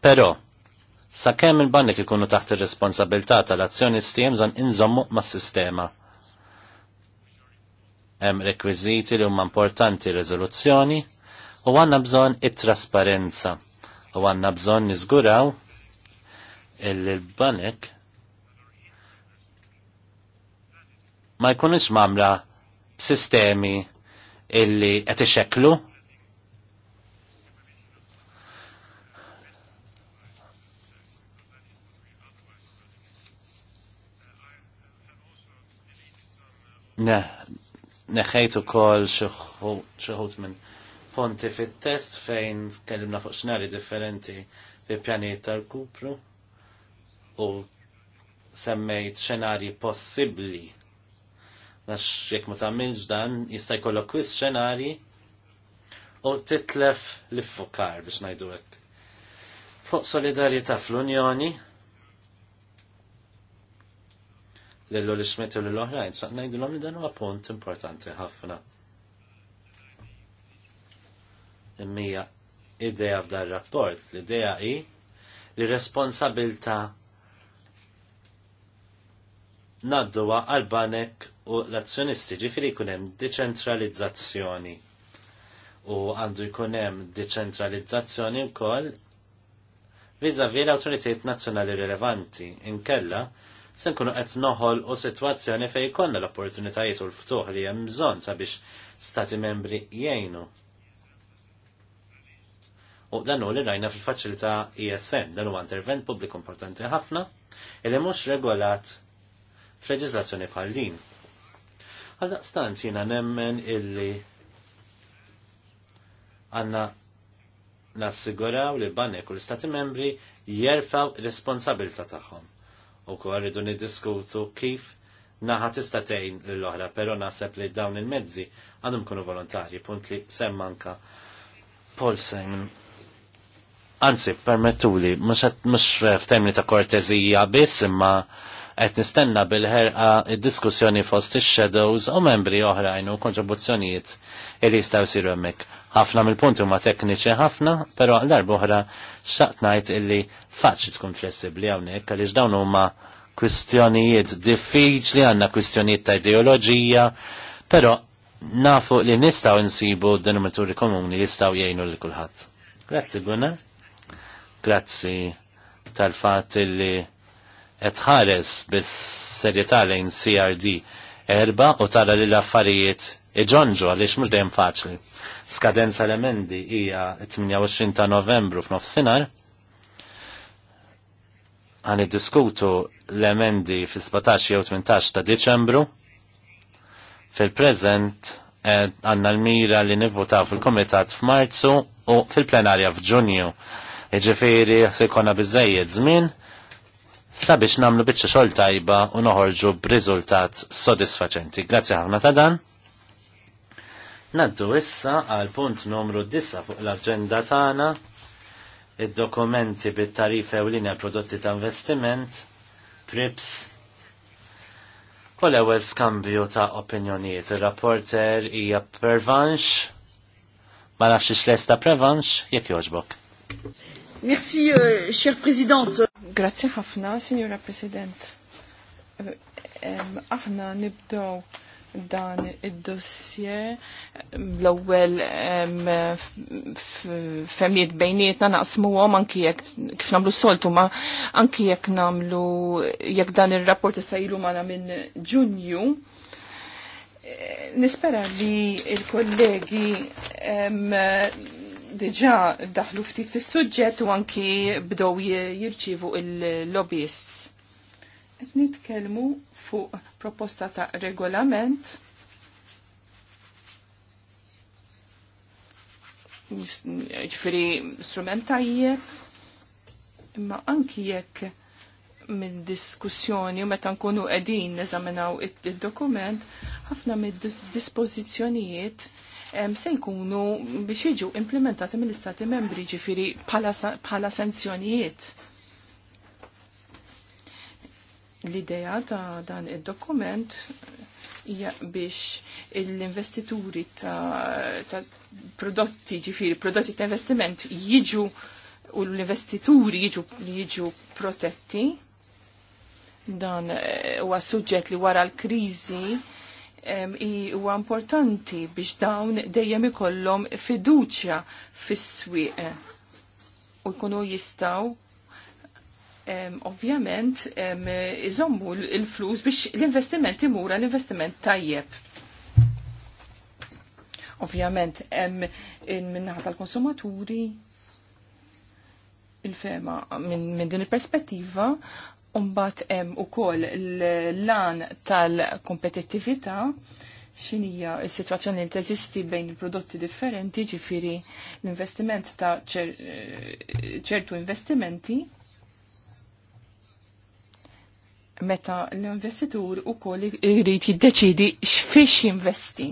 Speaker 2: Però sakemm il-banek ikunu taħt ir-responsabilità tal-azzjonisti zan inżommu mas-sistema. Hemm rekwiżiti li huma importanti riżoluzzjoni, u għanna bżon it-trasparenza u għanna bżon nizguraw il-banek ma jkunix mamra sistemi illi qed ixekklu neħejtu kol xuħut minn Ponti fit-test fejn tkellimna fuq xnari differenti fi pjanijiet tal-kupru u semmejt xenarji possibbli. Nax jekk ma tagħmilx dan jista' jkollok kwis xenarji u titlef l fukar biex ngħidu hekk. Fuq solidarjetà fl-Unjoni l-lu l-ismet l-oħrajn, sa' li dan huwa punt importanti ħafna mija idea f'dar rapport. L-idea hi li responsabilta nadduwa għal-banek u l-azzjonisti ġifiri kunem decentralizzazzjoni u għandu jkunem deċentralizzazzjoni wkoll vizavi l autoritet nazzjonali rilevanti inkella se nkunu qed noħol u sitwazzjoni fejn jkollna l-opportunitajiet u l-ftuħ li hemm bżonn sabiex stati membri jgħinu U dan li rajna fil-faċilità ISM, e dan huwa intervent pubbliku importanti ħafna, illi mhux regolat f'leġiżlazzjoni bħal din. Għal daqstant jiena nemmen illi għanna nassiguraw li l-banek u l-Stati membri jerfaw responsabilta tagħhom. U kol rridu niddiskutu kif naħa tista' tgħin lill-oħra, però naħseb li dawn il-mezzi għandhom kunu volontarji, punt li semmanka Paul Simon Anzi, permettuli, mux f'temni ta' kortezija biss imma qed nistenna bil-ħerqa id-diskussjoni fost ix-shadows u membri oħrajn u kontribuzzjonijiet li jistgħu jsiru hemmhekk. Ħafna mill-punti huma tekniċi ħafna, però darba oħra xaqt ngħid illi faċli tkun flessibbli hawnhekk għaliex dawn huma kwistjonijiet diffiċli għandna kwistjonijiet ta' ideoloġija, però nafu li nistaw insibu denumituri komuni jistgħu jgħinu li kulħadd. Grazzi Gunnar. Grazzi tal-fat li etħares bis serjetà lejn CRD erba u tara li l-affarijiet iġonġu għaliex mhux dejjem faċli. Skadenza l-emendi hija 28 ta' Novembru f'nofsinhar. Għan diskutu l-emendi fi 17 jew 18 ta' Deċembru. Fil-preżent eh, għanna l-mira li nivvotaw fil-komitat f'Marzu u fil-plenarja f'Ġunju Iġifiri se jkollna biżejjed żmien sabiex namlu bieċa xogħol tajba u noħorġu b'riżultat sodisfaċenti. Grazzi ħafna ta' dan. Naddu issa għal punt numru 10 fuq l agenda tagħna id-dokumenti bit-tarif u linja prodotti ta' investiment, PRIPS, u l-ewwel skambju ta' opinjonijiet. Ir-rapporter hija Pervanx, ma nafx ix-lesta Prevanx, jekk jogħġbok.
Speaker 1: Merci, uh, chère President. Grazie ħafna, Signora President. Eh, aħna nibdow dan id-dossier l-ewwel femijiet bejnietna naqsmuhom anki jekk kif nagħmlu soltu ma anki jekk nagħmlu jekk dan ir-rapport issa ilu magħna minn Ġunju. Eh, nispera li l-kollegi diġa daħlu ftit fis-suġġett u anki bdow jirċivu il-lobbyists. Qed nitkellmu fuq proposta ta' regolament ġifiri strument tajjeb, imma anki jekk minn diskussjoni u meta nkunu qegħdin neżaminaw id-dokument, ħafna mid-dispożizzjonijiet dis se jkunu biex jiġu implementati mill-Istati membri ġifiri bħala sanzjonijiet. L-ideja ta' dan id-dokument hija biex l-investituri ta', ta prodotti ġifiri, prodotti ta' investiment jiġu u l-investituri jiġu, jiġu protetti dan eh, huwa suġġett li wara l-kriżi huwa importanti biex dawn dejjem ikollhom fiduċja fis-swieq u jkunu jistaw ovvjament iżommu l-flus biex l-investiment imura l-investiment tajjeb. Ovvjament hemm minnaħa tal-konsumaturi il-fema minn din il-perspettiva Umbat hemm ukoll l-lan tal-kompetittività x'inhija s-sitwazzjoni li teżisti bejn il-prodotti differenti, ġifiri l-investiment ta' ċertu investimenti meta l-investitur ukoll irrit jiddeċidi x'fiex jinvesti.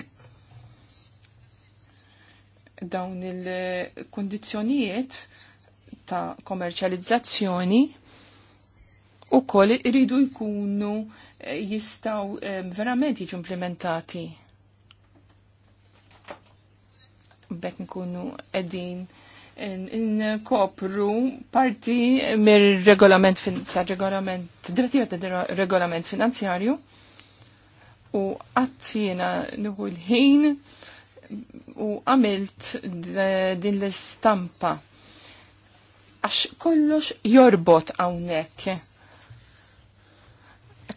Speaker 1: Dawn il kondizjonijiet ta' komerċjalizzazzjoni u koll iridu jkunu eh, jistaw eh, verament jiġu implementati. Bek nkunu edin eh, n-kopru parti mir-regolament tal-regolament, direttiva ta' regolament finanzjarju u għattjena nuhu l-ħin u għamilt din l-istampa għax kollox jorbot għawnek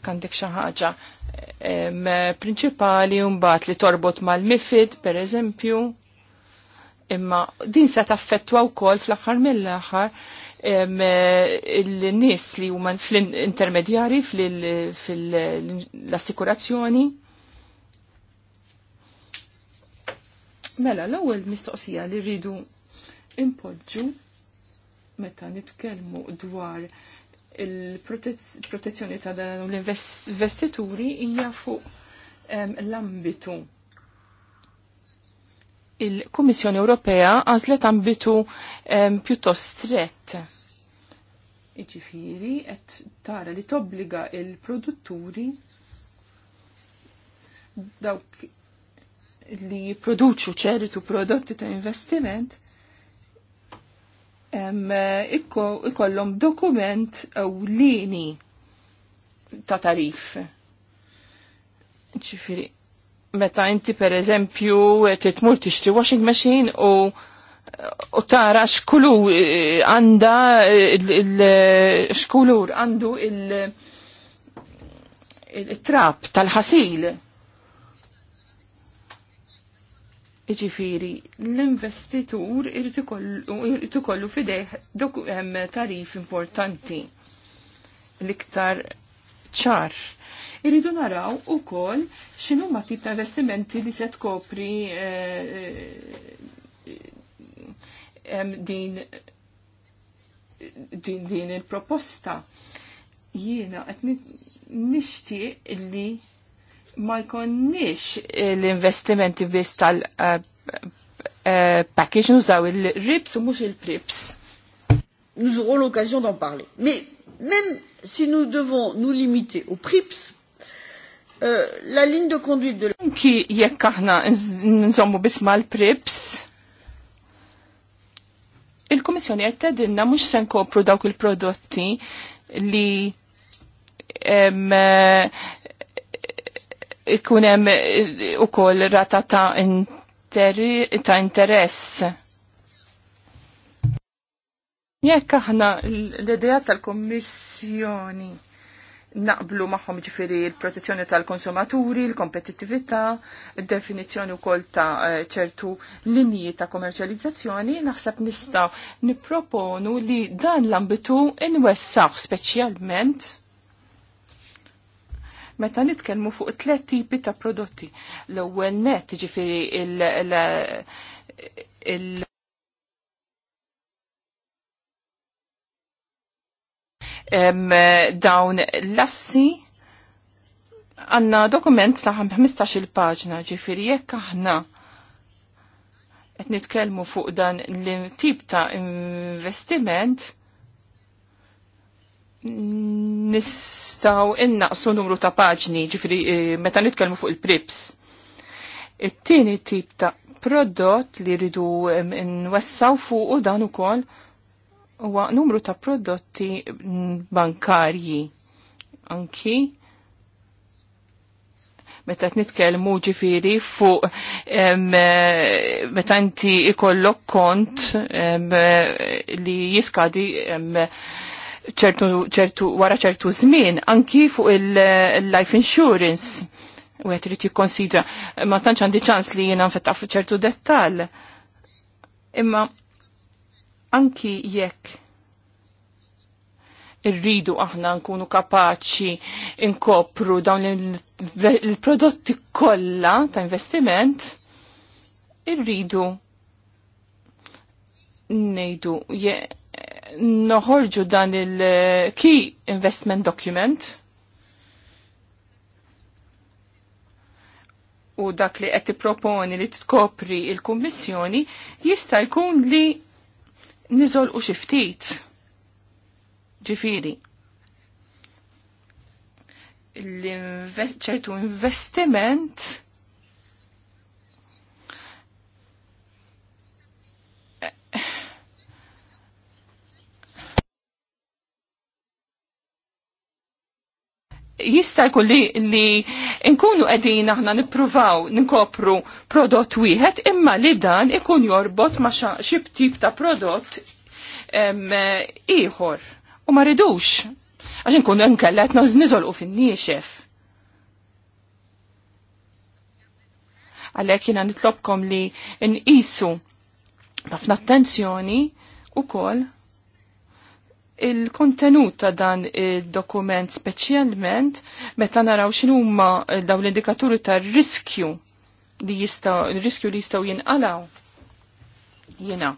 Speaker 1: għandek xi ħaġa prinċipali mbagħad li torbot mal-mifid, per eżempju, imma din se taffettwa wkoll fl-aħħar mill-aħħar il-nies li huma fl-intermedjari fil-assikurazzjoni. Mela, l-ewwel mistoqsija li rridu impoġġu meta nitkellmu dwar il-protezzjoni ta' dan l-investituri hija fuq l-ambitu. Il-Kummissjoni Ewropea għażlet ambitu pjuttost strett. Iġifiri, qed tara li tobbliga il-produtturi dawk li jipproduċu ċertu prodotti ta' investiment Eh, ikollhom dokument ewlieni ta' tarif. Ġifiri, meta inti per eżempju titmur tixtri washing machine u u tara xkulu eh, għanda eh, xkulur għandu il-trap tal-ħasil. Iġifiri, l-investitur fideħ ikollu fidejh tarif importanti l-iktar ċar. Irridu naraw u kol xinu ma tip ta' investimenti li se tkopri eh, din din din il-proposta. Jiena qed nixtieq li ma jkonniex l-investimenti biss tal-package eh, eh, nużaw il-rips u mux il-prips. Nous aurons l'occasion d'en parler. Mais même si nous devons nous limiter au PRIPS, euh, la ligne de conduite de la... Ki jekk aħna nżommu bisma l-PRIPS, il-Komissjoni qed tedinna mhux se nkopru dawk il-prodotti li ikunem eh, u koll rata ta' interi, ta' interess. Jekk aħna l-idea tal-Kommissjoni naqblu maħħom ġifiri l-protezzjoni tal-konsumaturi, l l definizjoni u koll ta' eh, ċertu linji ta' komerċializzazzjoni, naħseb nista' niproponu li dan l-ambitu in-wessax specialment meta nitkellmu fuq tliet tipi ta' prodotti. L-ewwel net jiġifieri il- dawn l-assi għanna dokument ta' 15 il-paġna ġifiri jekk aħna qed nitkellmu fuq dan l-tip ta' investiment nistaw innaqsu numru ta' paġni, ġifri eh, meta nitkellmu fuq il-prips. It-tieni tip ta' prodott li rridu eh, nwessaw fuq u dan ukoll huwa numru ta' prodotti mm, bankarji. Anki meta nitkellmu ġifiri fuq eh, meta inti ikollok kont em, li jiskadi em, ċertu wara ċertu żmien anki fuq il-life insurance u għet rrit jikkonsidra. Ma tantx għandi ċans li jena nfettaq ċertu dettal. Imma anki jekk irridu aħna nkunu kapaċi inkopru dawn il-prodotti kollha ta' investiment, irridu ngħidu noħorġu dan il-key eh, investment document u dak li qed proponi li tkopri il-Kummissjoni jista' jkun li nizol u xi ftit. Ġifieri, ċertu investiment jista' jkun li, li nkunu qegħdin aħna nippruvaw ninkopru prodott wieħed imma li dan ikun jorbot ma' xi tip ta' prodott ieħor u ma ridux għax nkun nkella qed niżolqu fin-niexef. Għalhekk jiena nitlobkom li nqisu ħafna attenzjoni ukoll il-kontenut ta' dan il-dokument speċjalment meta naraw x'inhuma daw l-indikaturi ta' riskju li jistaw, riskju li jistgħu jinqalaw. Jiena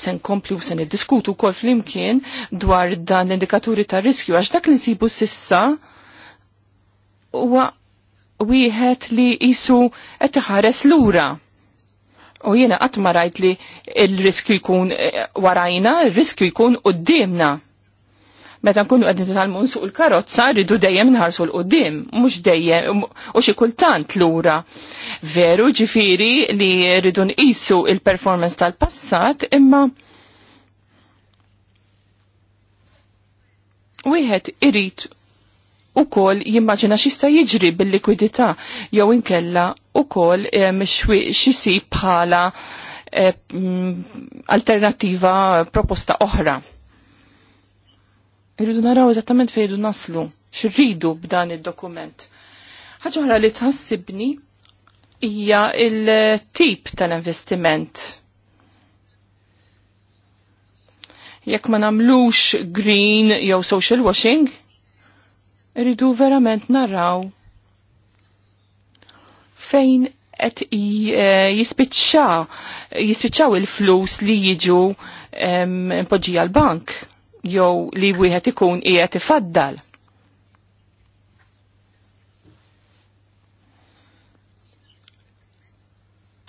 Speaker 1: se nkompli u se niddiskutu wkoll flimkien dwar dan l-indikaturi ta' riskju għax dak li nsibu sissa huwa wieħed li jisu qed iħares lura U jiena qatt ma rajt li l riskju jkun eh, warajna, l riskju jkun qudiemna. Meta nkunu qed nitalmu nsuq il-karozza rridu dejjem nħarsu l qudiem mhux dejjem u xi kultant lura. Veru ġifiri li rridu nqisu il-performance tal-passat imma wieħed irid u kol jimmaġina xista jiġri bil-likwidità jew inkella u kol eh, xisi bħala eh, mm, alternativa proposta oħra. Irridu naraw eżattament fejdu naslu, xirridu b'dan id dokument ħagħora li tħassibni hija il-tip tal-investiment. Jekk ma namlux green jew social washing, Rridu verament narraw fejn qed eh, jispiċċa jispiċċaw il-flus li jiġu poġġija l-bank jew li wieħed ikun qiegħed ifaddal.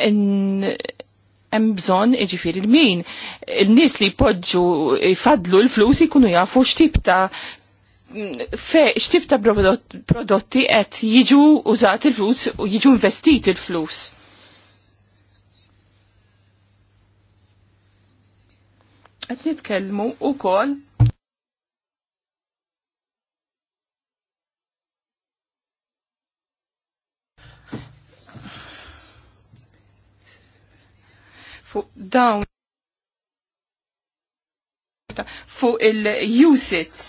Speaker 1: hemm bżonn iġifieri l-min. Il-nies li jpoġġu jfadlu l-flus ikunu jafu x'tip ta' Fe xtib ta' prodotti qed jiġu użat il-flus u jiġu investit il-flus. Qed nitkellmu wkoll fuq dawn fuq il-usits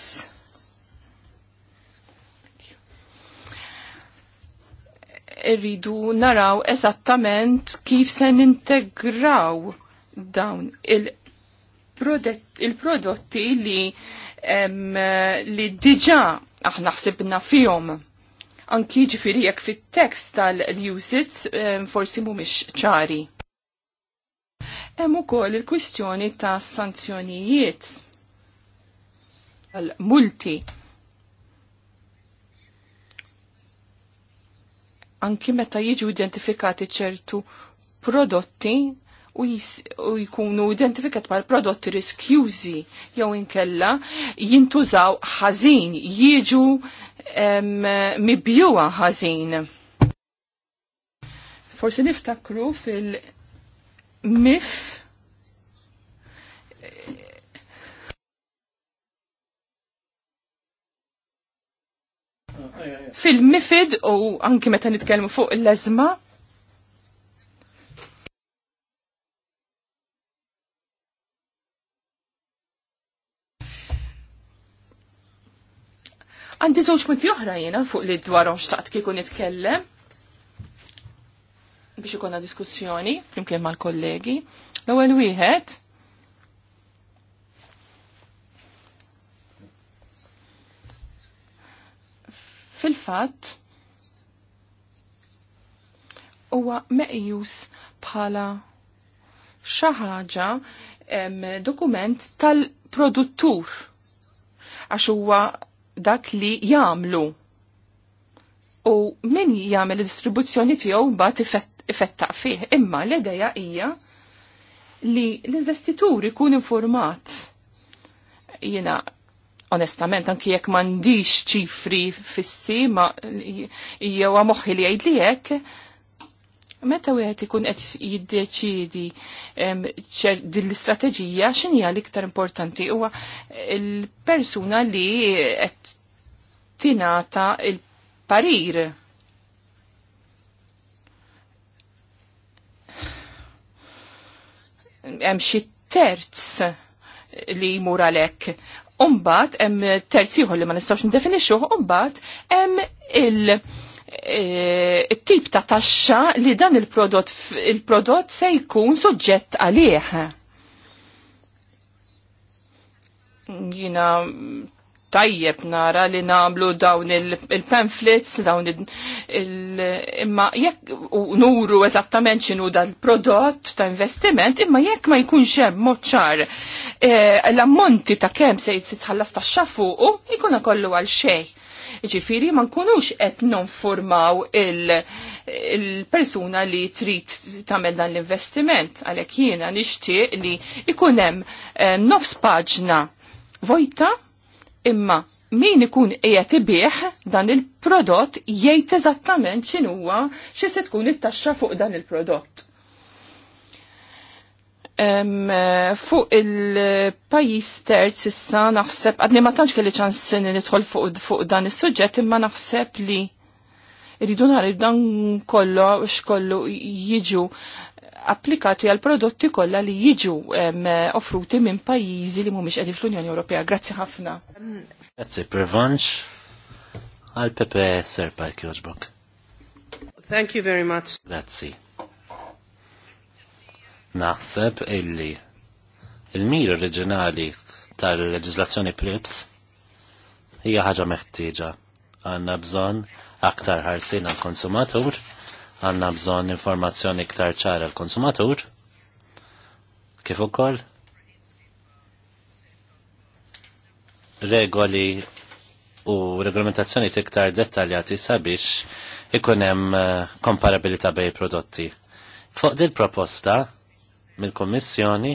Speaker 1: irridu naraw eżattament kif se nintegraw dawn il-prodotti il li em, li diġa aħna ħsibna fihom. Anki ġifiri jekk fit-tekst tal-usits forsi mhumiex ċari. Hemm ukoll il-kwistjoni ta' sanzjonijiet tal-multi anki meta jiġu identifikati ċertu prodotti u, u jkunu identifikat mal prodotti riskjużi jew inkella jintużaw ħażin, jiġu mibjuwa ħażin. Forsi niftakru fil-mif fil-mifid u anki meta nitkellmu fuq l leżma Għandi żewġ punti oħra jiena fuq li dwarhom xtaqt kieku nitkellem biex ikonna diskussjoni flimkien mal-kollegi. L-ewwel wieħed fil-fatt huwa meqjus bħala xi ħaġa dokument tal-produttur għax huwa dak li jagħmlu. U min jagħmel id-distribuzzjoni tiegħu mbagħad ifettaq fih. Imma l-idea hija li l-investitur ikun informat jina onestament, anki jekk mandiġ ċifri fissi, ma jew għamoħi li għajd li jek, meta wieħed ikun qed jiddeċidi din l-istrateġija x'inhi l-iktar importanti huwa l-persuna li qed tingħata il-parir. Hemm xi terz li jmur għalhekk Umbat, hemm terziħu li ma nistawx nidefinixxu, umbat hemm il- e, tip ta' taxxa li dan il-prodott il-prodott se jkun soġġett għalih. Jina tajjeb nara li namlu dawn il-pamphlets, dawn il-imma jekk u nuru eżattament xinu dal-prodott ta' investiment, imma jekk ma jkunx hemm moċċar e, l-ammonti ta' kemm se jitħallas ta' u ikuna kollu għal xej. Ġifiri, ma nkunux qed nonformaw il-persuna il li trid tagħmel dan l-investiment għalhekk jiena nixtieq li ikun hemm eh, nofs paġna vojta Imma min ikun qiegħed ibih dan il-prodott jgħid eżattament x'inhuwa xi se tkun it-taxxa fuq dan il-prodott. Um, fuq il-pajis terz issa naħseb, għadni ma tantx kelli ċansin nidħol fuq, fuq dan is-suġġett imma naħseb li rridu nara dan kollu xkollu jiġu applikati għal prodotti kollha li jiġu offruti minn pajjiżi li mhumiex qegħdin fl-Unjoni Ewropea. Grazzi ħafna.
Speaker 2: Grazzi Prevanch għal Pepe Serpa Kjoġbok. Thank you very much. Grazzi. Naħseb illi il-mir oriġinali tal-leġislazzjoni PRIPS hija ħaġa meħtieġa. Għandna bżonn aktar ħarsien għal konsumatur għanna bżon informazzjoni ktar ċara l-konsumatur, kif ukoll regoli u regolamentazzjoni iktar dettaljati sabiex ikun hemm eh, komparabilità bej prodotti. Fuq din proposta mill-Kommissjoni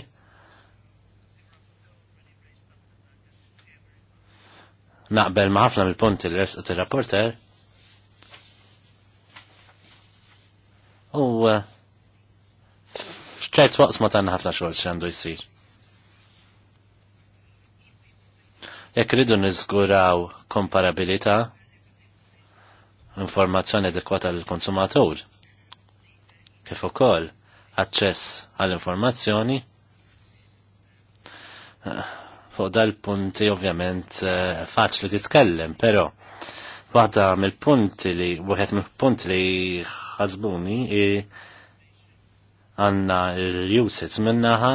Speaker 2: naqbel ma' ħafna mill-punti li u t rapporter U uh, fċert waqs ma tanna ħafna xogħol x'għandu jsir. Jekk rridu niżguraw komparabilità, informazzjoni adekwata lill konsumatur kif ukoll aċċess għall-informazzjoni eh, fuq dal-punti ovvjament eh, faċli titkellem, però Waħda mill-punti li, waħed mill-punti li ħazbuni i għanna l-usage minnaħa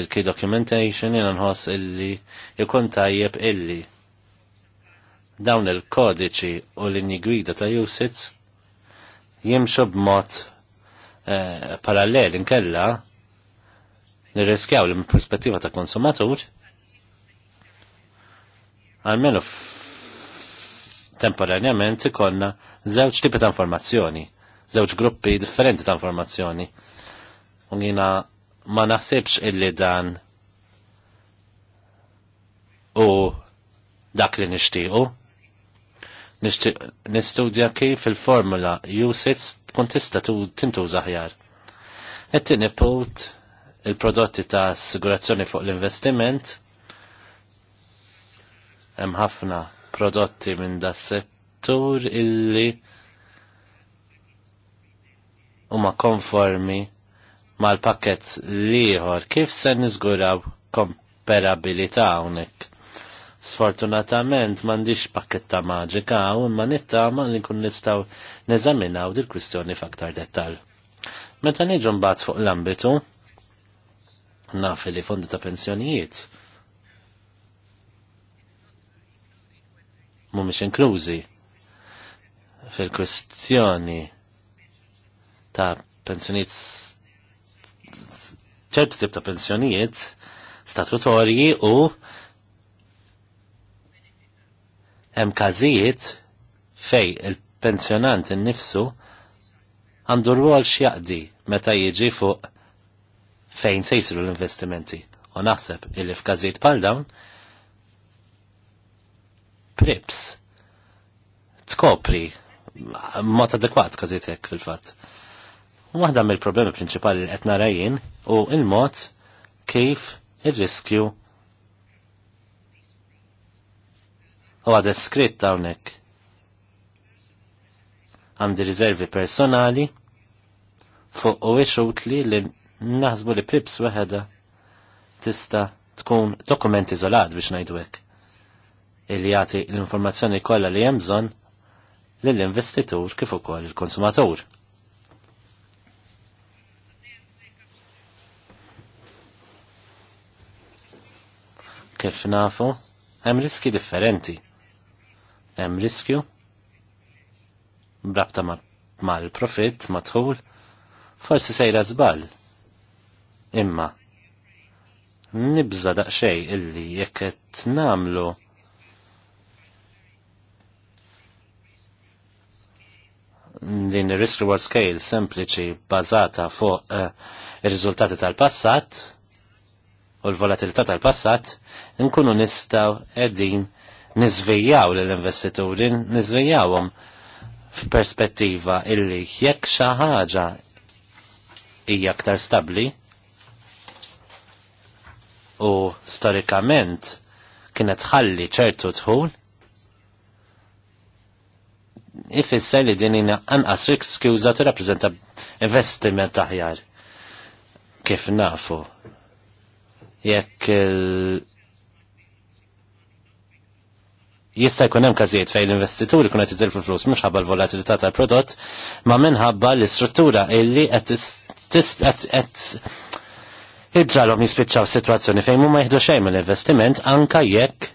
Speaker 2: il-key documentation jena nħoss illi jkun tajjeb illi dawn il-kodiċi u l-inni gwida ta' usage jimxu b'mod eh, parallel inkella nirriskjaw l-perspettiva ta' konsumatur għalmenu f temporanjament ikonna żewġ tipi ta' informazzjoni, żewġ gruppi differenti ta' informazzjoni. U ma naħsibx illi dan u dak li nixtiequ. Nistudja kif il-formula usits tkun tista tintuża ħjar. Qed tiniput il-prodotti ta' assigurazzjoni fuq l-investiment hemm ħafna prodotti minn da settur illi huma konformi mal-pakket liħor kif se niżguraw komperabilità hawnhekk. Sfortunatament m'għandix pakketta maġika u imma nittama li nkun nistgħu neżaminaw dil kwistjoni f'aktar dettal. Meta niġu mbagħad fuq l-ambitu, naf li fondi ta' pensjonijiet mhumiex inklużi fil-kwestjoni ta' pensjoniet ċertu tip ta' pensjonijiet statutorji u hemm każijiet fej il-pensjonant innifsu għandu rwol x'jaqdi meta jiġi fuq fejn se jisru l-investimenti. U naħseb illi f'każijiet bħal dawn prips tkopri mod adekwat kazitek fil-fatt. Waħda mill-problemi prinċipali li qed narajin u il-mod kif ir-riskju u għad skritt hawnhekk. Għandi riservi personali fuq u utli li naħsbu li prips weħeda tista tkun dokument iżolat biex ngħidu li jagħti l-informazzjoni kollha li hemm bżonn lill-investitur kif ukoll il-konsumatur. Kif nafu, hemm riski differenti. Hemm riskju brabta mal-profit, ma tħul, forsi sejra żball. Imma, nibża' daqsxejn illi jekk qed namlu din risk reward scale sempliċi bazata fuq uh, eh, ir-riżultati tal-passat u l-volatilità tal-passat, nkunu nistaw edin nizvijaw l-investituri, nizvijawhom f'perspettiva illi jekk xi ħaġa hija aktar stabbli u storikament kienet ħalli ċertu tħul, ifisser li din hija anqas riskjuża tirrappreżenta investiment aħjar. Kif nafu? Jekk jista' jkun hemm każijiet fejn l-investituri kun qed fil flus mhux ħabba l-volatilità tal-prodott, ma minħabba l-istruttura illi qed iġġalhom jispiċċaw sitwazzjoni fejn huma jieħdu xejn mill-investiment anka jekk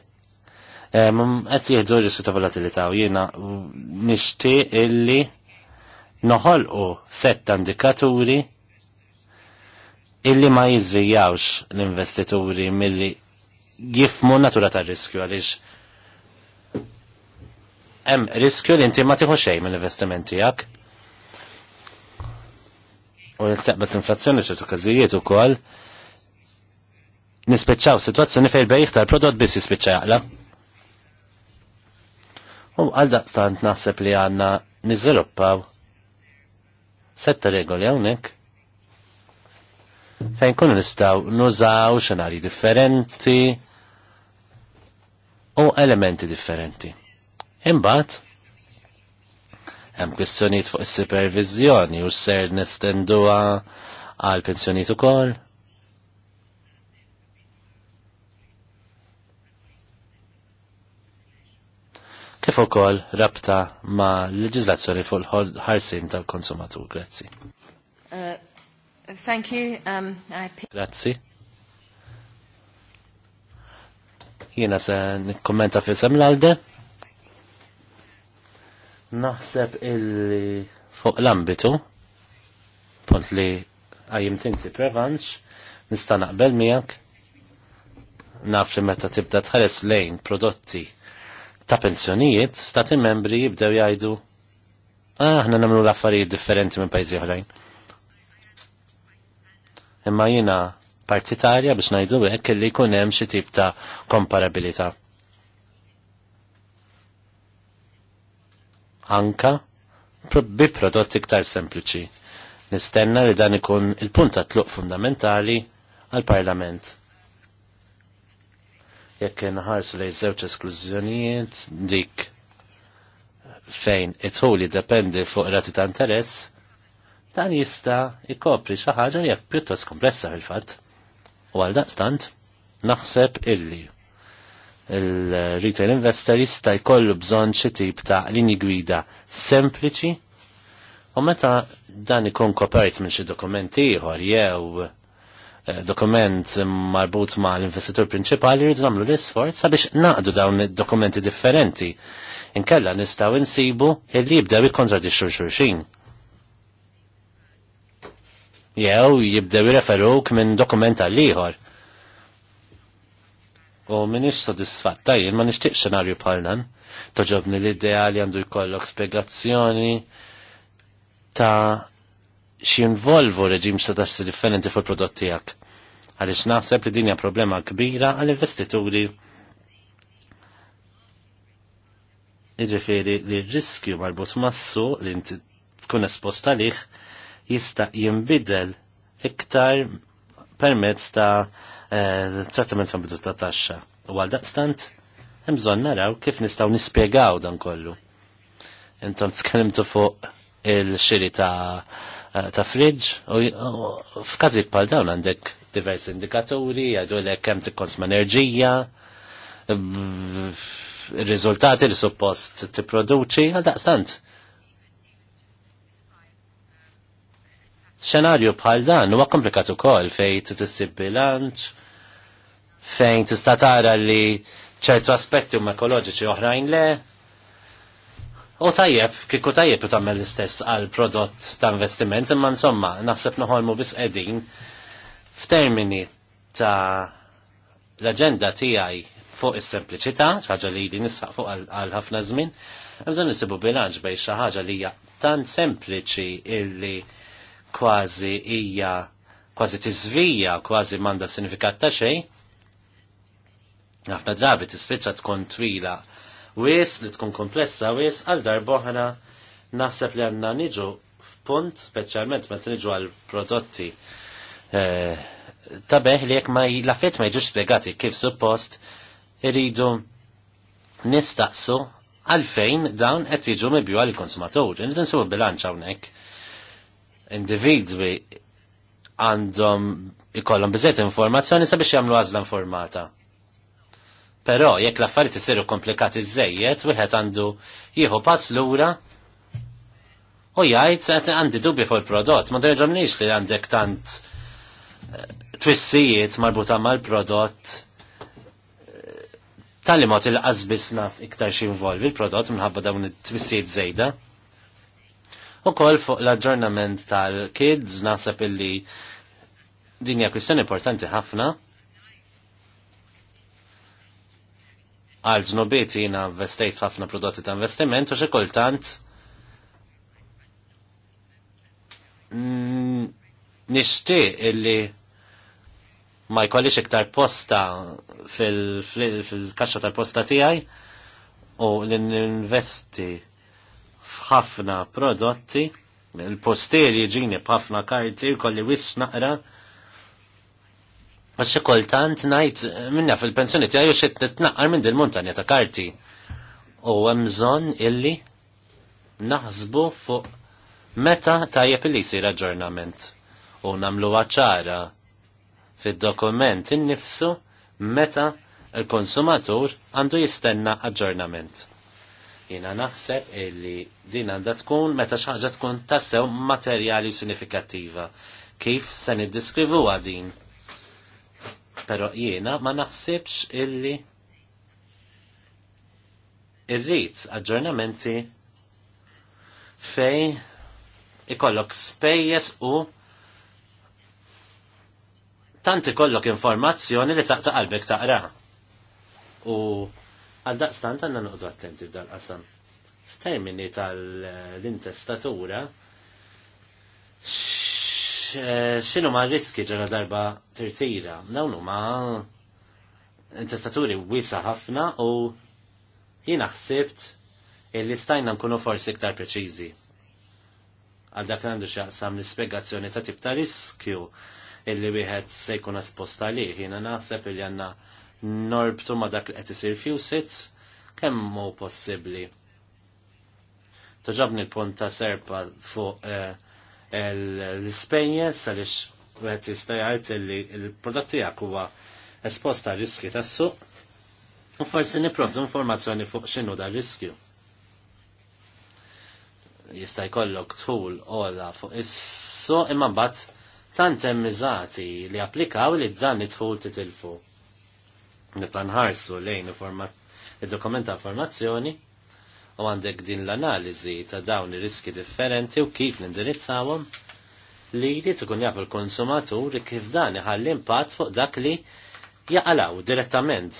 Speaker 2: Eh, qed jieħdu risu ta' volatilità u jiena nixtieq illi u setta indikaturi illi ma jizvijawx l-investituri milli jifmu natura ta' riskju għaliex hemm riskju li inti ma tieħu xejn mill investimenti tiegħek. U l taqbes l-inflazzjoni ċertu każijiet ukoll nispiċċaw sitwazzjoni fejn fejl bejħ tal-prodott biss jispiċċa jaqla. U għalda tant naħseb li għanna nizzeluppaw setta regoli hawnhekk fejn kunu nistaw nużaw xenari differenti u elementi differenti. Imbagħad hemm kwistjonijiet fuq is-supervizjoni u ser nestenduha għal pensjonijiet ukoll. kif ukoll rabta ma' leġiżlazzjoni fuq ħarsin tal-konsumatur. Grazzi.
Speaker 1: Uh, thank you. Um, I...
Speaker 2: Grazzi. Jiena se nikkommenta fi l-alde. Naħseb illi fuq l-ambitu, pont li għajim tinti prevanċ, nista naqbel miegħek naf li meta tibda tħares lejn prodotti ta' pensjonijiet, stati membri jibdew jgħidu ah, aħna ah, nagħmlu l-affarijiet differenti minn pajjiżi oħrajn. Imma jiena partitarja biex ngħidu hekk li jkun hemm xi tip ta' komparabilità. Anka bi prodotti iktar sempliċi. Nistenna li dan ikun il-punt ta' tluq fundamentali għal-Parlament jekk nħarsu lejn żewġ esklużjonijiet dik fejn it-ħul jiddependi fuq rati ta' interess, dan jista' jkopri xi ħaġa li jekk pjuttost komplessa fil-fatt. U għal daqstant, naħseb illi il-retail investor jista' jkollu bżonn xi tip ta' linji gwida sempliċi u meta dan ikun kopert minn xi dokumenti ieħor jew Eh, dokument marbut ma' l-investitur prinċipali jridu nagħmlu l-isforz sabiex naqdu dawn dokumenti differenti. Inkella nistgħu insibu illi jibdew ikkontradixxu xulxin. Jew jibdew jireferuk minn dokument għal ieħor. U minix sodisfatta jien ma nixtieqx xenarju bħal dan. Toġobni l-idea li għandu jkollok spjegazzjoni ta' xinvolvu reġim sodassi differenti fuq prodotti tiegħek. Għaliex naħseb li dinja problema kbira għall-investituri. Iġifiri li r-riskju marbut massu li inti tkun espost għalih jista' jinbidel iktar permezz ta' eh, trattament fan bidu ta' taxxa. U għal daqstant, hemm bżonn naraw kif nistgħu nispjegaw dan kollu. Intom tkellimtu fuq il-xiri ta' Eh, ta' fridġ u f'każi bħal dawn għandek diversi indikaturi, jgħidulek kemm tikkonsma enerġija, eh, riżultati li suppost tipproduċi għal daqstant. Xenarju bħal dan huwa komplikat ukoll fejn tissib bilanċ, fejn tista' tara li ċertu aspetti huma ekoloġiċi oħrajn le, U tajjeb, kieku tajjeb u tammel l-istess għal prodott ta' investiment, imma insomma, naħseb noħolmu bis edin f'termini ta' l-agenda tiegħi fuq is-sempliċità, ħaġa li li nissaq fuq għal ħafna żmien, bżonn nisibu bilanċ bej xi ħaġa li hija tant sempliċi illi kważi hija kważi tiżvija, kważi m'għandha sinifikat ta' xejn. Ħafna drabi tisfiċċa tkun twila wis li tkun komplessa wis għal darboħra naħseb li għanna niġu f'punt speċjalment meta niġu għal prodotti eh, tabeħ li jek ma l ma jiġux spiegati kif suppost iridu nistaqsu għalfejn dawn qed jiġu mibju għal konsumatur. Nidu nsibu bilanċ hawnhekk. Individwi għandhom ikollhom biżejt informazzjoni sabiex jagħmlu għażla informata. Però jekk l-affarijiet isiru komplikati żejjed, wieħed għandu jieħu pass lura u jgħid se għandi dubbi fuq il-prodott, ma terġamniex li għandek tant eh, twissijiet marbuta mal-prodott eh, tal mod il qas naf iktar xi involvi il-prodott minħabba dawn it-twissijiet żejda. U fuq l-aġġornament tal-kids naħseb illi dinja kwistjoni importanti ħafna. għal ġnobiet jina investejt ħafna prodotti ta' investiment u xi kultant nixtieq illi ma jkollix iktar posta fil-kaxxa tal-posta tiegħi u li ninvesti f'ħafna prodotti il-postieri ġini b'ħafna karti kolli wis naqra Ma xe kultant najt eh, minna fil-pensjoni xe t tnaqqar minn dil-montanja ta' karti. U hemm bżonn illi naħsbu fuq meta tajjeb illi jsir aġġornament u namlu ċara fid-dokument innifsu meta il-konsumatur għandu jistenna aġġornament. Jina naħseb illi din għandha tkun meta xaġa tkun tassew materjali sinifikattiva. Kif se niddiskrivuha din? pero jiena ma naħsibx illi irrid aġġornamenti fej ikollok spejjes u tant ikollok informazzjoni li taqta' qalbek taqra. U għal daqstant għanna nuqdu attenti f'dan qasam. F'termini tal-intestatura, Eh, xinu ma' riski ġara darba tirtira. Dawn huma intestaturi wiesa ħafna u jiena ħsibt illi stajna nkunu forsi iktar preċiżi. Għal dak għandu xaqsam l spiegazzjoni ta' tip ta' riskju illi wieħed se jkun sposta għalih. Jiena naħseb illi għandna norbtu ma' dak li qed isir fewsits kemm hu possibbli. l-punt ta' serpa fuq eh, l spenja salix wieħed jista' jgħid li l prodotti tiegħek huwa esposta riski tas-suq u forsi nipprovdu informazzjoni fuq x'inhu da riskju. Jista' jkollok tħul ola fuq is-suq imma mbagħad tant emmizati li applikaw li dan it-tħul titilfu. Nitla nħarsu lejn id-dokumenta informazzjoni u għandek din l-analizi ta' dawn ir-riski differenti u kif nindirizzawhom li jrid ikun jaf il-konsumatur kif dan iħalli impatt fuq dak li jaqalaw direttament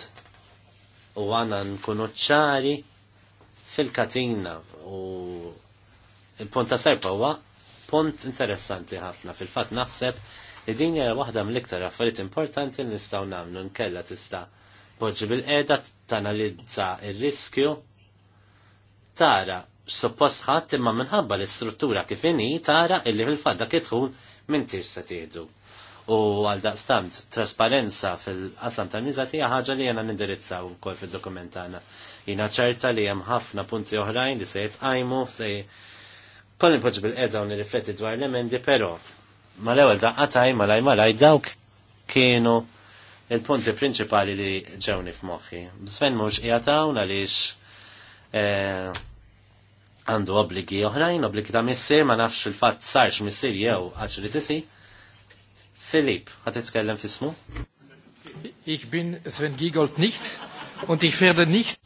Speaker 2: u għandna nkunu ċari fil-katina u il-punt ta' serpa huwa punt interessanti ħafna fil-fatt naħseb li din hija waħda mill-iktar affarijiet importanti li nistgħu nagħmlu nkella tista' poġġi bil-qeda tanalizza ir-riskju tara suppost ħadd imma minħabba l-istruttura kif inhi tara illi fil-fatt dak idħul m'intix se tgħidu. U għal daqstant trasparenza fil-qasam tal-miża hija ħaġa li jena nindirizzaw ukoll fid-dokument tagħna. Jiena ċerta li hemm ħafna punti oħrajn li se jitqajmu se kol nipoġġ bil qedha u nirrifletti dwar l-emendi, però mal ewwel daqqa tajma malaj malaj dawk kienu il-punti prinċipali li ġewni f'moħħi. Sven mhux qiegħed hawn għaliex eh, għandu obbligi oħrajn, obbligi ta' missi, ma nafx il fat sarx missi jew għax li tisi. Filip, għat t-tkellem fismu?
Speaker 3: Ich bin Sven Giegold nicht und ich werde nicht.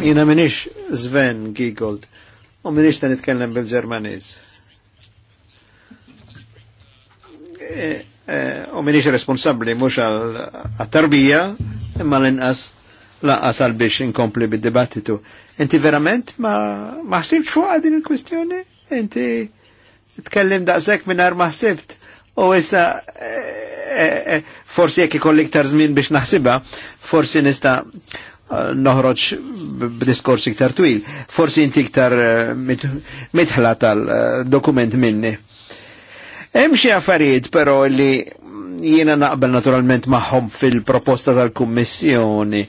Speaker 3: Jina minix Sven Giegold u minix ta' nitkellem bil ġermaniz e, e, U minix responsabli mux għal-tarbija imma l-inqas laqqas għal biex inkompli bid debattitu Inti verament ma, ma ħsibx fuq din il kwestjoni Inti tkellim daqshekk mingħajr ma ħsibt. U issa e, e, e, forsi jekk ikolli iktar żmien biex naħsibha, forsi nista' e, noħroġ b'diskors iktar twil. Forsi inti iktar e, mitħla tal-dokument minni. Hemm xi affarijiet però li jiena naqbel naturalment magħhom fil-proposta tal-Kummissjoni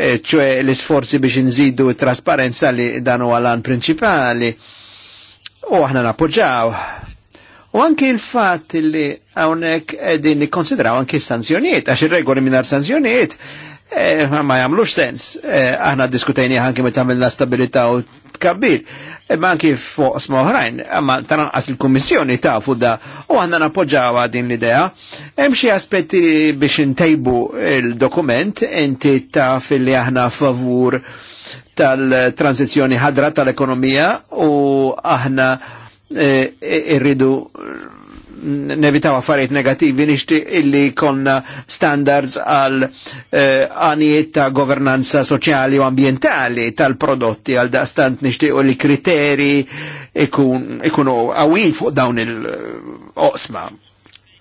Speaker 3: ċwe l-isforzi biex nżidu trasparenza li dan huwa lan prinċipali u aħna napoġaw. U anki il-fat li għawnek edin nikonsidraw anki sanzjoniet, għax il-regoli minar sanzjoniet, eh, ma jamlux sens. Eh, aħna diskutajni ħanki meta għamilna stabilita u tkabbir. E ma anki fuq smoħrajn, ma tanqas il-Kummissjoni ta' fuq da u għanna napoġġaw din l-idea. Hemm xi aspetti biex intejbu il-dokument inti ta' fil-li aħna favur tal-tranzizjoni ħadra tal-ekonomija u aħna eh, irridu e, e, nevitaw affarijiet negativi nixti illi konna standards għal eh, għanijiet ta' governanza soċjali u ambientali tal-prodotti għal daqstant u li kriteri ikunu għawin fuq dawn eh, il osma.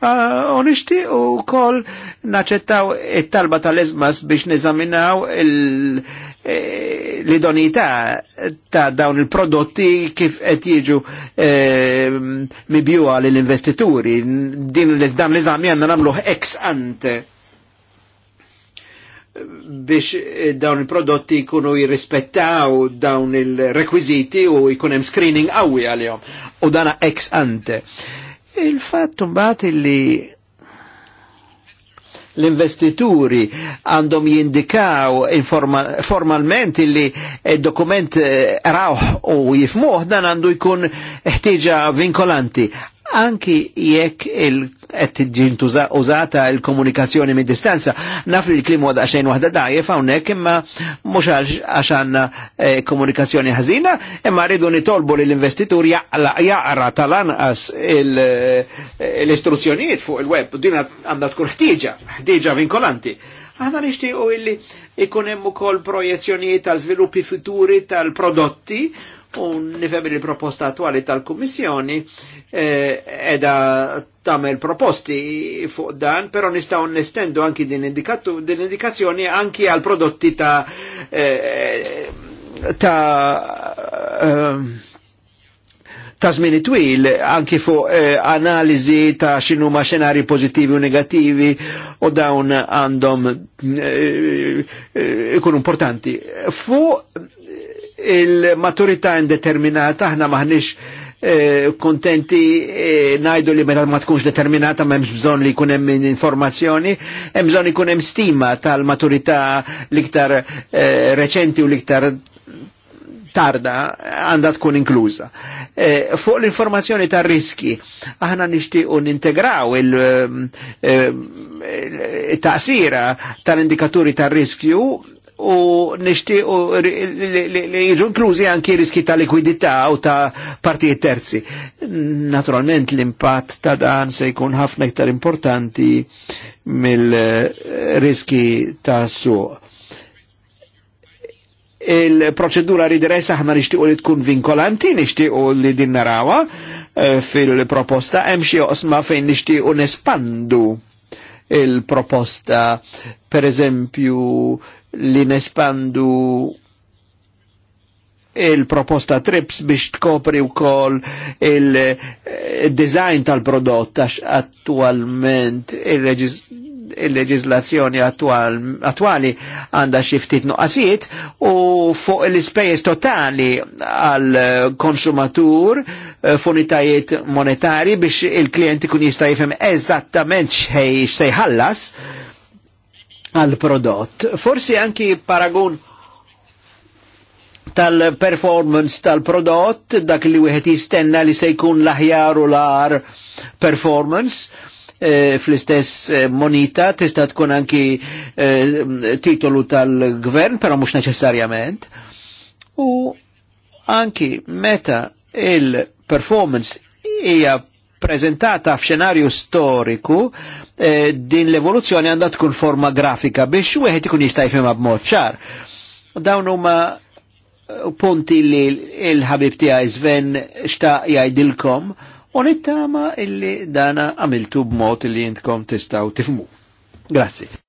Speaker 3: U nixti u kol naċettaw it-talba tal-izmas biex nizaminaw il- Eh, l-idonità ta' dawn il-prodotti kif qed jiġu e, eh, mibjuha lill investituri Din dan l-eżami għandna nagħmluh ex ante biex eh, dawn il-prodotti jkunu jirrispettaw dawn il-rekwiziti u jkun hemm screening qawwi għalihom u dana ex ante. Il-fatt mbagħad li l-investituri għandhom jindikaw formalment illi dokument eh, rawħ u jifmuħ dan għandu jkun ħtieġa vinkolanti. Anki jekk il qed tiġin użata l-komunikazzjoni minn distanza. Naf li l klimu għadha xejn waħda dajef hawnhekk imma mhux għax għandna eh, komunikazzjoni ħażina, imma rridu nitolbu li l-investitur jaqra tal-anqas eh, l-istruzzjonijiet fuq il-web u din għandha tkun ħtieġa, ħtieġa vinkolanti. Aħna nixtiequ illi ikun hemm ukoll projezzjonijiet tal-żviluppi futuri tal-prodotti u nifem li proposta attuali tal-Kummissjoni eh, edha tamel proposti fuq dan, però nistaw nestendu anki din indikazzjoni anki għal prodotti ta' eh, ta' eh, ta' zmini twil anki fuq eh, analizi ta' xinu ma' xenari pożittivi u negativi u dawn għandhom ikunu eh, eh, importanti. Fu il-maturità indeterminata, aħna maħniex kontenti najdu li meta ma tkunx determinata ma hemmx bżonn li jkun hemm informazzjoni, hemm bżonn ikun hemm stima tal-maturità l-iktar reċenti u l-iktar tarda għandha tkun inkluża. fuq l-informazzjoni ta' riski, aħna nixtiequ nintegraw il-taqsira tal-indikaturi ta' riskju u nishtiqu li jiġu anki riski ta' likwidità u ta' partijiet terzi. Naturalment l-impatt ta' dan se jkun ħafna iktar importanti mill-riski ta' suq. Il-proċedura ridiressa aħna nixtiqu li tkun vinkolanti, nixtiqu li din narawa eh, fil-proposta, hemm xi osma fejn nixtiqu nespandu il-proposta, per eżempju, li nespandu il-proposta trips biex tkopri u kol il-design tal-prodott għax attualment il-leġislazzjoni attuali għanda xiftit nuqqasiet u fuq l-ispejjeż totali għal konsumatur eh, funitajiet monetari biex il klienti kun jista' jifhem eżattament x'ej xejn ħallas għal prodott. Forsi anki paragun tal-performance tal-prodott, dak li wieħed jistenna li se jkun l-aħjar u l-ar performance, eh, fl-istess eh, monita tista' tkun anki eh, titolu tal-gvern, però mhux neċessarjament. U anki meta il-performance hija prezentata f'xenarju storiku eh, din l-evoluzzjoni għandha tkun forma grafika biex wieħed ikun jista' jfhimha b'mod ċar. Dawn huma eh, punti li l-ħabib tiegħi Sven xtaq jgħidilkom u nittama illi dana għamiltu b'mod li jintkom tistgħu tifmu. Grazie.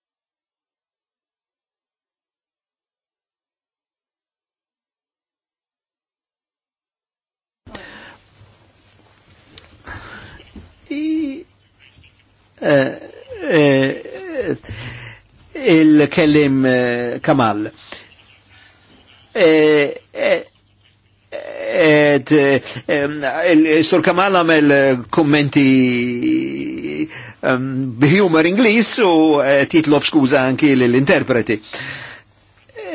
Speaker 3: Eh, eh, il-kellim eh, Kamal. Sur Kamal għamel kommenti ehm, b'humor Inglis u titlob skuza anki l-interpreti.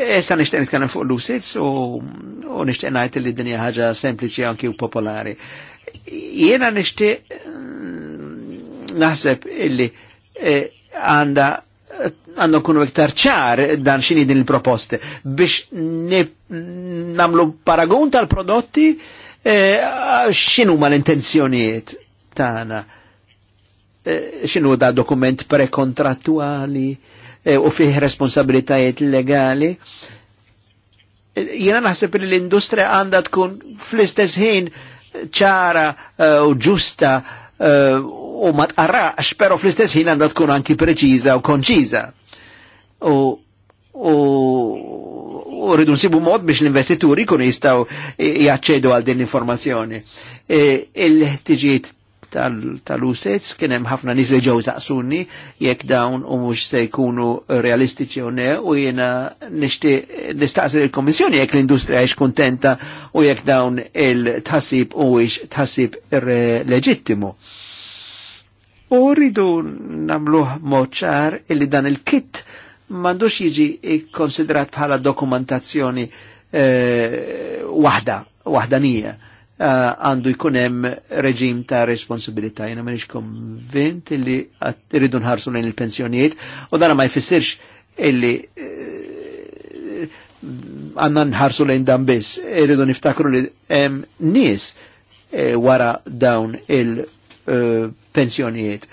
Speaker 3: Issa nishtiq nitkellem fuq l usitz u nishtiq ngħid li dinja ħaġa sempliċi anki u popolari. Jiena nishtiq naħseb illi eh, għanda e, kunu iktar ċar dan xini din il proposte biex namlu paragun tal-prodotti eh, xinu ma l-intenzjonijiet tana eh, xinu da dokument prekontrattuali e, u fih responsabilitajiet legali jena naħseb li l-industria għanda tkun fl-istess ħin ċara u ġusta u ma tqarrax, pero fl-istess ħin għandha tkun anki preċiża u konċiża. U u rridu nsibu mod biex l-investituri kun jistaw jaċċedu għal din l-informazzjoni. E, Il-ħtiġiet tal-usets kien hemm ħafna nies li ġew saqsuni jekk dawn u mhux se jkunu realistiċi u ne u jiena nistaqsir il-Kommissjoni jekk l-industrija hix kuntenta u jekk dawn il-tħassib u tħassib leġittimu. U rridu namluħ moċar illi dan il-kit mandux jiġi konsiderat bħala dokumentazzjoni eh, wahda, wahdanija. Eh, għandu uh, jkun hemm reġim ta' responsabilità. Jiena m'għandix konvint illi rridu nħarsu lejn il-pensjonijiet u dan ma jfissirx illi eh, għanna eh, nħarsu lejn dan biss. Irridu niftakru li hemm nies eh, wara dawn il- Eh, pensjonijiet.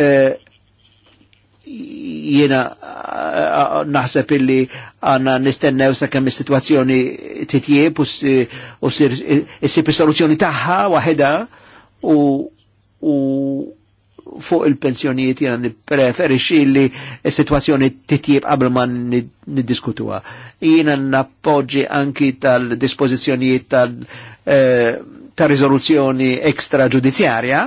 Speaker 3: Eh, jena eh, naħseb illi għanna nistennew sa' kemm is-sitwazzjoni titjieb u s-sipi is-soluzzjoni tagħha waħedha u fuq il-pensjonijiet jena nipreferixi li situazzjoni titjib qabel ma niddiskutuha. Jena nappoġġi anki tal-dispożizzjonijiet tal- ta' rizoluzzjoni ekstraġudizzjarja,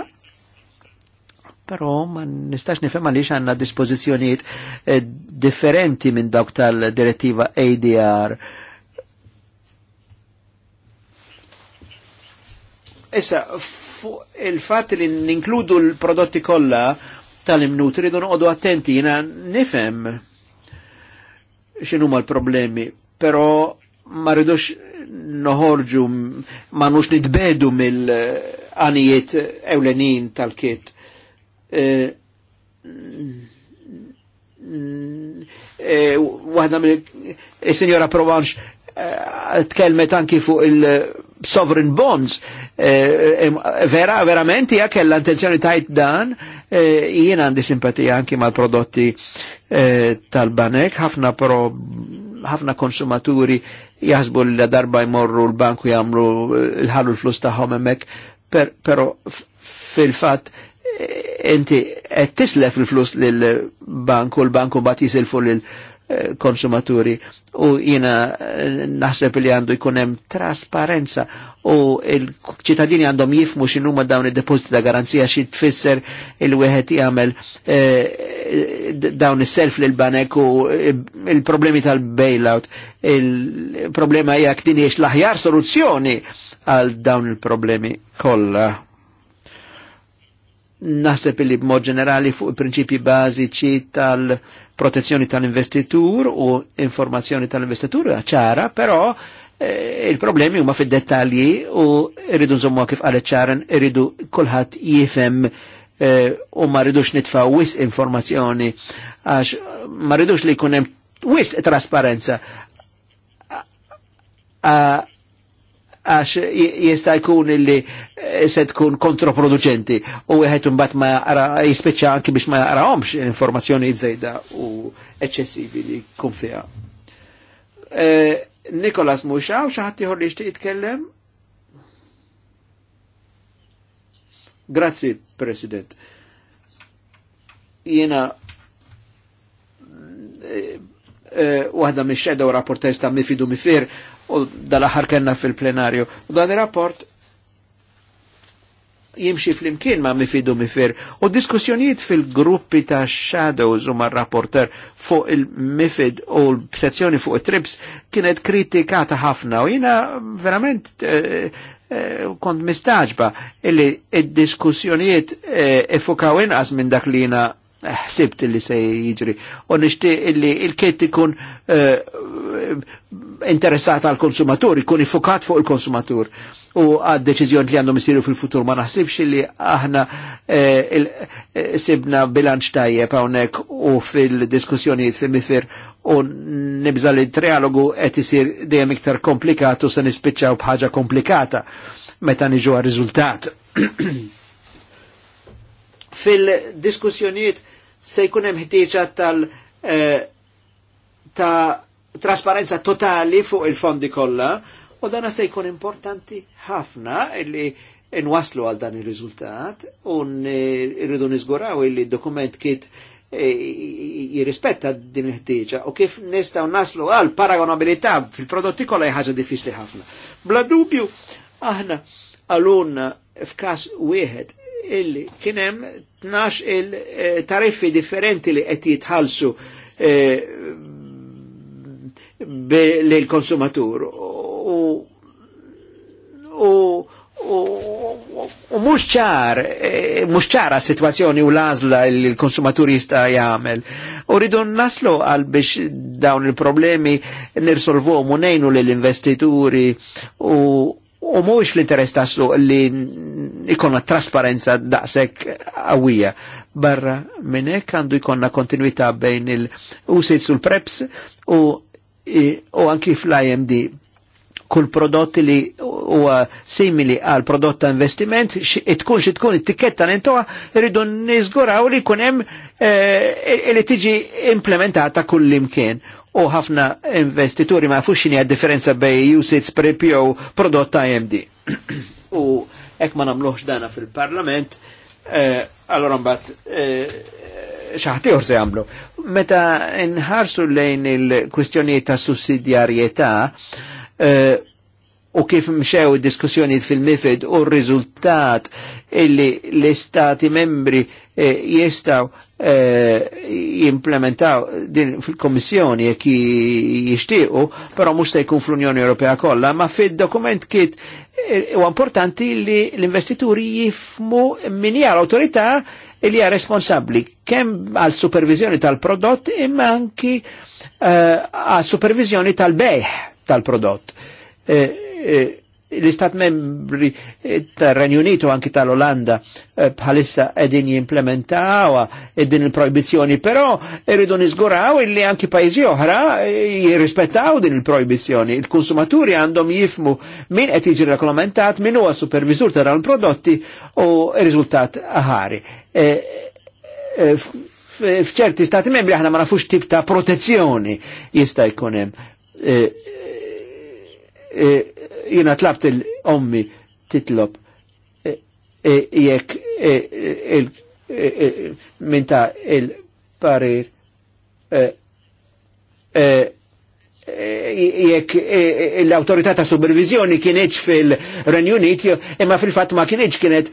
Speaker 3: però ma nistax nifhem għaliex għandna dispożizzjonijiet eh, differenti minn dawk tal-direttiva ADR. Issa, il-fat li ninkludu l-prodotti kollha tal-imnut ridu noqogħdu attenti jiena nifhem x'inhu l-problemi, però ma rridux noħorġu ma nux nitbedu mill-għanijiet ewlenin tal-kit. E, e, Waħda mill-Sinjora e, Provanx e, tkelmet anki fuq il-sovereign bonds. E, vera, verament, hija kella intenzjoni tajt dan, jien għandi simpatija anki mal-prodotti tal-banek, ħafna konsumaturi jaħsbu li darba jmorru l-banku jamru l-ħallu eh, l-flus taħħom emmek, pero fil-fat eh, inti qed tislef il-flus lill-banku, l-banku bat jisilfu lill-banku konsumaturi u jina eh, naħseb li għandu jkunem trasparenza u il-ċittadini għandhom jifmu x'inhuma dawn il depositi ta' garanzija xi tfisser il-wieħed jagħmel eh, dawn is-self lil banek u eh, il-problemi tal-bailout. Il-problema hija ktiniex l-aħjar soluzzjoni għal dawn il-problemi kollha naħseb li b'mod ġenerali fuq il-prinċipji bażiċi tal- protezzjoni tal-investitur u informazzjoni tal-investitur ċara, però eh, il-problemi huma fid-dettalji u rridu nżommu kif għalet ċaran rridu kulħadd jifhem eh, u ma rridux nitfa' wis informazzjoni għax ma rridux li jkun hemm wis trasparenza għax jista' jkun illi eh, se tkun kontraproducenti u wieħed imbagħad ma jara jispiċċa anki biex ma jarahomx informazzjoni żejda u eċċessivi li jkun fiha. Eh, Nikolas mhux hawn xi ħadd ieħor li jixtieq jitkellem? Grazzi, President. Jena eh, waħda minn xedaw rapportesta mifidu mifir u dal-aħħar kena fil-plenarju. U dan ir-rapport jimxi fl-imkien ma mifidu mifir u diskussjonijiet fil-gruppi ta' shadows u ma' rapporter fuq il-mifid u l-sezzjoni fuq il-trips kienet kritikata ħafna u jina verament eh, eh, kont mistaġba illi id-diskussjonijiet eh, ifukaw inqas minn dak li jina Eh, ħsibt li se jiġri. U nixtieq li il-kett ikun eh, interessat għal konsumatur, ikun ifukat fuq il-konsumatur. U għad deċizjon li għandhom isiru fil-futur ma naħsibx li aħna eh, sibna bilanċ tajjeb hawnhekk u fil-diskussjonijiet fil mifir u nibża li trialogu qed isir dejjem iktar komplikat u se nispiċċaw bħaġa komplikata meta niġu għal riżultat Fil-diskussjoniet se jkun hemm ħtieġa tal- eh, ta' trasparenza totali fuq il-fondi kollha u dana se jkun importanti ħafna illi nwaslu għal dan il-riżultat u rridu niżguraw illi dokument kiet eh, jirrispetta din il-ħtieġa u kif nistaw naslu għal paragonabilità fil-prodotti kollha hija ħaġa diffiċli ħafna. Bla dubju aħna għalun f'każ wieħed kienem 12 il-tariffi eh, differenti li qed jitħallsu eh, lil konsumatur u mux ċar, eh, mux ċara situazzjoni u lazla il-konsumatur jista jgħamil. U ridu naslu għal biex dawn il-problemi nirsolvu u nejnu l-investituri u u mhuwiex l interess tassu li ikonna trasparenza daqshekk qawwija. Barra minn hekk għandu jkollna kontinuità bejn il-usits u l-preps u, u anki fl-IMD kull prodott li huwa simili għal prodott ta' investiment, tkun xi tkun it-tikketta nentoha rridu niżguraw li jkun hemm eh, e-, e-, li tiġi implementata kull imkien u ħafna investituri ma jafux xini differenza bej usage prepio prodott AMD. u ek ma namluħx dana fil-parlament, eh, allora eh, xaħti eh, se għamlu. Meta nħarsu lejn il kwistjoni ta' sussidjarjetà eh, u kif mxew diskussjoni fil-mifid u r-riżultat illi l-istati membri eh, jistaw Eh, jimplementaw din fil-Komissjoni jek jishtiqu, però mux se jkun fl-Unjoni Ewropea kollha, ma fid-dokument kiet eh, u importanti li l-investituri jifmu min hija l autorità e li ja responsabbli kemm għal supervizjoni tal-prodott imma anki eh, għal supervizjoni tal-bejħ tal-prodott. Uh, uh, l-Istat membri tar-Renju Unito, anki tal-Olanda eh, bħalissa edin jimplementawa e'din eh, il-projbizjoni, però irridu nizguraw illi anki pajjiżi oħra eh, jirrispettaw din il-projbizjoni. Il-konsumaturi għandhom jifmu min qed jiġi reglamentat, min huwa supervisur ta' dawn prodotti u riżultat aħari. E, e, F'ċerti stati membri aħna ma nafux tip ta' protezzjoni jista' jkun hemm. E, jina tlabt il-ommi titlob e, e, jekk minta il-parir jekk l-autorità ta' supervizjoni kienieċ fil-Renju imma fil-fat ma kienieċ kienet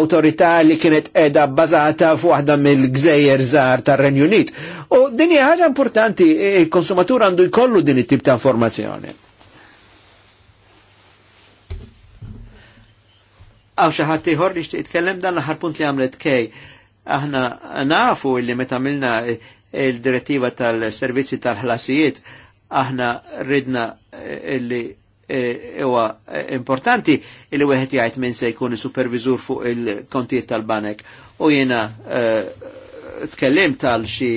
Speaker 3: autorità li kienet edha bazata fuqda mill-gżejjer żgħar ta' renju Unit. U din hija ħaġa importanti, il-konsumatur għandu jkollu din it-tip ta' informazzjoni. Għaw xaħat tiħor li xtiq tkellem dan l-ħar punt li għamlet kej. Aħna nafu illi meta għamilna il-direttiva tal-servizzi tal-ħlasijiet, aħna ridna eh, illi eh, huwa eh, importanti illi wieħed jgħid minn se jkun supervizur fuq il-kontijiet tal-banek. U jiena e, tkellim tal xi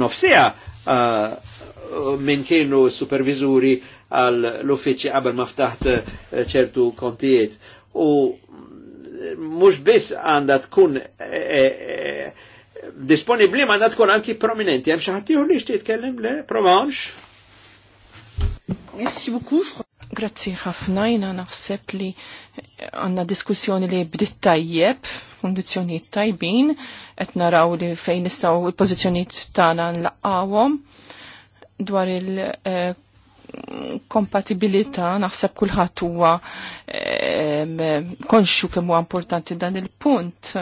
Speaker 3: nofsija minn kienu supervizuri għall l-uffiċi qabel ma ftaħt ċertu kontijiet u mux biss għanda tkun e, e, e, disponibli ma għanda tkun anki prominenti. Għem xaħatiju li xti jitkellem le provawx.
Speaker 1: Merci beaucoup. Grazzi ħafna jina naħseb li għanna diskussjoni li bdiet tajjeb, kondizjoni tajbin, qed naraw li fejn nistgħu il-pożizzjonijiet tagħna nlaqgħuhom dwar il- uh, kompatibilità naħseb kulħadd huwa konxu kemm huwa importanti dan il-punt.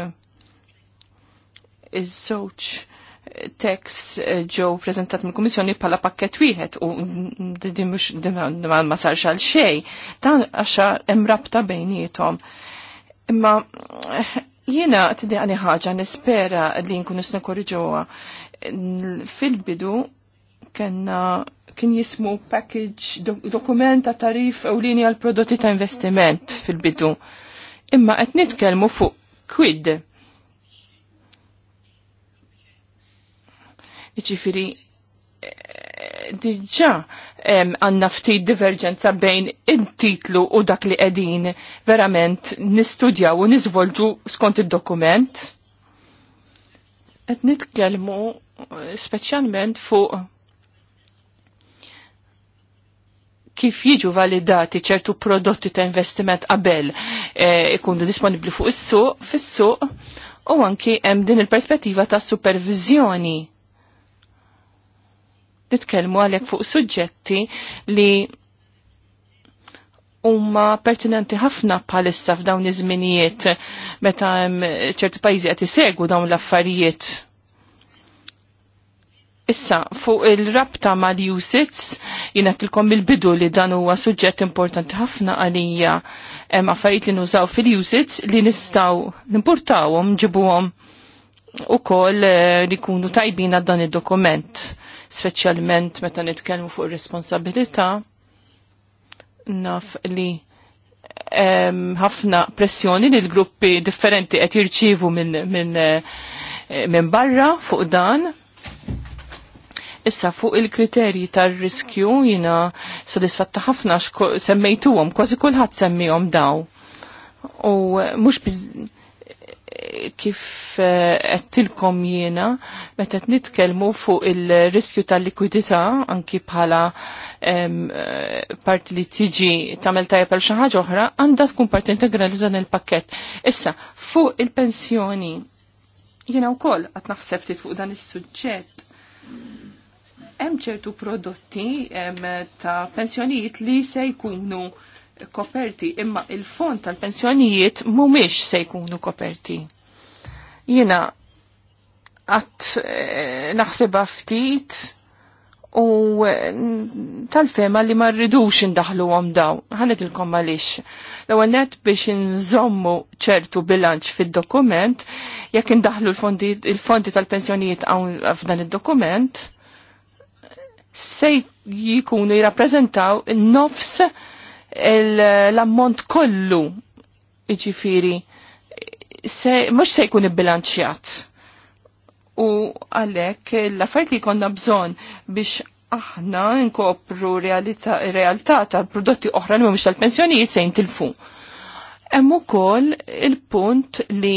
Speaker 1: Iż-żewġ tekst ġew prezentat mill kummissjoni bħala pakket wieħed u ma sarx għal xejn, dan għaxa hemm rabta bejniethom. Imma jiena għani ħaġa nispera li nkun nisna korriġuha. Fil-bidu kellna kien jismu package dokument ta' tarif linja għal prodotti ta' investiment fil-bidu. Imma qed nitkellmu fuq kwid. Iċifiri, eh, diġa għanna ftit diverġenza bejn il-titlu u dak li qegħdin verament nistudjaw u niżvolġu skont id-dokument. Qed nitkellmu eh, speċjalment fuq kif jiġu validati ċertu prodotti ta' investiment qabel eh, ikunu e, disponibli fuq is-suq, fis-suq, u anki hemm din il-perspettiva ta' supervizjoni. Nitkellmu għalhekk fuq suġġetti li huma pertinenti ħafna bħalissa f'dawn iż-żminijiet meta ċertu pajjiżi qed isegwu dawn l-affarijiet Issa, fuq il-rabta ma li usits, jinatilkom il-bidu li dan huwa suġġett importanti ħafna għalija hemm fajt li nużaw fil-usits li nistaw ġibuwom u ukoll eh, li kunu tajbin dan id-dokument, speċjalment meta nitkellmu fuq ir-responsabilità naf li ħafna pressjoni li l-gruppi differenti qed jirċivu minn min, eh, min barra fuq dan Issa fuq il-kriterji tar-riskju jina sodisfatta ħafna semmejtuhom, kważi kulħadd semmihom daw. U eh, mhux eh, kif eh, għettilkom jiena, meta nitkelmu fuq il-riskju tal-likwidità, anki bħala parti li tiġi tamel tajja per xaħġa oħra, għandha tkun part integrali dan il-pakket. Issa, fuq il-pensjoni, jiena wkoll qed naħseb fuq dan is-suġġett hemm ċertu prodotti ta' pensjonijiet li se jkunu koperti, imma il-fond tal-pensjonijiet mhumiex se jkunu koperti. Jiena għat eh, naħseb ftit u eh, tal-fema li ma rridux indaħlu għom daw. Għanet il-kom għalix. L-għanet biex nżommu ċertu bilanċ fil-dokument, jekk indaħlu il-fondi tal-pensjonijiet f'dan il-dokument, se jikunu jirrappreżentaw nofs l-ammont kollu iġifiri se, mux se jkun ibbilanċjat. U għalek l-affarijiet li konna bżon biex aħna nkopru realtà tal prodotti oħra li mhumiex tal-pensjonijiet se jintilfu. Hemm ukoll il-punt li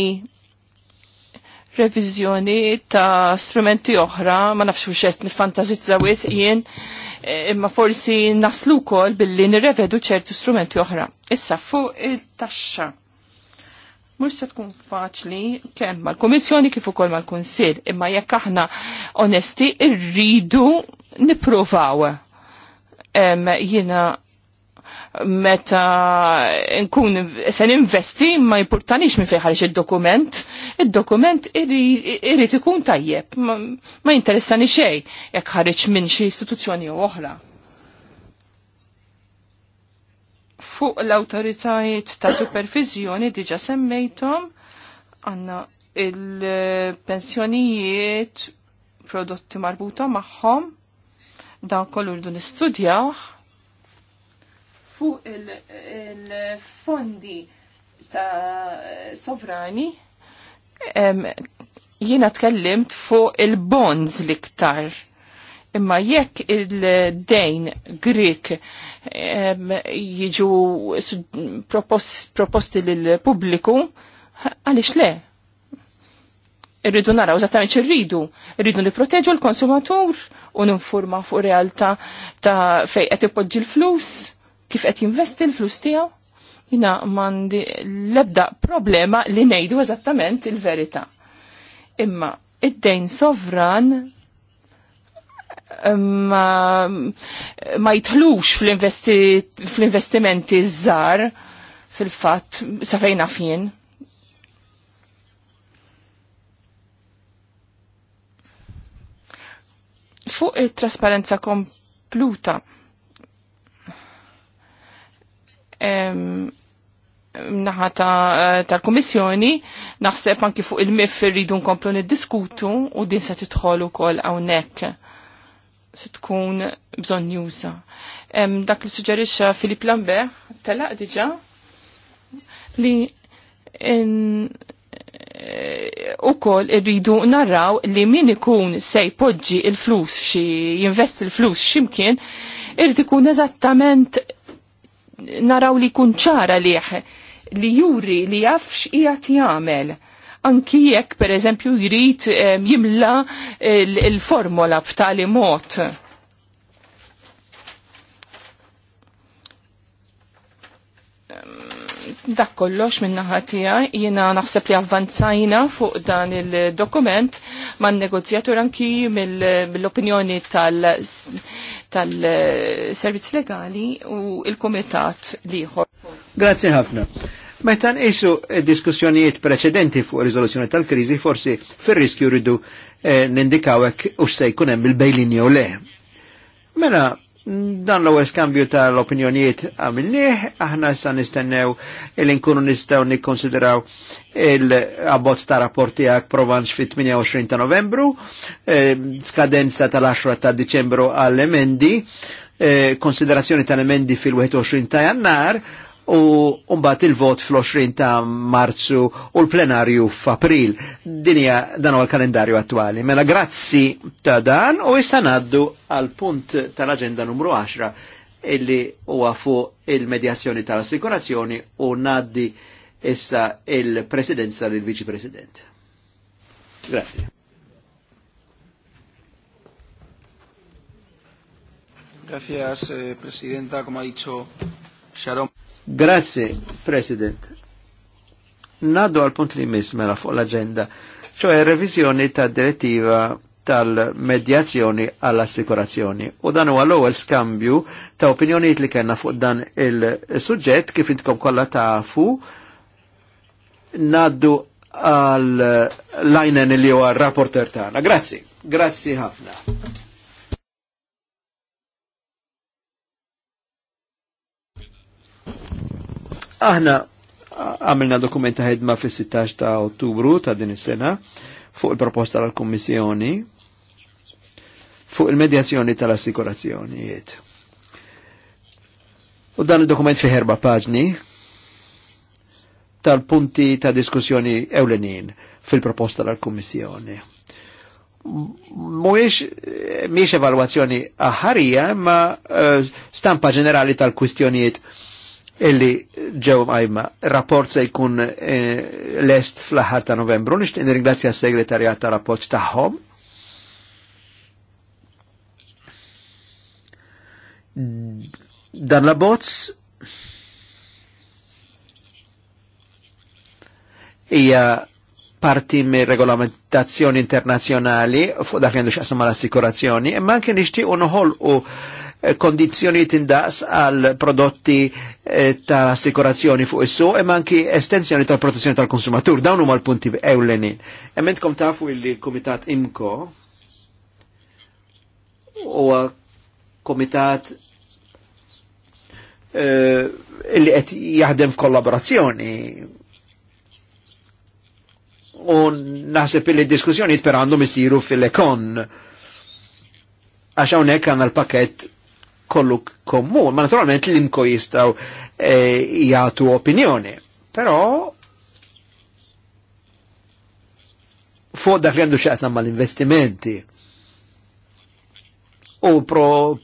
Speaker 1: revizjoni ta' strumenti oħra, ma nafx xet nifantazit zawis jien, e, imma forsi naslu kol billi nirrevedu ċertu strumenti oħra. Issa fuq il-taxxa. Mux se tkun faċli kemm mal-Komissjoni kif ukoll mal-Kunsill, imma jekk aħna onesti rridu nippruvaw. Jiena meta nkun se ninvesti ma jimportanix minn fejn ħarġ id-dokument. Id-dokument irid ikun tajjeb, ma jinteressani xejn jekk ħareġ minn xi istituzzjoni jew oħra. Fuq l-awtoritajiet ta' supervizjoni diġa semmejtom għanna il-pensjonijiet prodotti marbuta magħhom dan kollu rridu nistudjawh fuq il-fondi ta' sovrani jiena tkellimt fuq il-bonds ktar. Imma jekk il-dejn Grik jiġu proposti lill-pubbliku, għaliex le? Irridu naraw eżattament rridu. li proteġu l-konsumatur u ninfurma fuq realtà ta' fejn qed ipoġġi l-flus kif qed jinvesti l-flus tiegħu? Jina mandi l-ebda problema li ngħidu eżattament il-verità. Imma id-dejn sovran ehm, ma, ma jitħlux fl-investimenti fl żar fil-fatt sa fejna fien. Fuq it-trasparenza kompluta naħa eh, tal-Komissjoni, naħseb anki fuq il-MIF rridu nkomplu niddiskutu u din se tidħol ukoll hawnhekk se tkun bżonn juża. Dak li suġġerixxa Filip Lambe telaq diġà li eh, u kol irridu narraw li min ikun se jpoġġi il-flus f'xi jinvesti il-flus ximkien, irid ikun eżattament naraw li kun ċara liħ li juri li jafx ijat jamel. Anki jekk per eżempju jrid jimla il-formola il b'tali mod. dak kollox minna ħatija jiena naħseb li avvanzajna fuq dan il-dokument man negozjatur anki mill-opinjoni tal- tal-servizz legali u il-komitat liħor.
Speaker 3: Grazie ħafna. Meta isu diskussjonijiet preċedenti fuq rizoluzzjoni tal-kriżi, forsi fir-riskju rridu eh, nindikawek u se jkun hemm il-bejlin jew le. Mela Dan l-ewwel skambju tal-opinjonijiet għamilnieh, aħna issa nistennew il nkunu nistgħu nikkonsidraw il-abbozz ta' rapporti għak provanx fit-28 ta' Novembru, eh, skadenza tal-10 ta' Diċembru għall-emendi, eh, konsiderazzjoni tal-emendi fil-21 ta' Jannar, u mbagħad il-vot fl-20 ta' Marzu u l-plenarju f'April. Dinja dan huwa l-kalendarju attwali. Mela grazzi ta' dan u issa ngħaddu għal punt tal-aġenda numru 10 illi huwa fuq il-medjazzjoni tal-assikurazzjoni u ngħaddi issa il-presidenza lill viċi president. Grazie. Gracias, eh, Presidenta. Como ha dicho Sharon. Grazzi, President. Nadu għal punt li mis mela fuq l-agenda, ċoħe revizjoni ta' direttiva tal-medjazzjoni għall-assikurazzjoni. U dan huwa l-ewwel skambju ta' opinjonijiet li kellna fuq dan il-suġġett kif intkom kollha tafu naddu għal lajnen li huwa rapporter tagħna. Grazzi, grazzi ħafna. Aħna għamilna dokumenta ħedma fis-16 ta' Ottubru ta' din is-sena fuq il-proposta tal-Kummissjoni fuq il-medjazzjoni tal-assikurazzjonijiet. U dan il-dokument fi erba' paġni tal-punti ta' diskussjoni ewlenin fil-proposta tal-Kummissjoni mhuwiex miex evalwazzjoni aħarija, ma eh, stampa ġenerali tal-kwistjonijiet illi ġew għajma. Rapport se jkun eh, lest fl-aħħar ta' novembru. Nixtieq nirringrazzja s-segretarjat ta' rapport tagħhom. Dan la bozz hija parti mir regolamentazzjoni internazzjonali fuq dak li għandu xaqsam mal-assikurazzjoni, imma anke nixtiequ noħolqu u Eh, kondizjoni indaqs għal prodotti eh, ta' assikurazzjoni fuq is su e anki estensjoni tal-protezzjoni tal-konsumatur. Dawn huma l-punti ewlenin. Emmentkom tafu li l-Kumitat IMCO huwa komitat eh, illi qed jaħdem f'kollaborazzjoni u naħseb li diskussjonijiet per għandhom isiru fil-ekon għax hawnhekk għandna l-pakett kollu komun, ma naturalment l-imko jistaw e, jgħatu opinjoni. Però fuq dak li għandu xaqsam mal-investimenti u pro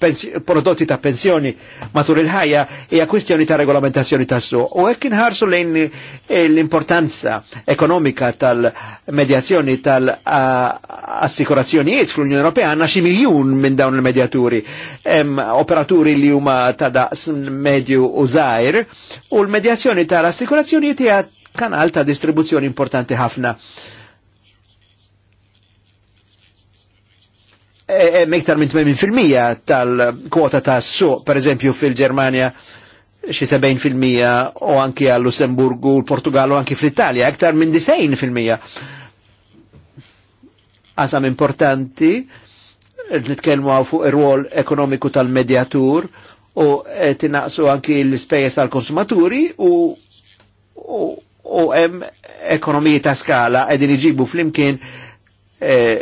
Speaker 3: prodotti ta' pensjoni matur il-ħajja hija kwistjoni ta' regolamentazzjoni tas su U hekk inħarsu lejn eh, l-importanza ekonomika tal-medjazzjoni tal-assikurazzjonijiet fl-Unjoni Ewropea għandna xi miljun minn dawn il-medjaturi. Hemm operaturi li huma ta' daqs medju u żgħir u l-medjazzjoni tal-assikurazzjonijiet hija kanal ta' distribuzzjoni importanti ħafna Eh, eh, miktar minn 80% tal-kwota ta' su, per eżempju fil-Germania xi 70% u anki għal Lussemburgu, l-Portugallu anki fl-Italja, iktar minn 90%. Għasam importanti, nitkelmu għaw fuq ir-rol ekonomiku tal-medjatur u tinaqsu anki l-ispejjeż tal-konsumaturi u u hemm ekonomiji ta' skala qegħdin iġibu flimkien eh,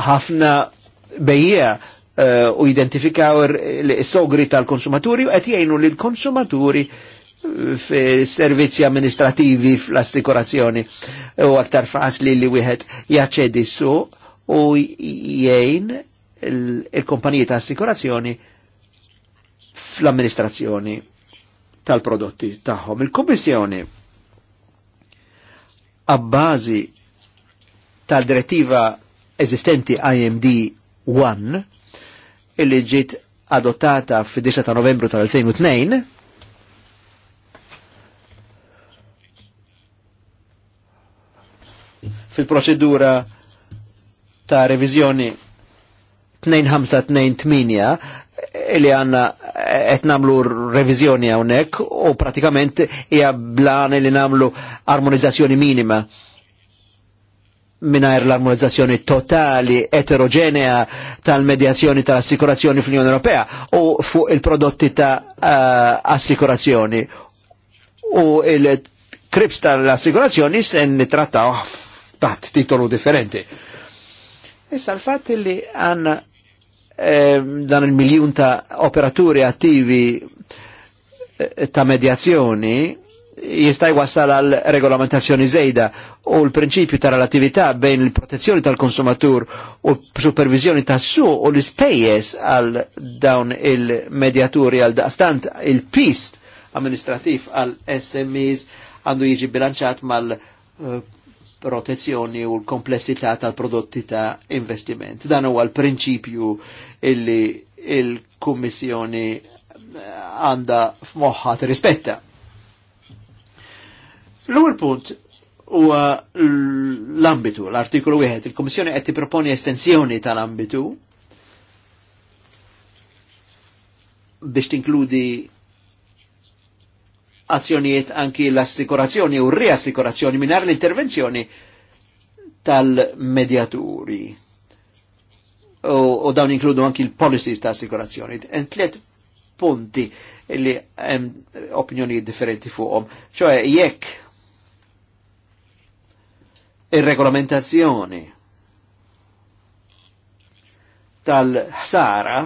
Speaker 3: ħafna bejja eh, u identifikaw er- s-sogri tal-konsumaturi u qed jgħinu l konsumaturi eh, f-servizzi amministrativi fl-assikurazzjoni u aktar faċli li wieħed jaċċedi su u jgħin il kompanijiet ta' assikurazzjoni fl-amministrazzjoni tal-prodotti tagħhom. Il-Kummissjoni għabbażi tal-direttiva eżistenti IMD 1 illi ġiet adottata f-9 ta' novembru tal-2002 fil-proċedura ta' revizjoni 2528 illi għanna qed namlu revizjoni hawnhekk u pratikament hija blan li namlu armonizzazzjoni minima minnajr l-armonizzazzjoni totali eterogenea tal-medjazzjoni tal-assikurazzjoni fl-Unjoni Ewropea u fuq il-prodotti ta' uh, assikurazzjoni u il-krips tal-assikurazzjoni sen nitratta taħt titolu differenti. Issa l-fatt li għanna eh, dan il-miljun ta' operaturi attivi eh, ta' medjazzjoni jistaj wasal għal regolamentazzjoni żejda u l-prinċipju ta' relatività bejn il-protezzjoni tal-konsumatur u supervizjoni tas-su u l-ispejjeż għal dawn il-medjaturi għal daqstant il-pist amministrativ għal SMEs għandu jiġi bilanċat mal eh, protezzjoni u l-komplessità tal-prodotti ta' investiment. Dan huwa l-prinċipju il-Kummissjoni eh, għanda f'moħħa rispetta. L-ewwel punt huwa l-ambitu, l-artikolu wieħed. Il-Kummissjoni qed tipproponi estensjoni tal-ambitu biex tinkludi azzjonijiet anki l-assikurazzjoni u r riassikurazzjoni minar l-intervenzjoni tal-medjaturi. U, dawn inkludu anki l-policies ta' assikurazzjoni. Tliet punti li hemm opinjoni differenti fuqhom. ċoħe jekk il regolamentazzjoni tal-ħsara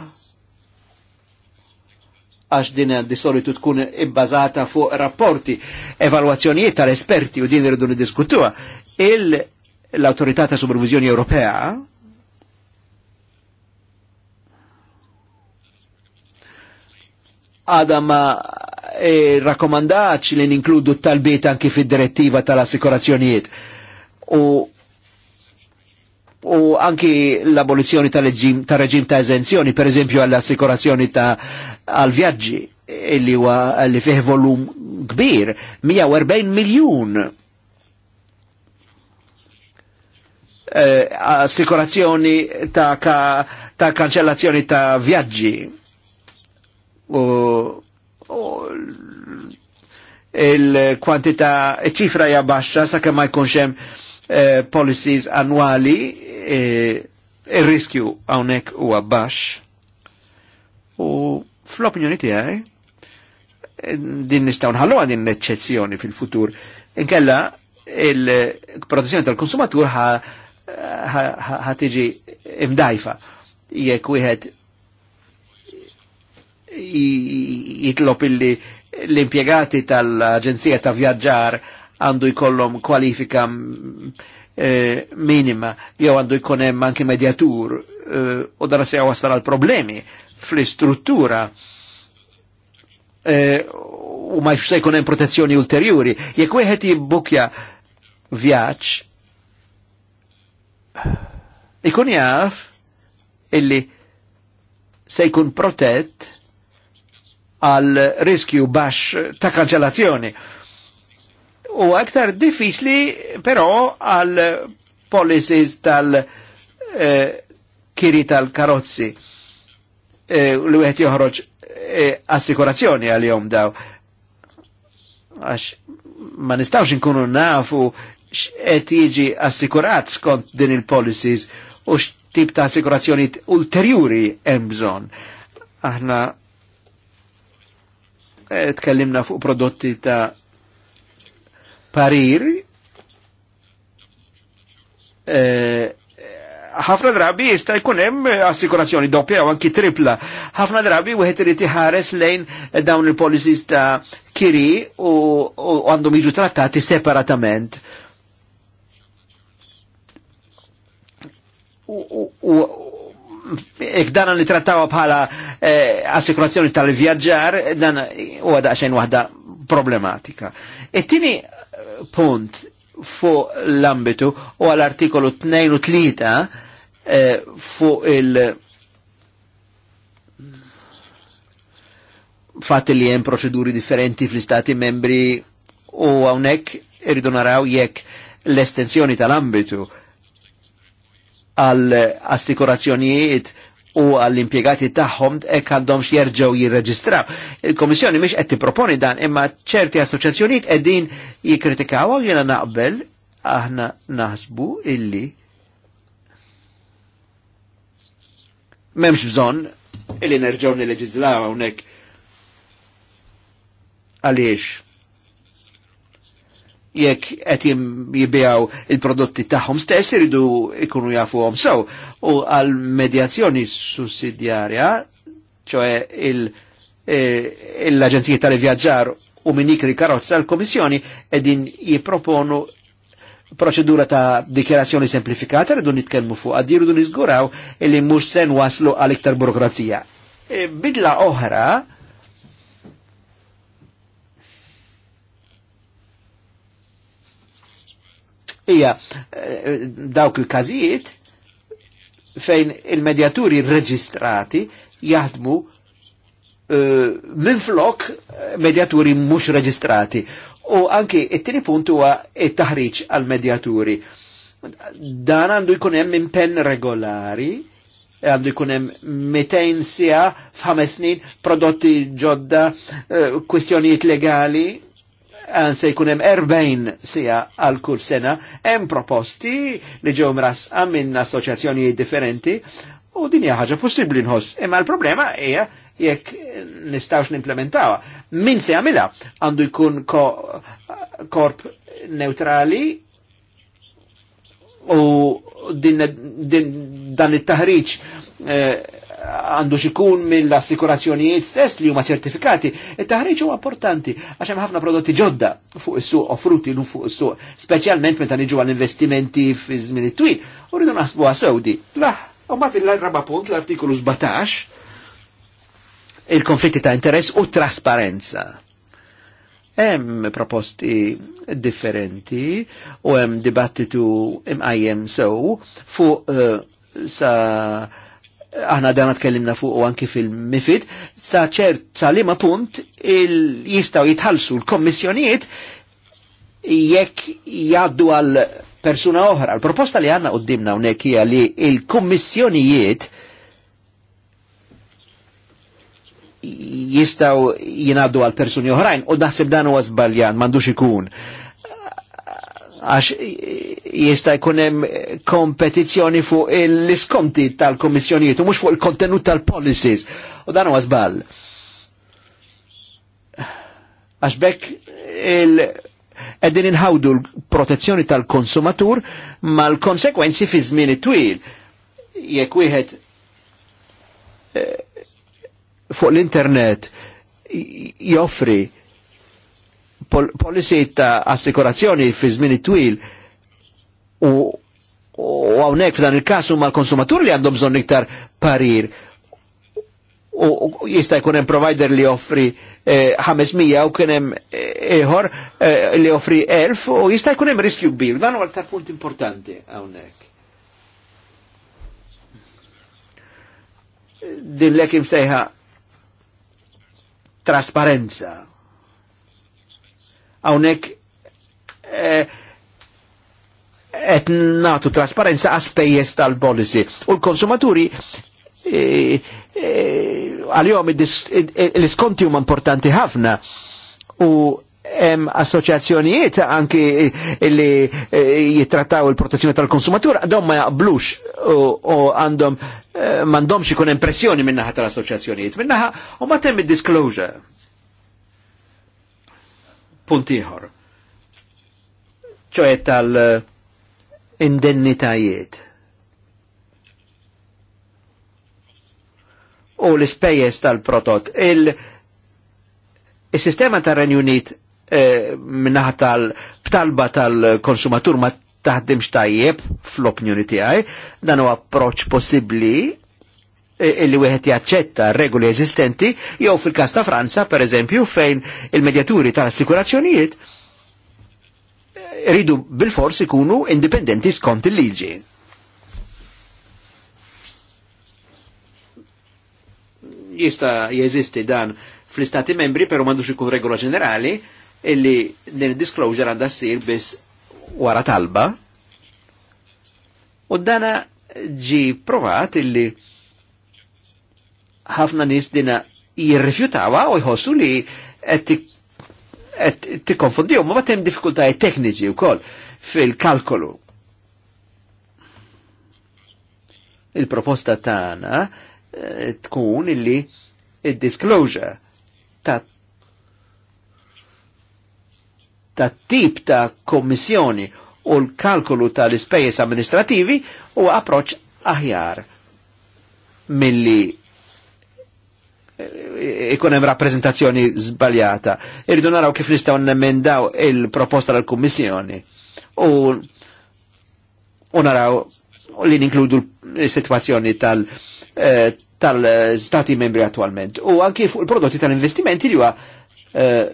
Speaker 3: għax din di solitu tkun ibbazata fuq rapporti, evalwazzjonijiet tal-esperti u din irridu niddiskutuha. L-Autorità ta' supervisjoni Ewropea għada ma e, rakkomandax li ninkludu tal-bit anki fid-direttiva tal-assikurazzjonijiet. tal assikurazzjonijiet u u anki l-abolizjoni ta' reġim ta', ta eżenzjoni, per eżempju għall-assikurazzjoni ta' għal-vjaġġi illi huwa li fih volum kbir, 140 miljun eh, assikurazzjoni ta', ka, ta kancellazzjoni ta' vjaġġi. U, u il kwantita ċifra hija sa' sakemm ma jkunx hemm Eh, policies annuali eh, il-riskju għawnek u għabbax. U fl-opinjoni tiegħi din nistgħu nħalluha din l fil-futur. Inkella il-protezzjoni tal-konsumatur ħa tiġi imdajfa jekk wieħed jitlob illi l-impjegati tal-Aġenzija ta' Vjaġġar għandu jkollom kwalifika mm, eh, minima, jew għandu jkun hemm anki medjatur eh, u eh, se wasal għal problemi fl-istruttura eh, u ma jfx se jkun protezzjoni ulterjuri. Jek weħet jibbukja vjaċ, ikun jaf illi se jkun protett għal riskju bax ta' kanċellazzjoni u aktar diffiċli però għal policies tal-kiri eh, tal-karozzi eh, li għet joħroġ eh, assikurazzjoni għal-jom daw. Għax ma nistawx nkunu nafu x'qed jiġi assikurat skont din il-policies u x'tip ta' assikurazzjoni ulterjuri hemm bżonn. Aħna tkellimna fuq prodotti ta' parir eh, ħafna drabi jista' jkun hemm assikurazzjoni doppja u anki tripla. Ħafna drabi wieħed irid iħares lejn dawn il-policies ta' kiri u għandhom jiġu trattati separatament. U ek dan li trattawa bħala eh, assikurazzjoni tal-vjaġġar, dan huwa daqsxejn waħda problematika. It-tieni e punt fuq l-ambitu u għal-artikolu 2 u 3 eh, fuq il- fatt li jen proċeduri differenti fl-istati membri u hawnhekk irridu naraw jekk l-estensjoni tal-ambitu għal assikurazzjonijiet u għall-impiegati tagħhom hekk għandhomx jerġgħu jirreġistraw. Il-Komissjoni mhix qed tipproponi dan imma ċerti assoċjazzjonijiet qegħdin jikkritikaw jiena naqbel aħna naħsbu illi m'hemmx bżonn illi nerġgħu nilleġislaw hawnhekk. Għaliex? jekk qed jibijaw il-prodotti tagħhom stess iridu ikunu jafuhom sew. So, u għal medjazzjoni sussidjarja, ċoe e, l-Aġenzija il, il, tal-Vjaġġar u minikri karozza l-Komissjoni edin jiproponu proċedura ta' dikjerazzjoni semplifikata rridu nitkellmu fuq għaddi rridu nizguraw illi mhux sen waslu għal iktar burokrazija. E, bidla oħra hija eh, dawk il-każijiet fejn il-medjaturi reġistrati jaħdmu eh, minn flok medjaturi mhux reġistrati. U anki it-tieni punt huwa it-taħriġ għal-medjaturi. Dan għandu jkun hemm impenn regolari, għandu jkun hemm 200 sija f'ħames snin prodotti ġodda, eh, kwistjonijiet legali, għan se jkunem hemm 40 sija għal kull sena, hemm proposti li ġew mras minn assoċjazzjoni differenti u din hija ħaġa possibbli nħoss. Imma l-problema hija jekk nistgħux nimplementawha. Min se jagħmilha għandu jkun ko korp neutrali u din, din dan it-taħriġ eh, għandu xikun mill-assikurazzjonijiet stess li huma ċertifikati. Il-taħriġ huwa importanti għax hemm ħafna prodotti ġodda fuq is-suq offruti lu fuq is-suq, speċjalment meta niġu għall-investimenti fi żmien it-twil. U rridu naħsbu Sewdi. Laħ, u mbagħad il-raba punt l-artikolu 17 il-konflitti ta' interess u trasparenza hemm proposti differenti u hemm dibattitu imqajjem sew fuq uh, sa aħna dana tkellimna fuq u anki fil-mifid, sa ċert sa punt il jistaw jitħalsu l-kommissjonijiet jekk jaddu għal persuna oħra. L-proposta li għanna qoddimna unek hija li il-kommissjonijiet jistaw jinaddu għal persuni oħrajn u daħseb dan huwa żbaljan m'għandux ikun. Uh, għax jista' jkun hemm kompetizzjoni fuq l-iskonti tal-kommissjonijiet u mhux fuq il-kontenut tal-policies. U dan huwa żball. Għax bekk il qegħdin inħawdu l-protezzjoni tal-konsumatur ma l konsekwenzi fi żmien twil. Jekk wieħed eh, fuq l-internet joffri pol policy ta' assikurazzjoni fi żmien twil u hawnhekk f'dan il-każ huma l-konsumaturi li għandhom bżonn iktar parir u jista' jkun hemm provider li offri eh, 500 u kien hemm eh, ieħor eh, li offri 1000 u jista' jkun hemm riskju kbir. Dan huwa ta' punt importanti hawnhekk. Din l-ekim sejħa trasparenza. Hawnhekk qed eh, natu trasparenza għaspejjeż tal-policy. U l-konsumaturi eh, eh, għal-jom l-iskonti huma importanti ħafna u hemm assoċjazzjonijiet anki li jittrattaw il-protezzjoni tal-konsumatur għadhom ma jaqblux u għandhom m'għandhomx ikun impressjoni minnaħa tal-assoċjazzjonijiet. Minnaħa u ma temm disclosure punt ieħor. tal-indennitajiet. U l-ispejjeż tal-protot. Il-sistema il sistema il tal renjunit eh, tal-talba tal-konsumatur ma taħdimx tajjeb fl-opinjoni tiegħi, dan huwa approċċ possibbli illi e, e, wieħed jaċċetta regoli eżistenti, jew fil-każ ta' Franza, per eżempju, fejn il-medjaturi tal-assikurazzjonijiet eh, ridu bil-fors ikunu indipendenti skont il-liġi. Jista jeżisti dan fl-istati membri, pero mandux ikun regola ġenerali, illi din disclosure għandha ssir biss wara talba. U dana ġi provat illi ħafna nis dina jirrifjutawa u jħossu li ti tikkonfundihom, ma hemm diffikultajiet tekniċi wkoll fil-kalkolu. Il-proposta tagħna eh, tkun illi id-disclosure ta' ta' tip ta' kommissjoni u l-kalkolu tal-ispejjeż amministrativi u approċ aħjar milli ikun hemm rappreżentazzjoni żbaljata. Irridu naraw kif nistgħu nemmendaw il-proposta tal-Kummissjoni u u naraw li ninkludu l-sitwazzjoni tal- eh, tal-stati membri attualment. U anki fuq il-prodotti tal-investimenti li huwa eh,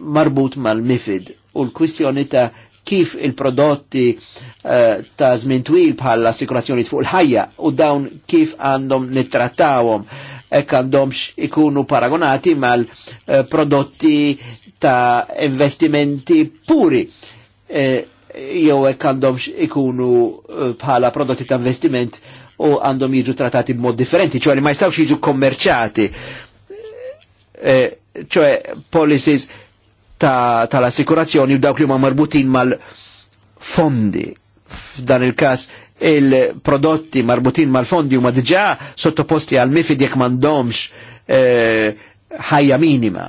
Speaker 3: marbut mal-MIFID u l-kwistjoni ta' kif il-prodotti eh, ta' żmien twil bħal assikurazzjoni fuq il-ħajja u dawn kif għandhom nittrattawhom hekk għandhomx ikunu paragonati mal-prodotti eh, ta' investimenti puri eh, jew hekk għandhomx ikunu bħala prodotti ta' investiment u għandhom jiġu trattati b'mod differenti, ċoħe li ma jistawx jiġu kommerċati, ċoħe policies tal-assikurazzjoni u dawk li huma marbutin mal-fondi. F'dan il-każ il-prodotti marbutin mal-fondi huma diġà sottoposti għal mifid jekk m'għandhomx eh, ħajja eh, minima.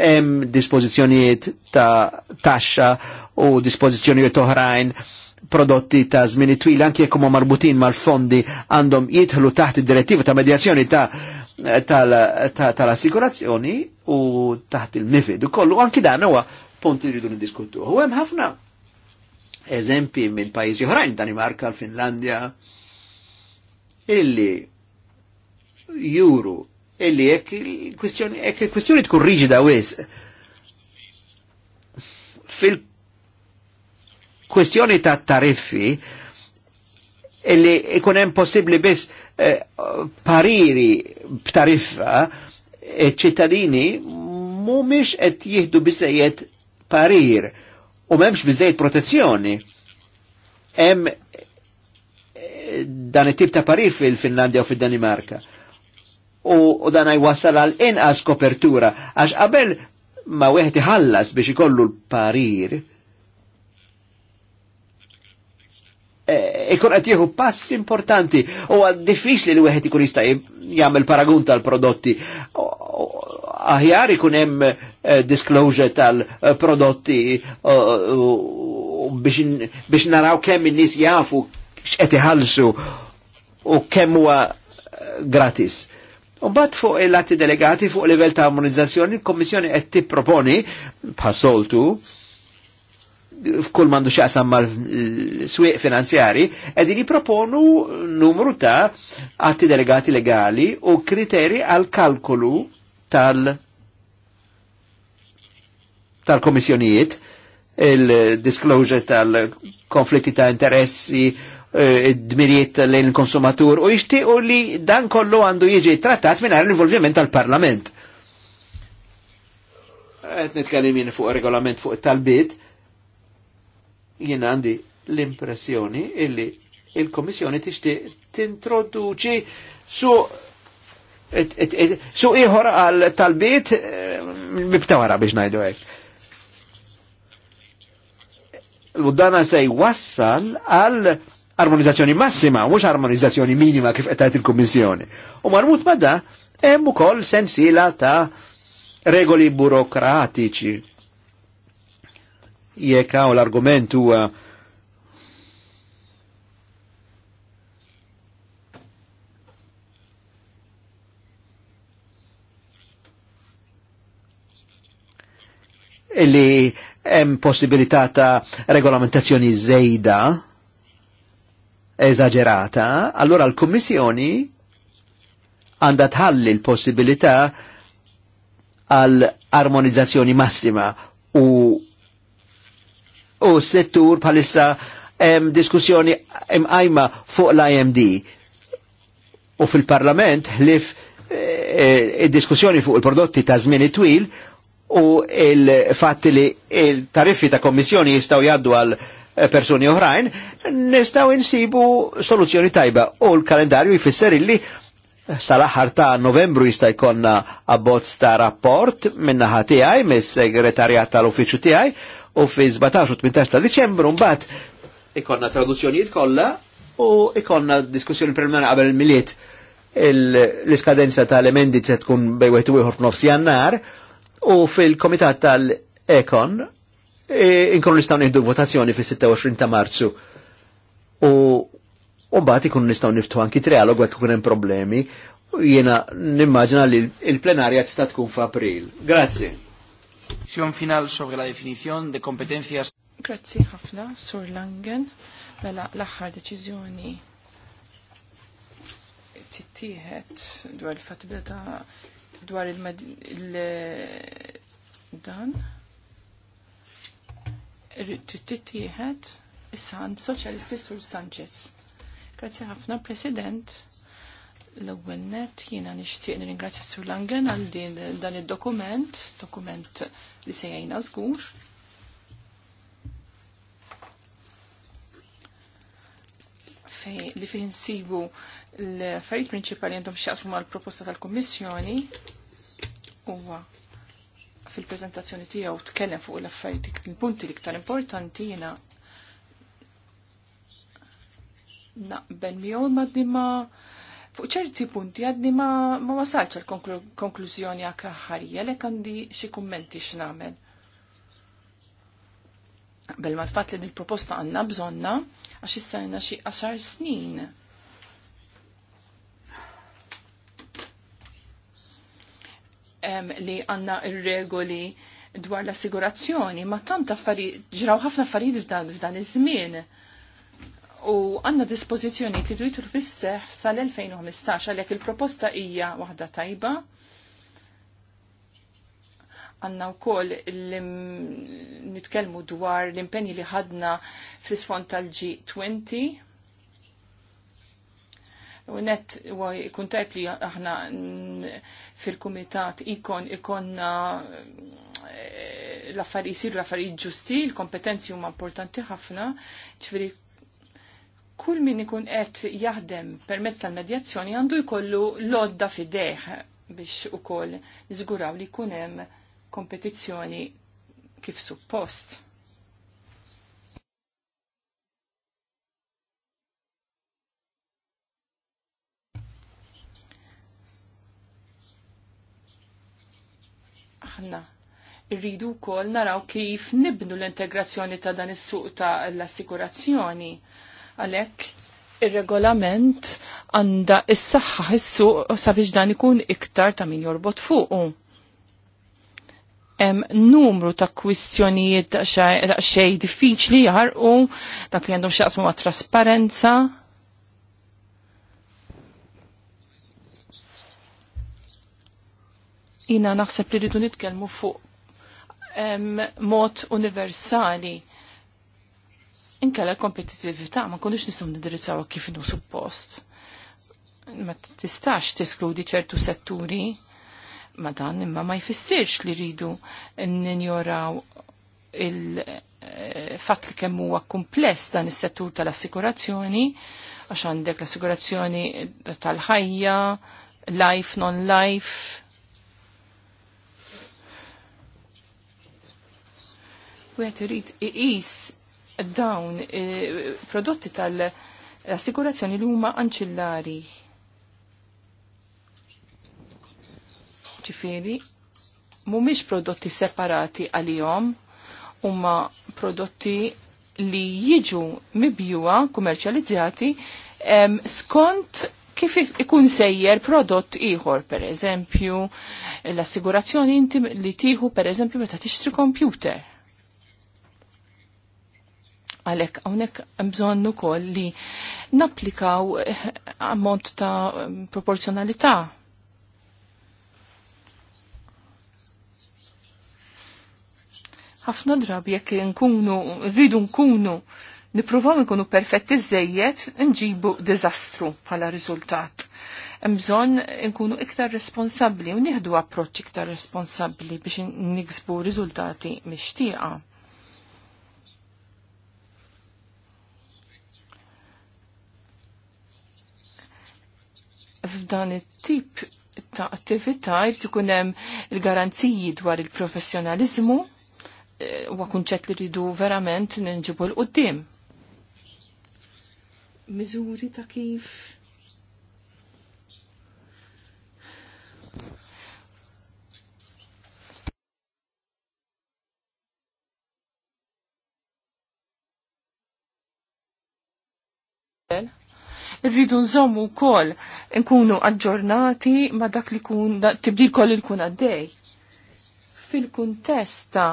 Speaker 3: Hemm dispożizzjonijiet ta' taxxa u dispożizzjonijiet oħrajn prodotti ta' żmien twil anke jekk huma marbutin mal-fondi għandhom jidħlu taħt id-direttiva ta' medjazzjoni ta' tal-assikurazzjoni u taħt il-mifid u kollu, anki dan huwa punt li rridu niddiskutu. U hemm ħafna eżempi minn pajjiżi oħrajn, Danimarka, l-Finlandja, illi juru illi jekk il-kwistjoni tkun riġida wis fil-kwistjoni ta' tariffi illi ikun hemm possibbli biss eh, pariri b'tariffa ċittadini e mhumiex qed jieħdu biżejjed parir u m'hemmx biżejjed protezzjoni. Hemm eh, dan it-tip ta' parir fil-Finlandja u fil-Danimarka. U, u dan għajwassal għal inqas kopertura, għax qabel ma wieħed iħallas biex ikollu l-parir, e eh, kon qed jieħu pass importanti u diffiċ li l-wieħed ikun jista' jagħmel paragun tal-prodotti. Aħjar ikun hemm eh, disclosure tal-prodotti biex naraw kemm in-nies jafu x'qed iħallsu u kemm huwa eh, gratis. U bat fuq il-lati delegati fuq livell ta' ammonizzazzjoni, il-Kommissjoni qed tipproponi bħasoltu soltu f'kull mandu xaqsam mal-swieq finanzjari, edin jiproponu numru ta' atti delegati legali u kriteri għal kalkolu tal- tal-komissjonijiet, il-disclosure tal-konflitti ta' interessi, eh, id-dmirijiet lejn il-konsumatur u u li dan kollu għandu jiġi trattat minn l-involviment tal-parlament. Għet nitkellim fuq regolament fuq tal-bit, jien għandi l-impressjoni illi il-Komissjoni tixtieq tintroduċi su su ieħor għal talbiet eh, mibtawara biex ngħidu hekk. L-Uddana se wassal għal armonizzazzjoni massima, mhux armonizzazzjoni minima kif għetajt il-Kummissjoni. U marmut ma' emmu hemm ukoll ta' regoli burokratiċi jekk hawn l-argument huwa li hemm possibilità ta' regolamentazzjoni żejda eżagerata, allora l-Kummissjoni għandha tħalli l-possibilità għal armonizzazzjoni massima u u settur palissa hemm diskussjoni imqajma fuq l-IMD. U fil-Parlament ħlif id-diskussjoni eh, eh, e, fuq il-prodotti ta' zmini twil u il-fatti li il-tariffi ta' kommissjoni jistaw jaddu għal eh, persuni oħrajn, nistaw insibu soluzzjoni tajba u l-kalendarju jfisser illi sal-aħħar ta' novembru jista' jkollna abbozz ta' rapport minnaħa tiegħi mis-segretarjat tal-uffiċċju tiegħi u fi 17 18 ta' Diċembru mbagħad ikonna traduzzjonijiet kollha u ikonna diskussjoni preliminari qabel miliet l-iskadenza tal-emendi se tkun bej wieħed u ieħor f'nofs jannar u fil-komitat tal-Ekon e, inkunu nistgħu nieħdu votazzjoni fis-26 ta' Marzu. U mbagħad ikunu nistgħu niftu anki trialogu jekk ikun hemm problemi jiena nimmaġina li l-plenarja tista' tkun f'April. Grazzi reflexión final sobre la definición de competencias.
Speaker 1: Grazie ħafna, Sur Langen, mela l-aħħar deċiżjoni tittieħed dwar il-fattibilità dwar il-dan tittieħed is sand soċjalisti Sur Sanchez. Grazie ħafna, President l-ewwel net jiena nixtieq nirringrazzja Sur Langen għal din dan id-dokument, dokument li se jajna żgur. Fej, li fej nsibu l-affarijiet prinċipali għandhom xjaqsmu l proposta tal-Kummissjoni u, fil-prezentazzjoni tiegħu tkellem fuq l-affarijiet il-punti l-iktar importanti jiena naqbel miegħu ma' Fuq ċerti punti għadni ma, ma wasalx l-konklużjoni għak ħarija, lek għandi xi kummenti xnamen. Bel ma l-fat li din proposta għanna bżonna, għax jissajna xi qasar snin. Em, li għanna ir-regoli dwar l-assigurazzjoni, ma tant affarijiet, ġraw ħafna affarijiet f'dan iż-żmien u għanna dispozizjoni li jridu fisseħ sal-2015 għalhekk il-proposta hija waħda tajba. Għanna wkoll nitkellmu dwar l-impenji li ħadna fl-isfond tal-G20. U net kun tajb li aħna fil-kumitat ikon ikonna l-affarijiet eh, jisir l-affarijiet ġusti, l-kompetenzi huma importanti ħafna, ċveri kull min ikun qed jaħdem permezz tal-medjazzjoni għandu jkollu lodda fideħ biex ukoll niżguraw li jkun hemm kompetizzjoni kif suppost. Aħna rridu wkoll naraw kif nibnu l-integrazzjoni ta' dan is-suq ta' l-assikurazzjoni Għalhekk ir-regolament għandha is-saħħa ħissu sabiex dan ikun iktar ta' min jorbot fuqu. Hemm numru ta' kwistjonijiet daqsxejn diffiċli jarqu dak li għandhom x'jaqsmu ma' trasparenza, jina naħseb li rridu nitkellmu fuq mod universali inkella kompetitività ma konniex nistgħu nidirizzaw kif nu suppost. Ma tistax tiskludi ċertu setturi ma dan imma ma jfissirx li rridu ninjoraw il-fatt eh, li kemm huwa kumpless dan is-settur tal-assikurazzjoni għax għandek l-assigurazzjoni tal-ħajja, life, non-life, Wet irid iqis dawn eh, prodotti tal-assikurazzjoni li huma anċillari. Ġifieri, mhumiex prodotti separati għalihom, huma prodotti li jiġu mibjuwa kummerċjalizzati skont kif ikun sejjer prodott ieħor, per eżempju, l-assigurazzjoni li tieħu per eżempju meta tixtri kompjuter. Għalek, għonek bżonnu koll li naplikaw eh, ammont ta' proporzjonalità. ħafna drabi jekk nkunu, rridu nkunu, nipruvaw nkunu perfetti zzejiet, nġibu dizastru bħala riżultat mżon nkunu iktar responsabli u nieħdu approċċ iktar responsabli biex niksbu riżultati mixtieqa. f'dan it-tip ta' attività jrid ikun hemm il-garanziji dwar il-professjonaliżmu eh, huwa kunċett li rridu verament ninġibu l qudiem Miżuri ta' kif Well rridu nżommu wkoll nkunu aġġornati ma dak li kun tibdil kol li kun għaddej. Fil-kuntesta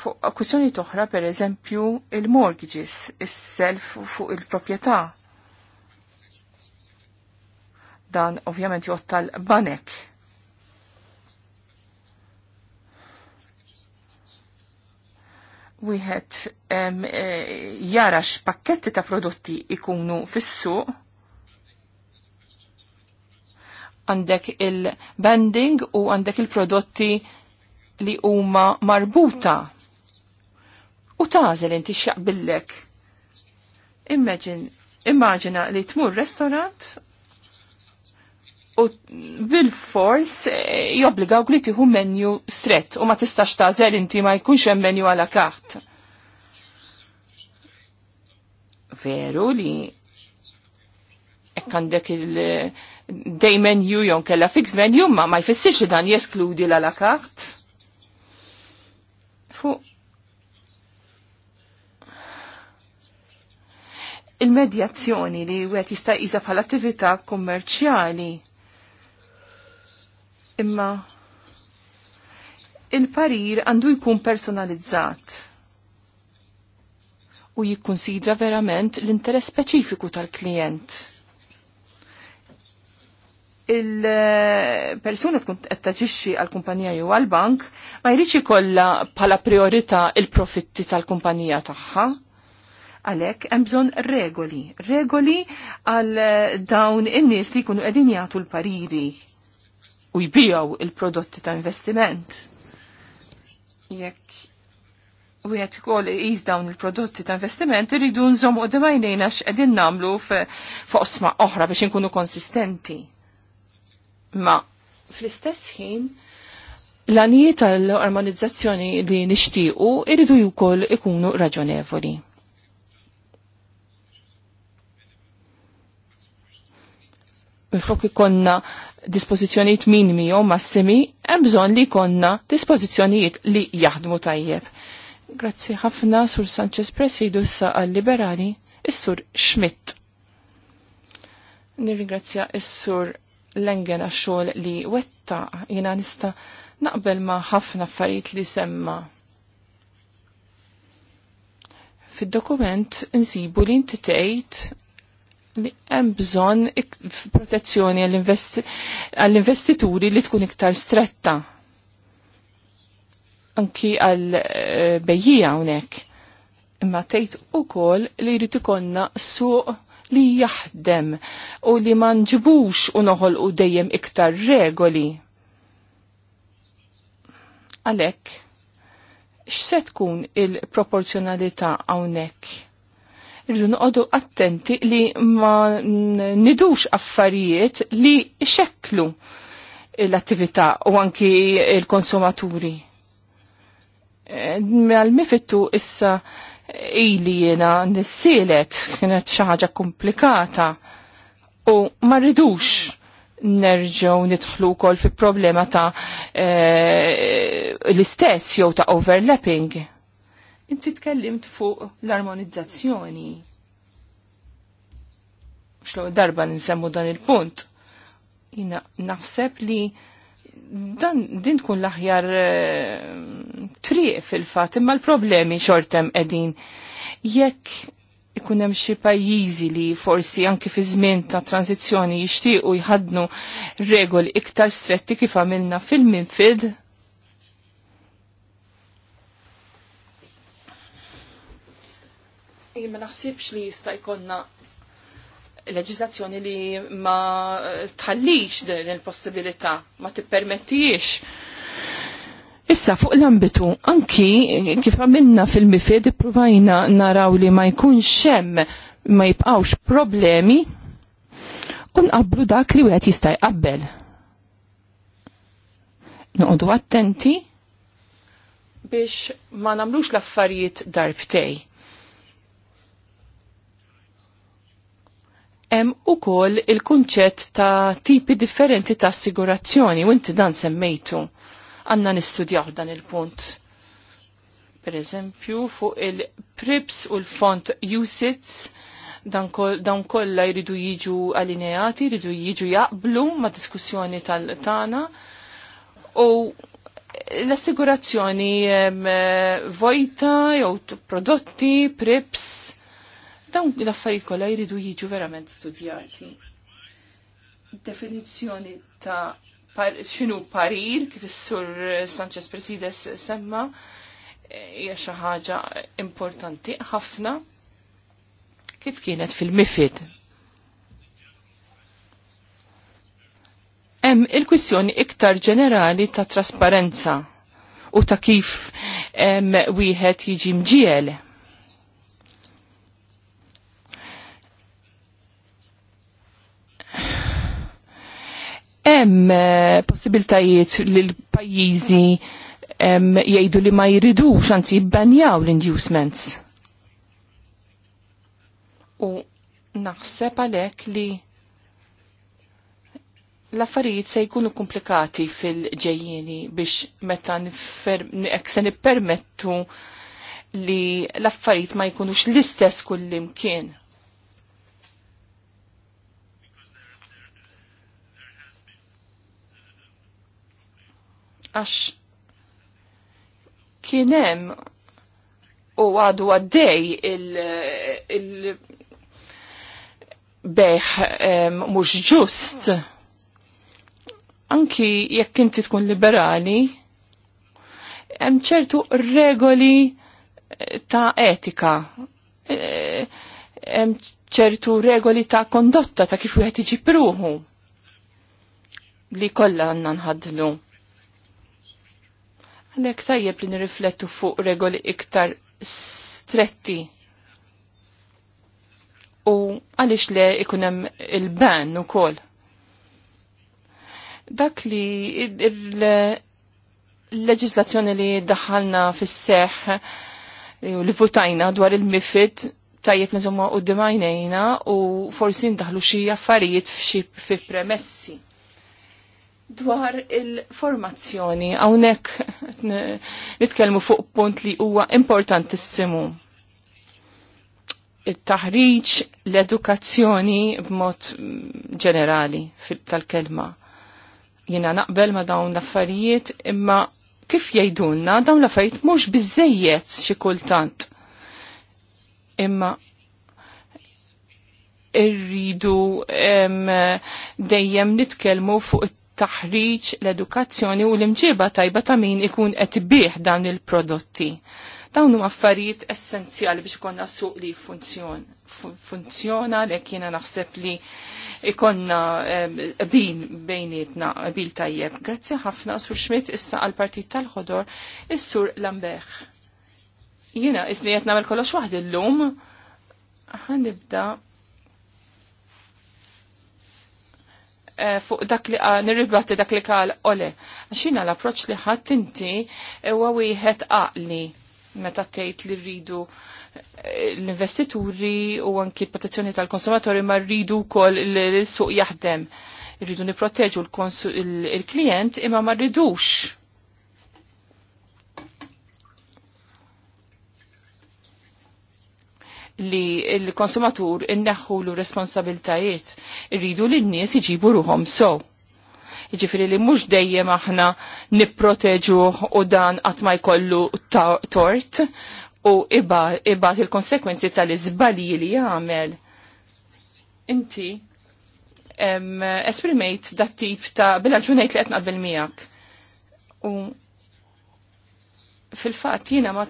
Speaker 1: fuq kwistjoni toħra per eżempju il-mortgages, is-self fuq il-proprjetà. Dan ovvjament jottal banek wieħed eh, jara x'pakketti ta' prodotti ikunu fis-suq għandek il-banding u għandek il-prodotti li huma marbuta u tażel inti x'jaqbillek. Imagine, immaġina li tmur restorant u bil-fors u e, li tieħu menju strett u ma tistax tażel inti ma jkunx hemm menju għala kart. Veru li hekk għandek il- e, day menu jon kella fix menu ma ma jfissirx dan jeskludi la la kart. Fu Il-medjazzjoni li wieħed jista' jisa għal attività kummerċjali. Imma il-parir għandu jkun personalizzat u jikkunsidra verament l-interess speċifiku tal-klient. Il-persuna tkun qed taġixxi għall kumpanija jew għall bank ma jridx ikollha bħala priorità il-profitti tal-kumpanija tagħha. Għalhekk hemm bżonn regoli, regoli għal dawn in-nies li jkunu qegħdin jagħtu l-pariri u jbijaw il-prodotti ta' investiment. Jekk u jgħet kol jiz dawn il-prodotti ta' investiment, rridu nżom u d-majnejna x'edin namlu osma oħra biex nkunu konsistenti. Ma fl-istess ħin, l-anijiet tal-armonizzazzjoni li nixtiequ irridu jkoll ikunu raġonevoli. Flok ikonna dispożizzjonijiet minimi jew massimi, hemm bżonn li jkollna dispożizzjonijiet li jaħdmu tajjeb. Grazzi ħafna sur Sanchez Presidu sa għal-liberali, is-sur Schmidt. Nirringrazzja is-sur Lengen għax-xogħol li wetta jiena nista' naqbel ma' ħafna affarijiet li semma. Fid-dokument insibu li inti tgħid li hemm bżonn protezzjoni għall-investituri li tkun iktar stretta. Anki għall eh, bejjija hawnhekk. Imma tgħid ukoll li jrid ikollna suq li jaħdem u li ma nġibux u noħolqu dejjem iktar regoli. Għalhekk x'se tkun il-proporzjonalità hawnhekk? Rridu noqogħdu attenti li ma nidux affarijiet li xeklu l-attività u anki l-konsumaturi. E, għal-mifittu issa ili jena nissilet kienet xaħġa komplikata u ma rridux nerġaw nidħlu kol fi problema ta' e, l-istess jew ta' overlapping. Inti tkellimt fuq l-armonizzazzjoni. Xlo darba ninsemmu dan il-punt. Jina naħseb li dan din tkun l-aħjar eh, triq fil-fat, imma l-problemi xortem edin. Jekk ikun hemm xi pajjiżi li forsi anki fi żmien ta' tranzizzjoni jixtiequ jħadnu regoli iktar stretti kif għamilna fil-minfid, ma naħsibx li jista' jkollna leġislazzjoni li ma eh, tħallix din il-possibilità, ma tippermettix. Issa fuq l-ambitu, anki kif għamilna fil-mifed provajna naraw li ma jkunx xem ma jibqawx problemi u nqablu dak li wieħed jista' jqabbel. Nuqdu attenti biex ma namlux l-affarijiet darbtej hemm ukoll il-kunċett ta' tipi differenti ta' assigurazzjoni u inti dan semmejtu. Għanna nistudjaw dan il-punt. Per eżempju, fuq il-PRIPS u l-font USITS dan, kollha kolla jridu jiġu allineati, jridu jiġu jaqblu ma' diskussjoni tal-tana u l-assigurazzjoni eh, vojta jew prodotti, PRIPS, Dawn l-affarijiet kollha jridu jiġu verament studjati. Definizzjoni ta' par xinu parir, kif is-sur Sanchez Presides semma, eh, hija xi ħaġa importanti ħafna kif kienet fil-mifid. Hemm il-kwistjoni iktar ġenerali ta' trasparenza u ta' kif wieħed jiġi mġiel hemm eh, possibiltajiet li l-pajjiżi jgħidu li ma jridux anzi jibbanjaw l-inducements. U naħseb għalhekk li l-affarijiet se jkunu komplikati fil-ġejjeni biex meta se nippermettu li l-affarijiet ma jkunux l-istess kullimkien. għax kienem u għadu għaddej il- beħ mux ġust. Anki jekk inti tkun liberali, hemm ċertu regoli ta' etika, e, hemm ċertu regoli ta' kondotta ta' kif wieħed iġi pruħu li kollha għandna nħaddlu. Għalek tajjeb li nirriflettu fuq regoli iktar stretti u għalix le ikunem il-ban u kol. Dak li il-leġizlazzjoni li daħalna fis-seħ u li votajna dwar il-mifid tajjeb nizomma u d-dimajnejna u forsi ndaħlu xie affarijiet fi premessi dwar il-formazzjoni, għawnek nitkelmu fuq punt li huwa importantissimu. Il-taħriġ, l-edukazzjoni b'mod ġenerali tal-kelma. Jina naqbel ma dawn l-affarijiet, imma kif jajdunna dawn l-affarijiet mhux biżejjed xi kultant. Imma irridu dejjem nitkellmu fuq it taħriġ, l-edukazzjoni u l-imġiba tajba ta' min ikun qed bih dawn il-prodotti. Dawn huma affarijiet essenzjali biex ikonna suq li Funzjona li jiena naħseb li ikonna bin bejnietna bil tajjeb. Grazzi ħafna sur Schmidt issa għal-partit tal-ħodor is-sur Lambeħ. Jiena isni qed nagħmel kollox waħd illum. Ħanibda Eh, fuq dak li nirribati dak li qal ole. Xina l-approċ li ħadd inti huwa wieħed aqli meta tgħid li rridu eh, l-investituri u anki protezzjoni tal-konsumatori ma rridu wkoll l-suq jaħdem. Rridu niproteġu l-klient imma ma rridux li l-konsumatur inneħħu l responsabiltajiet irridu li n-nies iġibu ruhom so. Iġifiri li mux dejjem aħna nipproteġu u dan għatma jkollu tort u ibat il-konsekwenzi tal izbali li jgħamel. Inti esprimejt dat tip ta' bil-ġunajt li għetna bil-mijak. U fil-fat jina ma,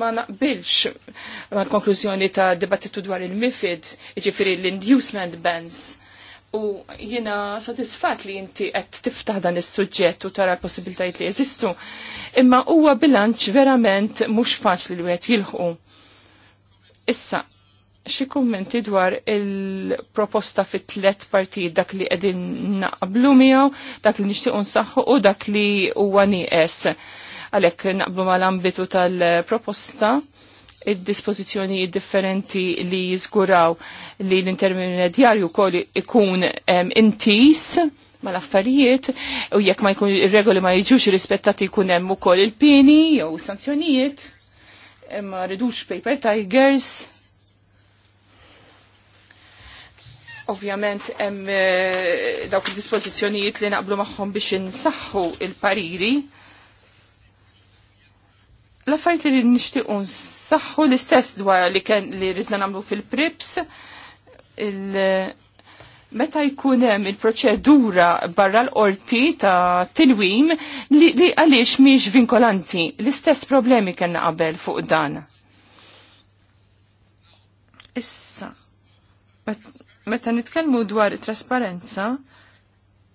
Speaker 1: ma naqbilx ma konklużjoni ta' dibattitu dwar il-mifid, iġifiri l-inducement bans. U jina sodisfat li inti qed tiftaħ dan is-suġġett u tara l-possibilitajiet li jeżistu, imma huwa bilanċ verament mhux faċli li wieħed jilħu. Issa, xi kummenti dwar il-proposta fit tlet partit dak li qegħdin naqblu miegħu, dak li nixtiequ nsaħħu u dak li huwa nieqes Għalhekk naqblu mal-ambitu tal-proposta id-dispozizjoni differenti li jiżguraw li l-intermedjarju kol ikun intis mal-affarijiet u jekk ma jkun ir-regoli ma jiġux rispettati jkun hemm ukoll il pini jew sanzjonijiet imma ridux paper tigers ovvjament hemm eh, dawk il-dispożizzjonijiet li naqblu magħhom biex insaħħu il-pariri L-affarijiet li rrid nixtiequ nsaħħu l-istess dwar li kien li ridna nagħmlu fil-prips meta jkun hemm il-proċedura barra l-qorti ta' tilwim li, li għaliex miex vinkolanti. L-istess problemi kellna qabel fuq dan. Issa, meta nitkellmu dwar trasparenza,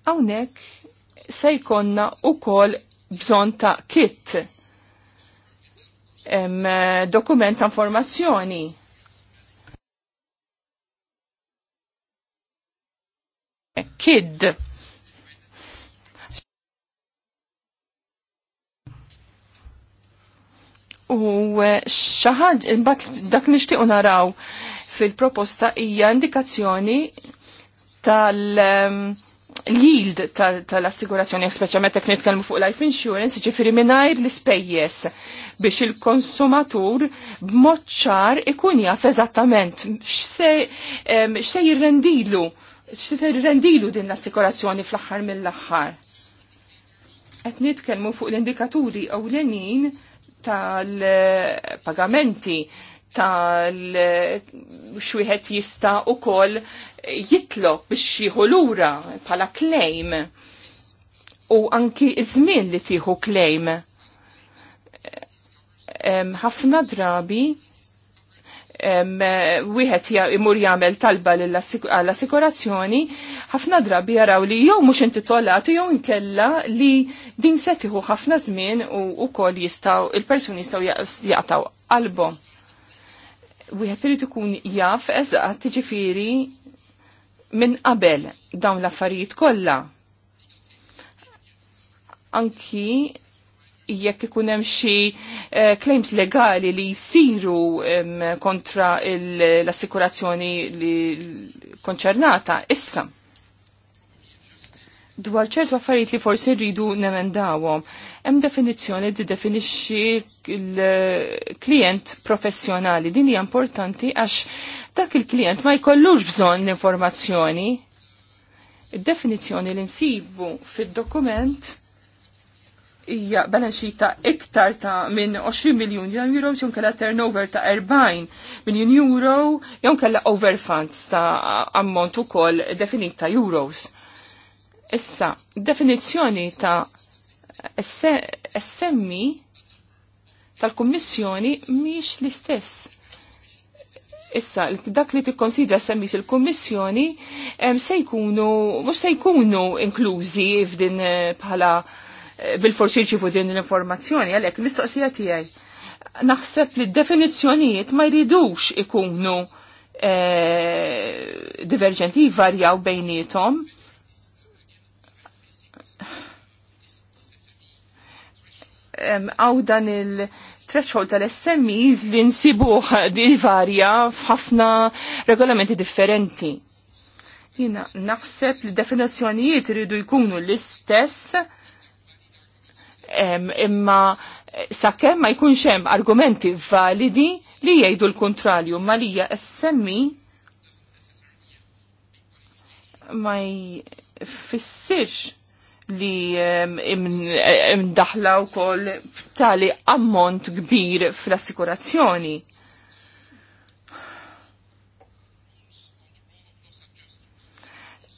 Speaker 1: hawnhekk se jkollna ukoll bżonn ta' kit Eh, dokument ta' informazzjoni. Kid. U eh, xaħad, imbagħad dak nixtiequ naraw fil-proposta hija indikazzjoni tal- um, l-yield tal-assigurazzjoni, speċjalment jekk nitkellmu fuq life insurance, ġifiri mingħajr l-ispejjeż biex il-konsumatur b'mod ċar ikun jaf eżattament x'se jirrendilu x'se jirrendilu din l assigurazzjoni fl-aħħar mill-aħħar. Qed nitkellmu fuq l-indikaturi ewlenin tal-pagamenti tal-xwieħed jista u kol jitlob biex jieħu lura bħala claim u anki iż-żmien li tieħu claim. Ħafna drabi wieħed imur jagħmel talba għall-assikurazzjoni, ħafna drabi jaraw li jew mhux intitolati jew inkella li din se tieħu ħafna żmien u wkoll jistgħu il-persuni jistgħu jaqtaw qalbhom wieħed irid ikun jaf eżatt tiġifieri minn qabel dawn l-affarijiet kollha. Anki jekk ikun hemm xi eh, claims legali li jsiru kontra l-assikurazzjoni li konċernata issa dwar ċertu affarijiet li forsi rridu nemendawhom. Hemm definizzjoni li definixxi l-klient professjonali. Din hija importanti għax dak il-klient ma jkollux bżonn l-informazzjoni. Id-definizzjoni li nsibu fid-dokument hija balance ta' iktar ta' minn 20 miljun euro jew kellha turnover ta' 40 miljun euro jew kellha overfunds ta' ammont ukoll definit ta' euros. Issa, definizzjoni ta' essemmi tal-Kummissjoni miex l-istess. Issa, dak li tikkonsidra semmi fil kummissjoni se jkunu, mux se jkunu inklużi f'din eh, bħala eh, bil-forsi ċifu din l-informazzjoni, għalek, mistoqsija tijaj. Naħseb li definizjonijiet ma jridux ikunu eh, diverġenti, varjaw bejnietom għaw dan il-threshold tal-SMEs li nsibuħ di varja f'ħafna regolamenti differenti. Jina naħseb li definizjonijiet rridu jkunu l-istess imma sakemm ma jkunx hemm argumenti validi li jgħidu l-kontrarju ma li SMI e ma jfissirx li imdaħla u koll tali ammont kbir fl-assikurazzjoni.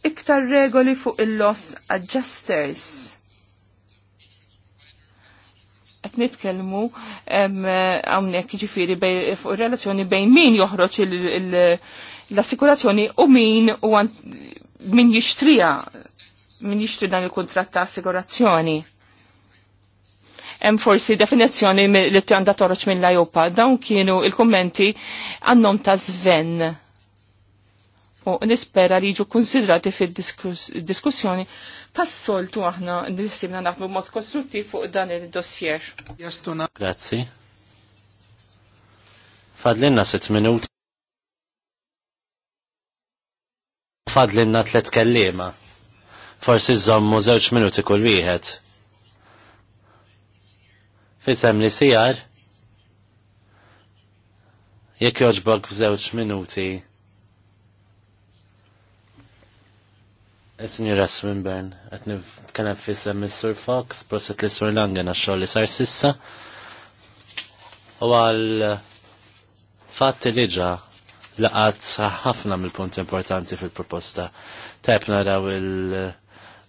Speaker 1: Iktar regoli fuq il-loss adjusters. Qed nitkellmu hawnhekk jiġifieri fuq ir-relazzjoni bejn min joħroġ l-assikurazzjoni u min u min jishtrija min jixtri dan il-kontrat ta' assigurazzjoni. Hemm forsi definizzjoni li għandha toroċ minn l-Ajopa, dawn kienu il-kummenti għannom ta' Sven. U nispera li jiġu konsidrati fil-diskussjoni pas-soltu aħna nifsibna naħdmu mod kostruttiv fuq dan il-dossier.
Speaker 2: Grazzi. Fadlinna sitt minuti. Fadlinna tlet kellima forsi zommu żewġ minuti kull wieħed. Fisem li sijar, jekk joġbok f'żewġ minuti. Is-Sinjura eh, Swinburne, qed nitkellem fisem sur Fox, proset li Sur Langen għax-xogħol li sar sissa. U għal Fatti li ġa laqat ħafna mill-punt importanti fil-proposta. Tajb raw il-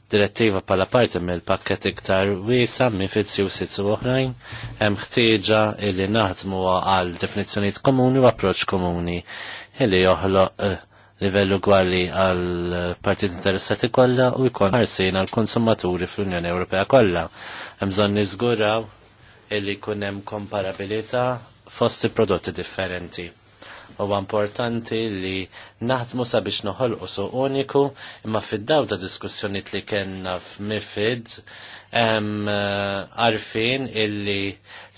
Speaker 2: direttiva pala parti mill pakket iktar wiesa mifid u sitsu oħrajn, hemm ħtieġa illi naħdmu għal definizzjonijiet komuni u approċ komuni illi joħloq eh, livellu gwali għal partit interessati kollha u jkun ħarsin għal konsumaturi fl-Unjoni Ewropea kollha. Hemm bżonn niżguraw illi jkun hemm komparabilità fost prodotti differenti. Huwa importanti li naħdmu sabiex noħolqu su uniku imma fid-daw ta' diskussjoniet li kellna f'Mifid eh, għarfin illi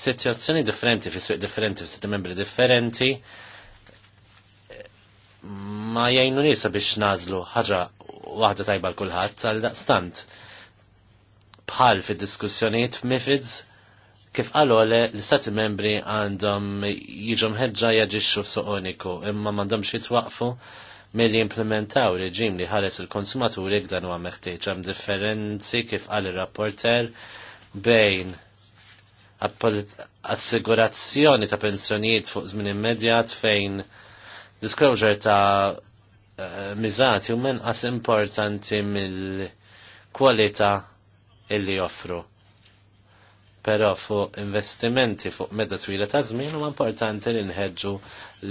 Speaker 2: sitwazzjoni differenti fi suq differenti fi membri differenti ma jgħinu nisa biex nażlu ħaġa waħda tajba l-kulħadd għal daqstant bħal fid-diskussjonijiet f'Mifids Kif għale l-istati membri għandhom jiġu ħedġa jaġixxu f'suq uniku imma m'għandhomx jitwaqfu milli implementaw reġim li ħares il-konsumaturi dan huwa meħtieġ hemm differenzi kif għal il rapporter bejn assigurazzjoni ta' pensjonijiet fuq żmien immedjat fejn disclosure ta' uh, miżati men as importanti mill-kwalità illi joffru però fuq investimenti fuq medda twila ta' żmien huwa importanti li nħeġġu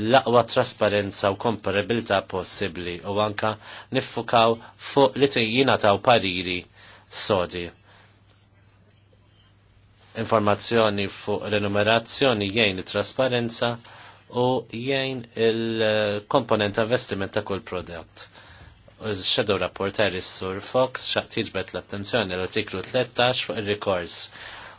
Speaker 2: l-aqwa trasparenza u komparabilità possibbli u anka niffukaw fuq li tejjina ta' pariri sodi. Informazzjoni fuq renumerazzjoni jgħin trasparenza u jgħin il-komponent investiment ta' kull prodott. Shadow Rapporter is Sur Fox xaq tiġbet l-attenzjoni l-artiklu 13 fuq il rekors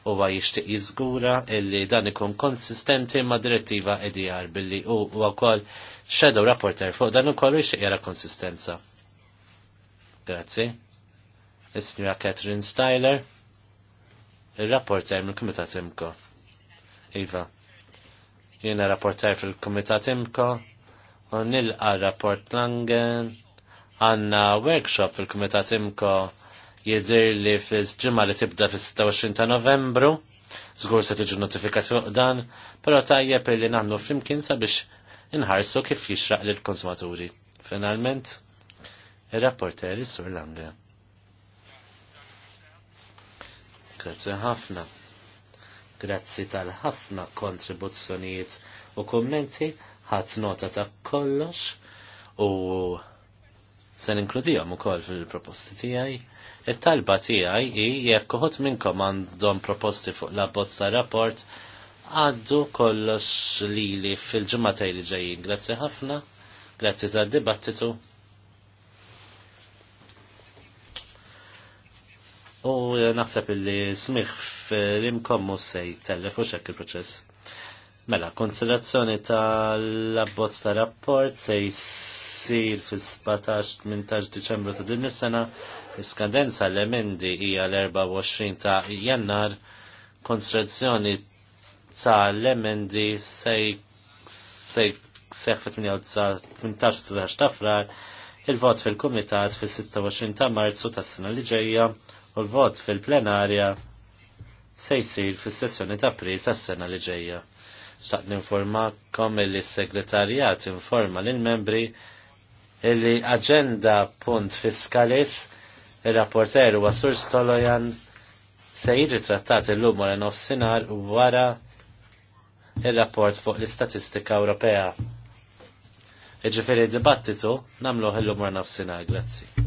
Speaker 2: huwa jixtieq jiżgura illi dan ikun konsistenti ma' direttiva EDR billi u wkoll shadow rapporter fuq dan ukoll jixtieq jara konsistenza. Grazzi. Is-Sinjura Catherine Styler, ir-rapporter mill-Kumitat Imko. Iva. Jiena rapporter fil-Kumitat Imko u nilqa rapport Langen għanna workshop fil-Kumitat Imko jidir li fil-ġimma li tibda fil-26 ta' novembru, zgur se tiġu notifikat dan, pero tajjeb li nagħmlu fl-imkien sabiex inħarsu kif jixraq lil konsumaturi Finalment, il-rapporteri sur Lange. Grazie ħafna. Grazzi tal-ħafna kontribuzzjonijiet u kommenti ħadd nota ta' kollox u se ninkludihom ukoll fil-proposti tiegħi It-talba tiegħi i jekk uħut minnkom għandhom proposti fuq l bozza rapport għaddu kollox lili fil-ġimgħatej li ġejjin. Grazzi ħafna, grazie tad-dibattitu. U naħseb illi smiħ fil-imkom mu sej tellef xek il-proċess. Mela, konsilazzjoni tal la bozza rapport se sir fil-17-18 Deċembru ta' din is-sena Iskadenza l-emendi hija l-24 ta' jannar konstruzzjoni ta' l-emendi sej sej seħ 18 ta' frar il-vot fil-Kumitat fil-26 ta' Marzu ta' sena li ġejja u l-vot fil-plenarja se jsir fis-sessjoni ta' April tas sena li ġejja. Xtaqt ninformakom li s-segretarjat informa l membri il-li aġenda punt fiskalis il-rapporter u għasur Stolojan se jiġi trattat il-lum għal nofsinar wara il-rapport fuq l-istatistika Ewropea. Iġifiri dibattitu namluħ il-lum għal nofsinar, grazzi.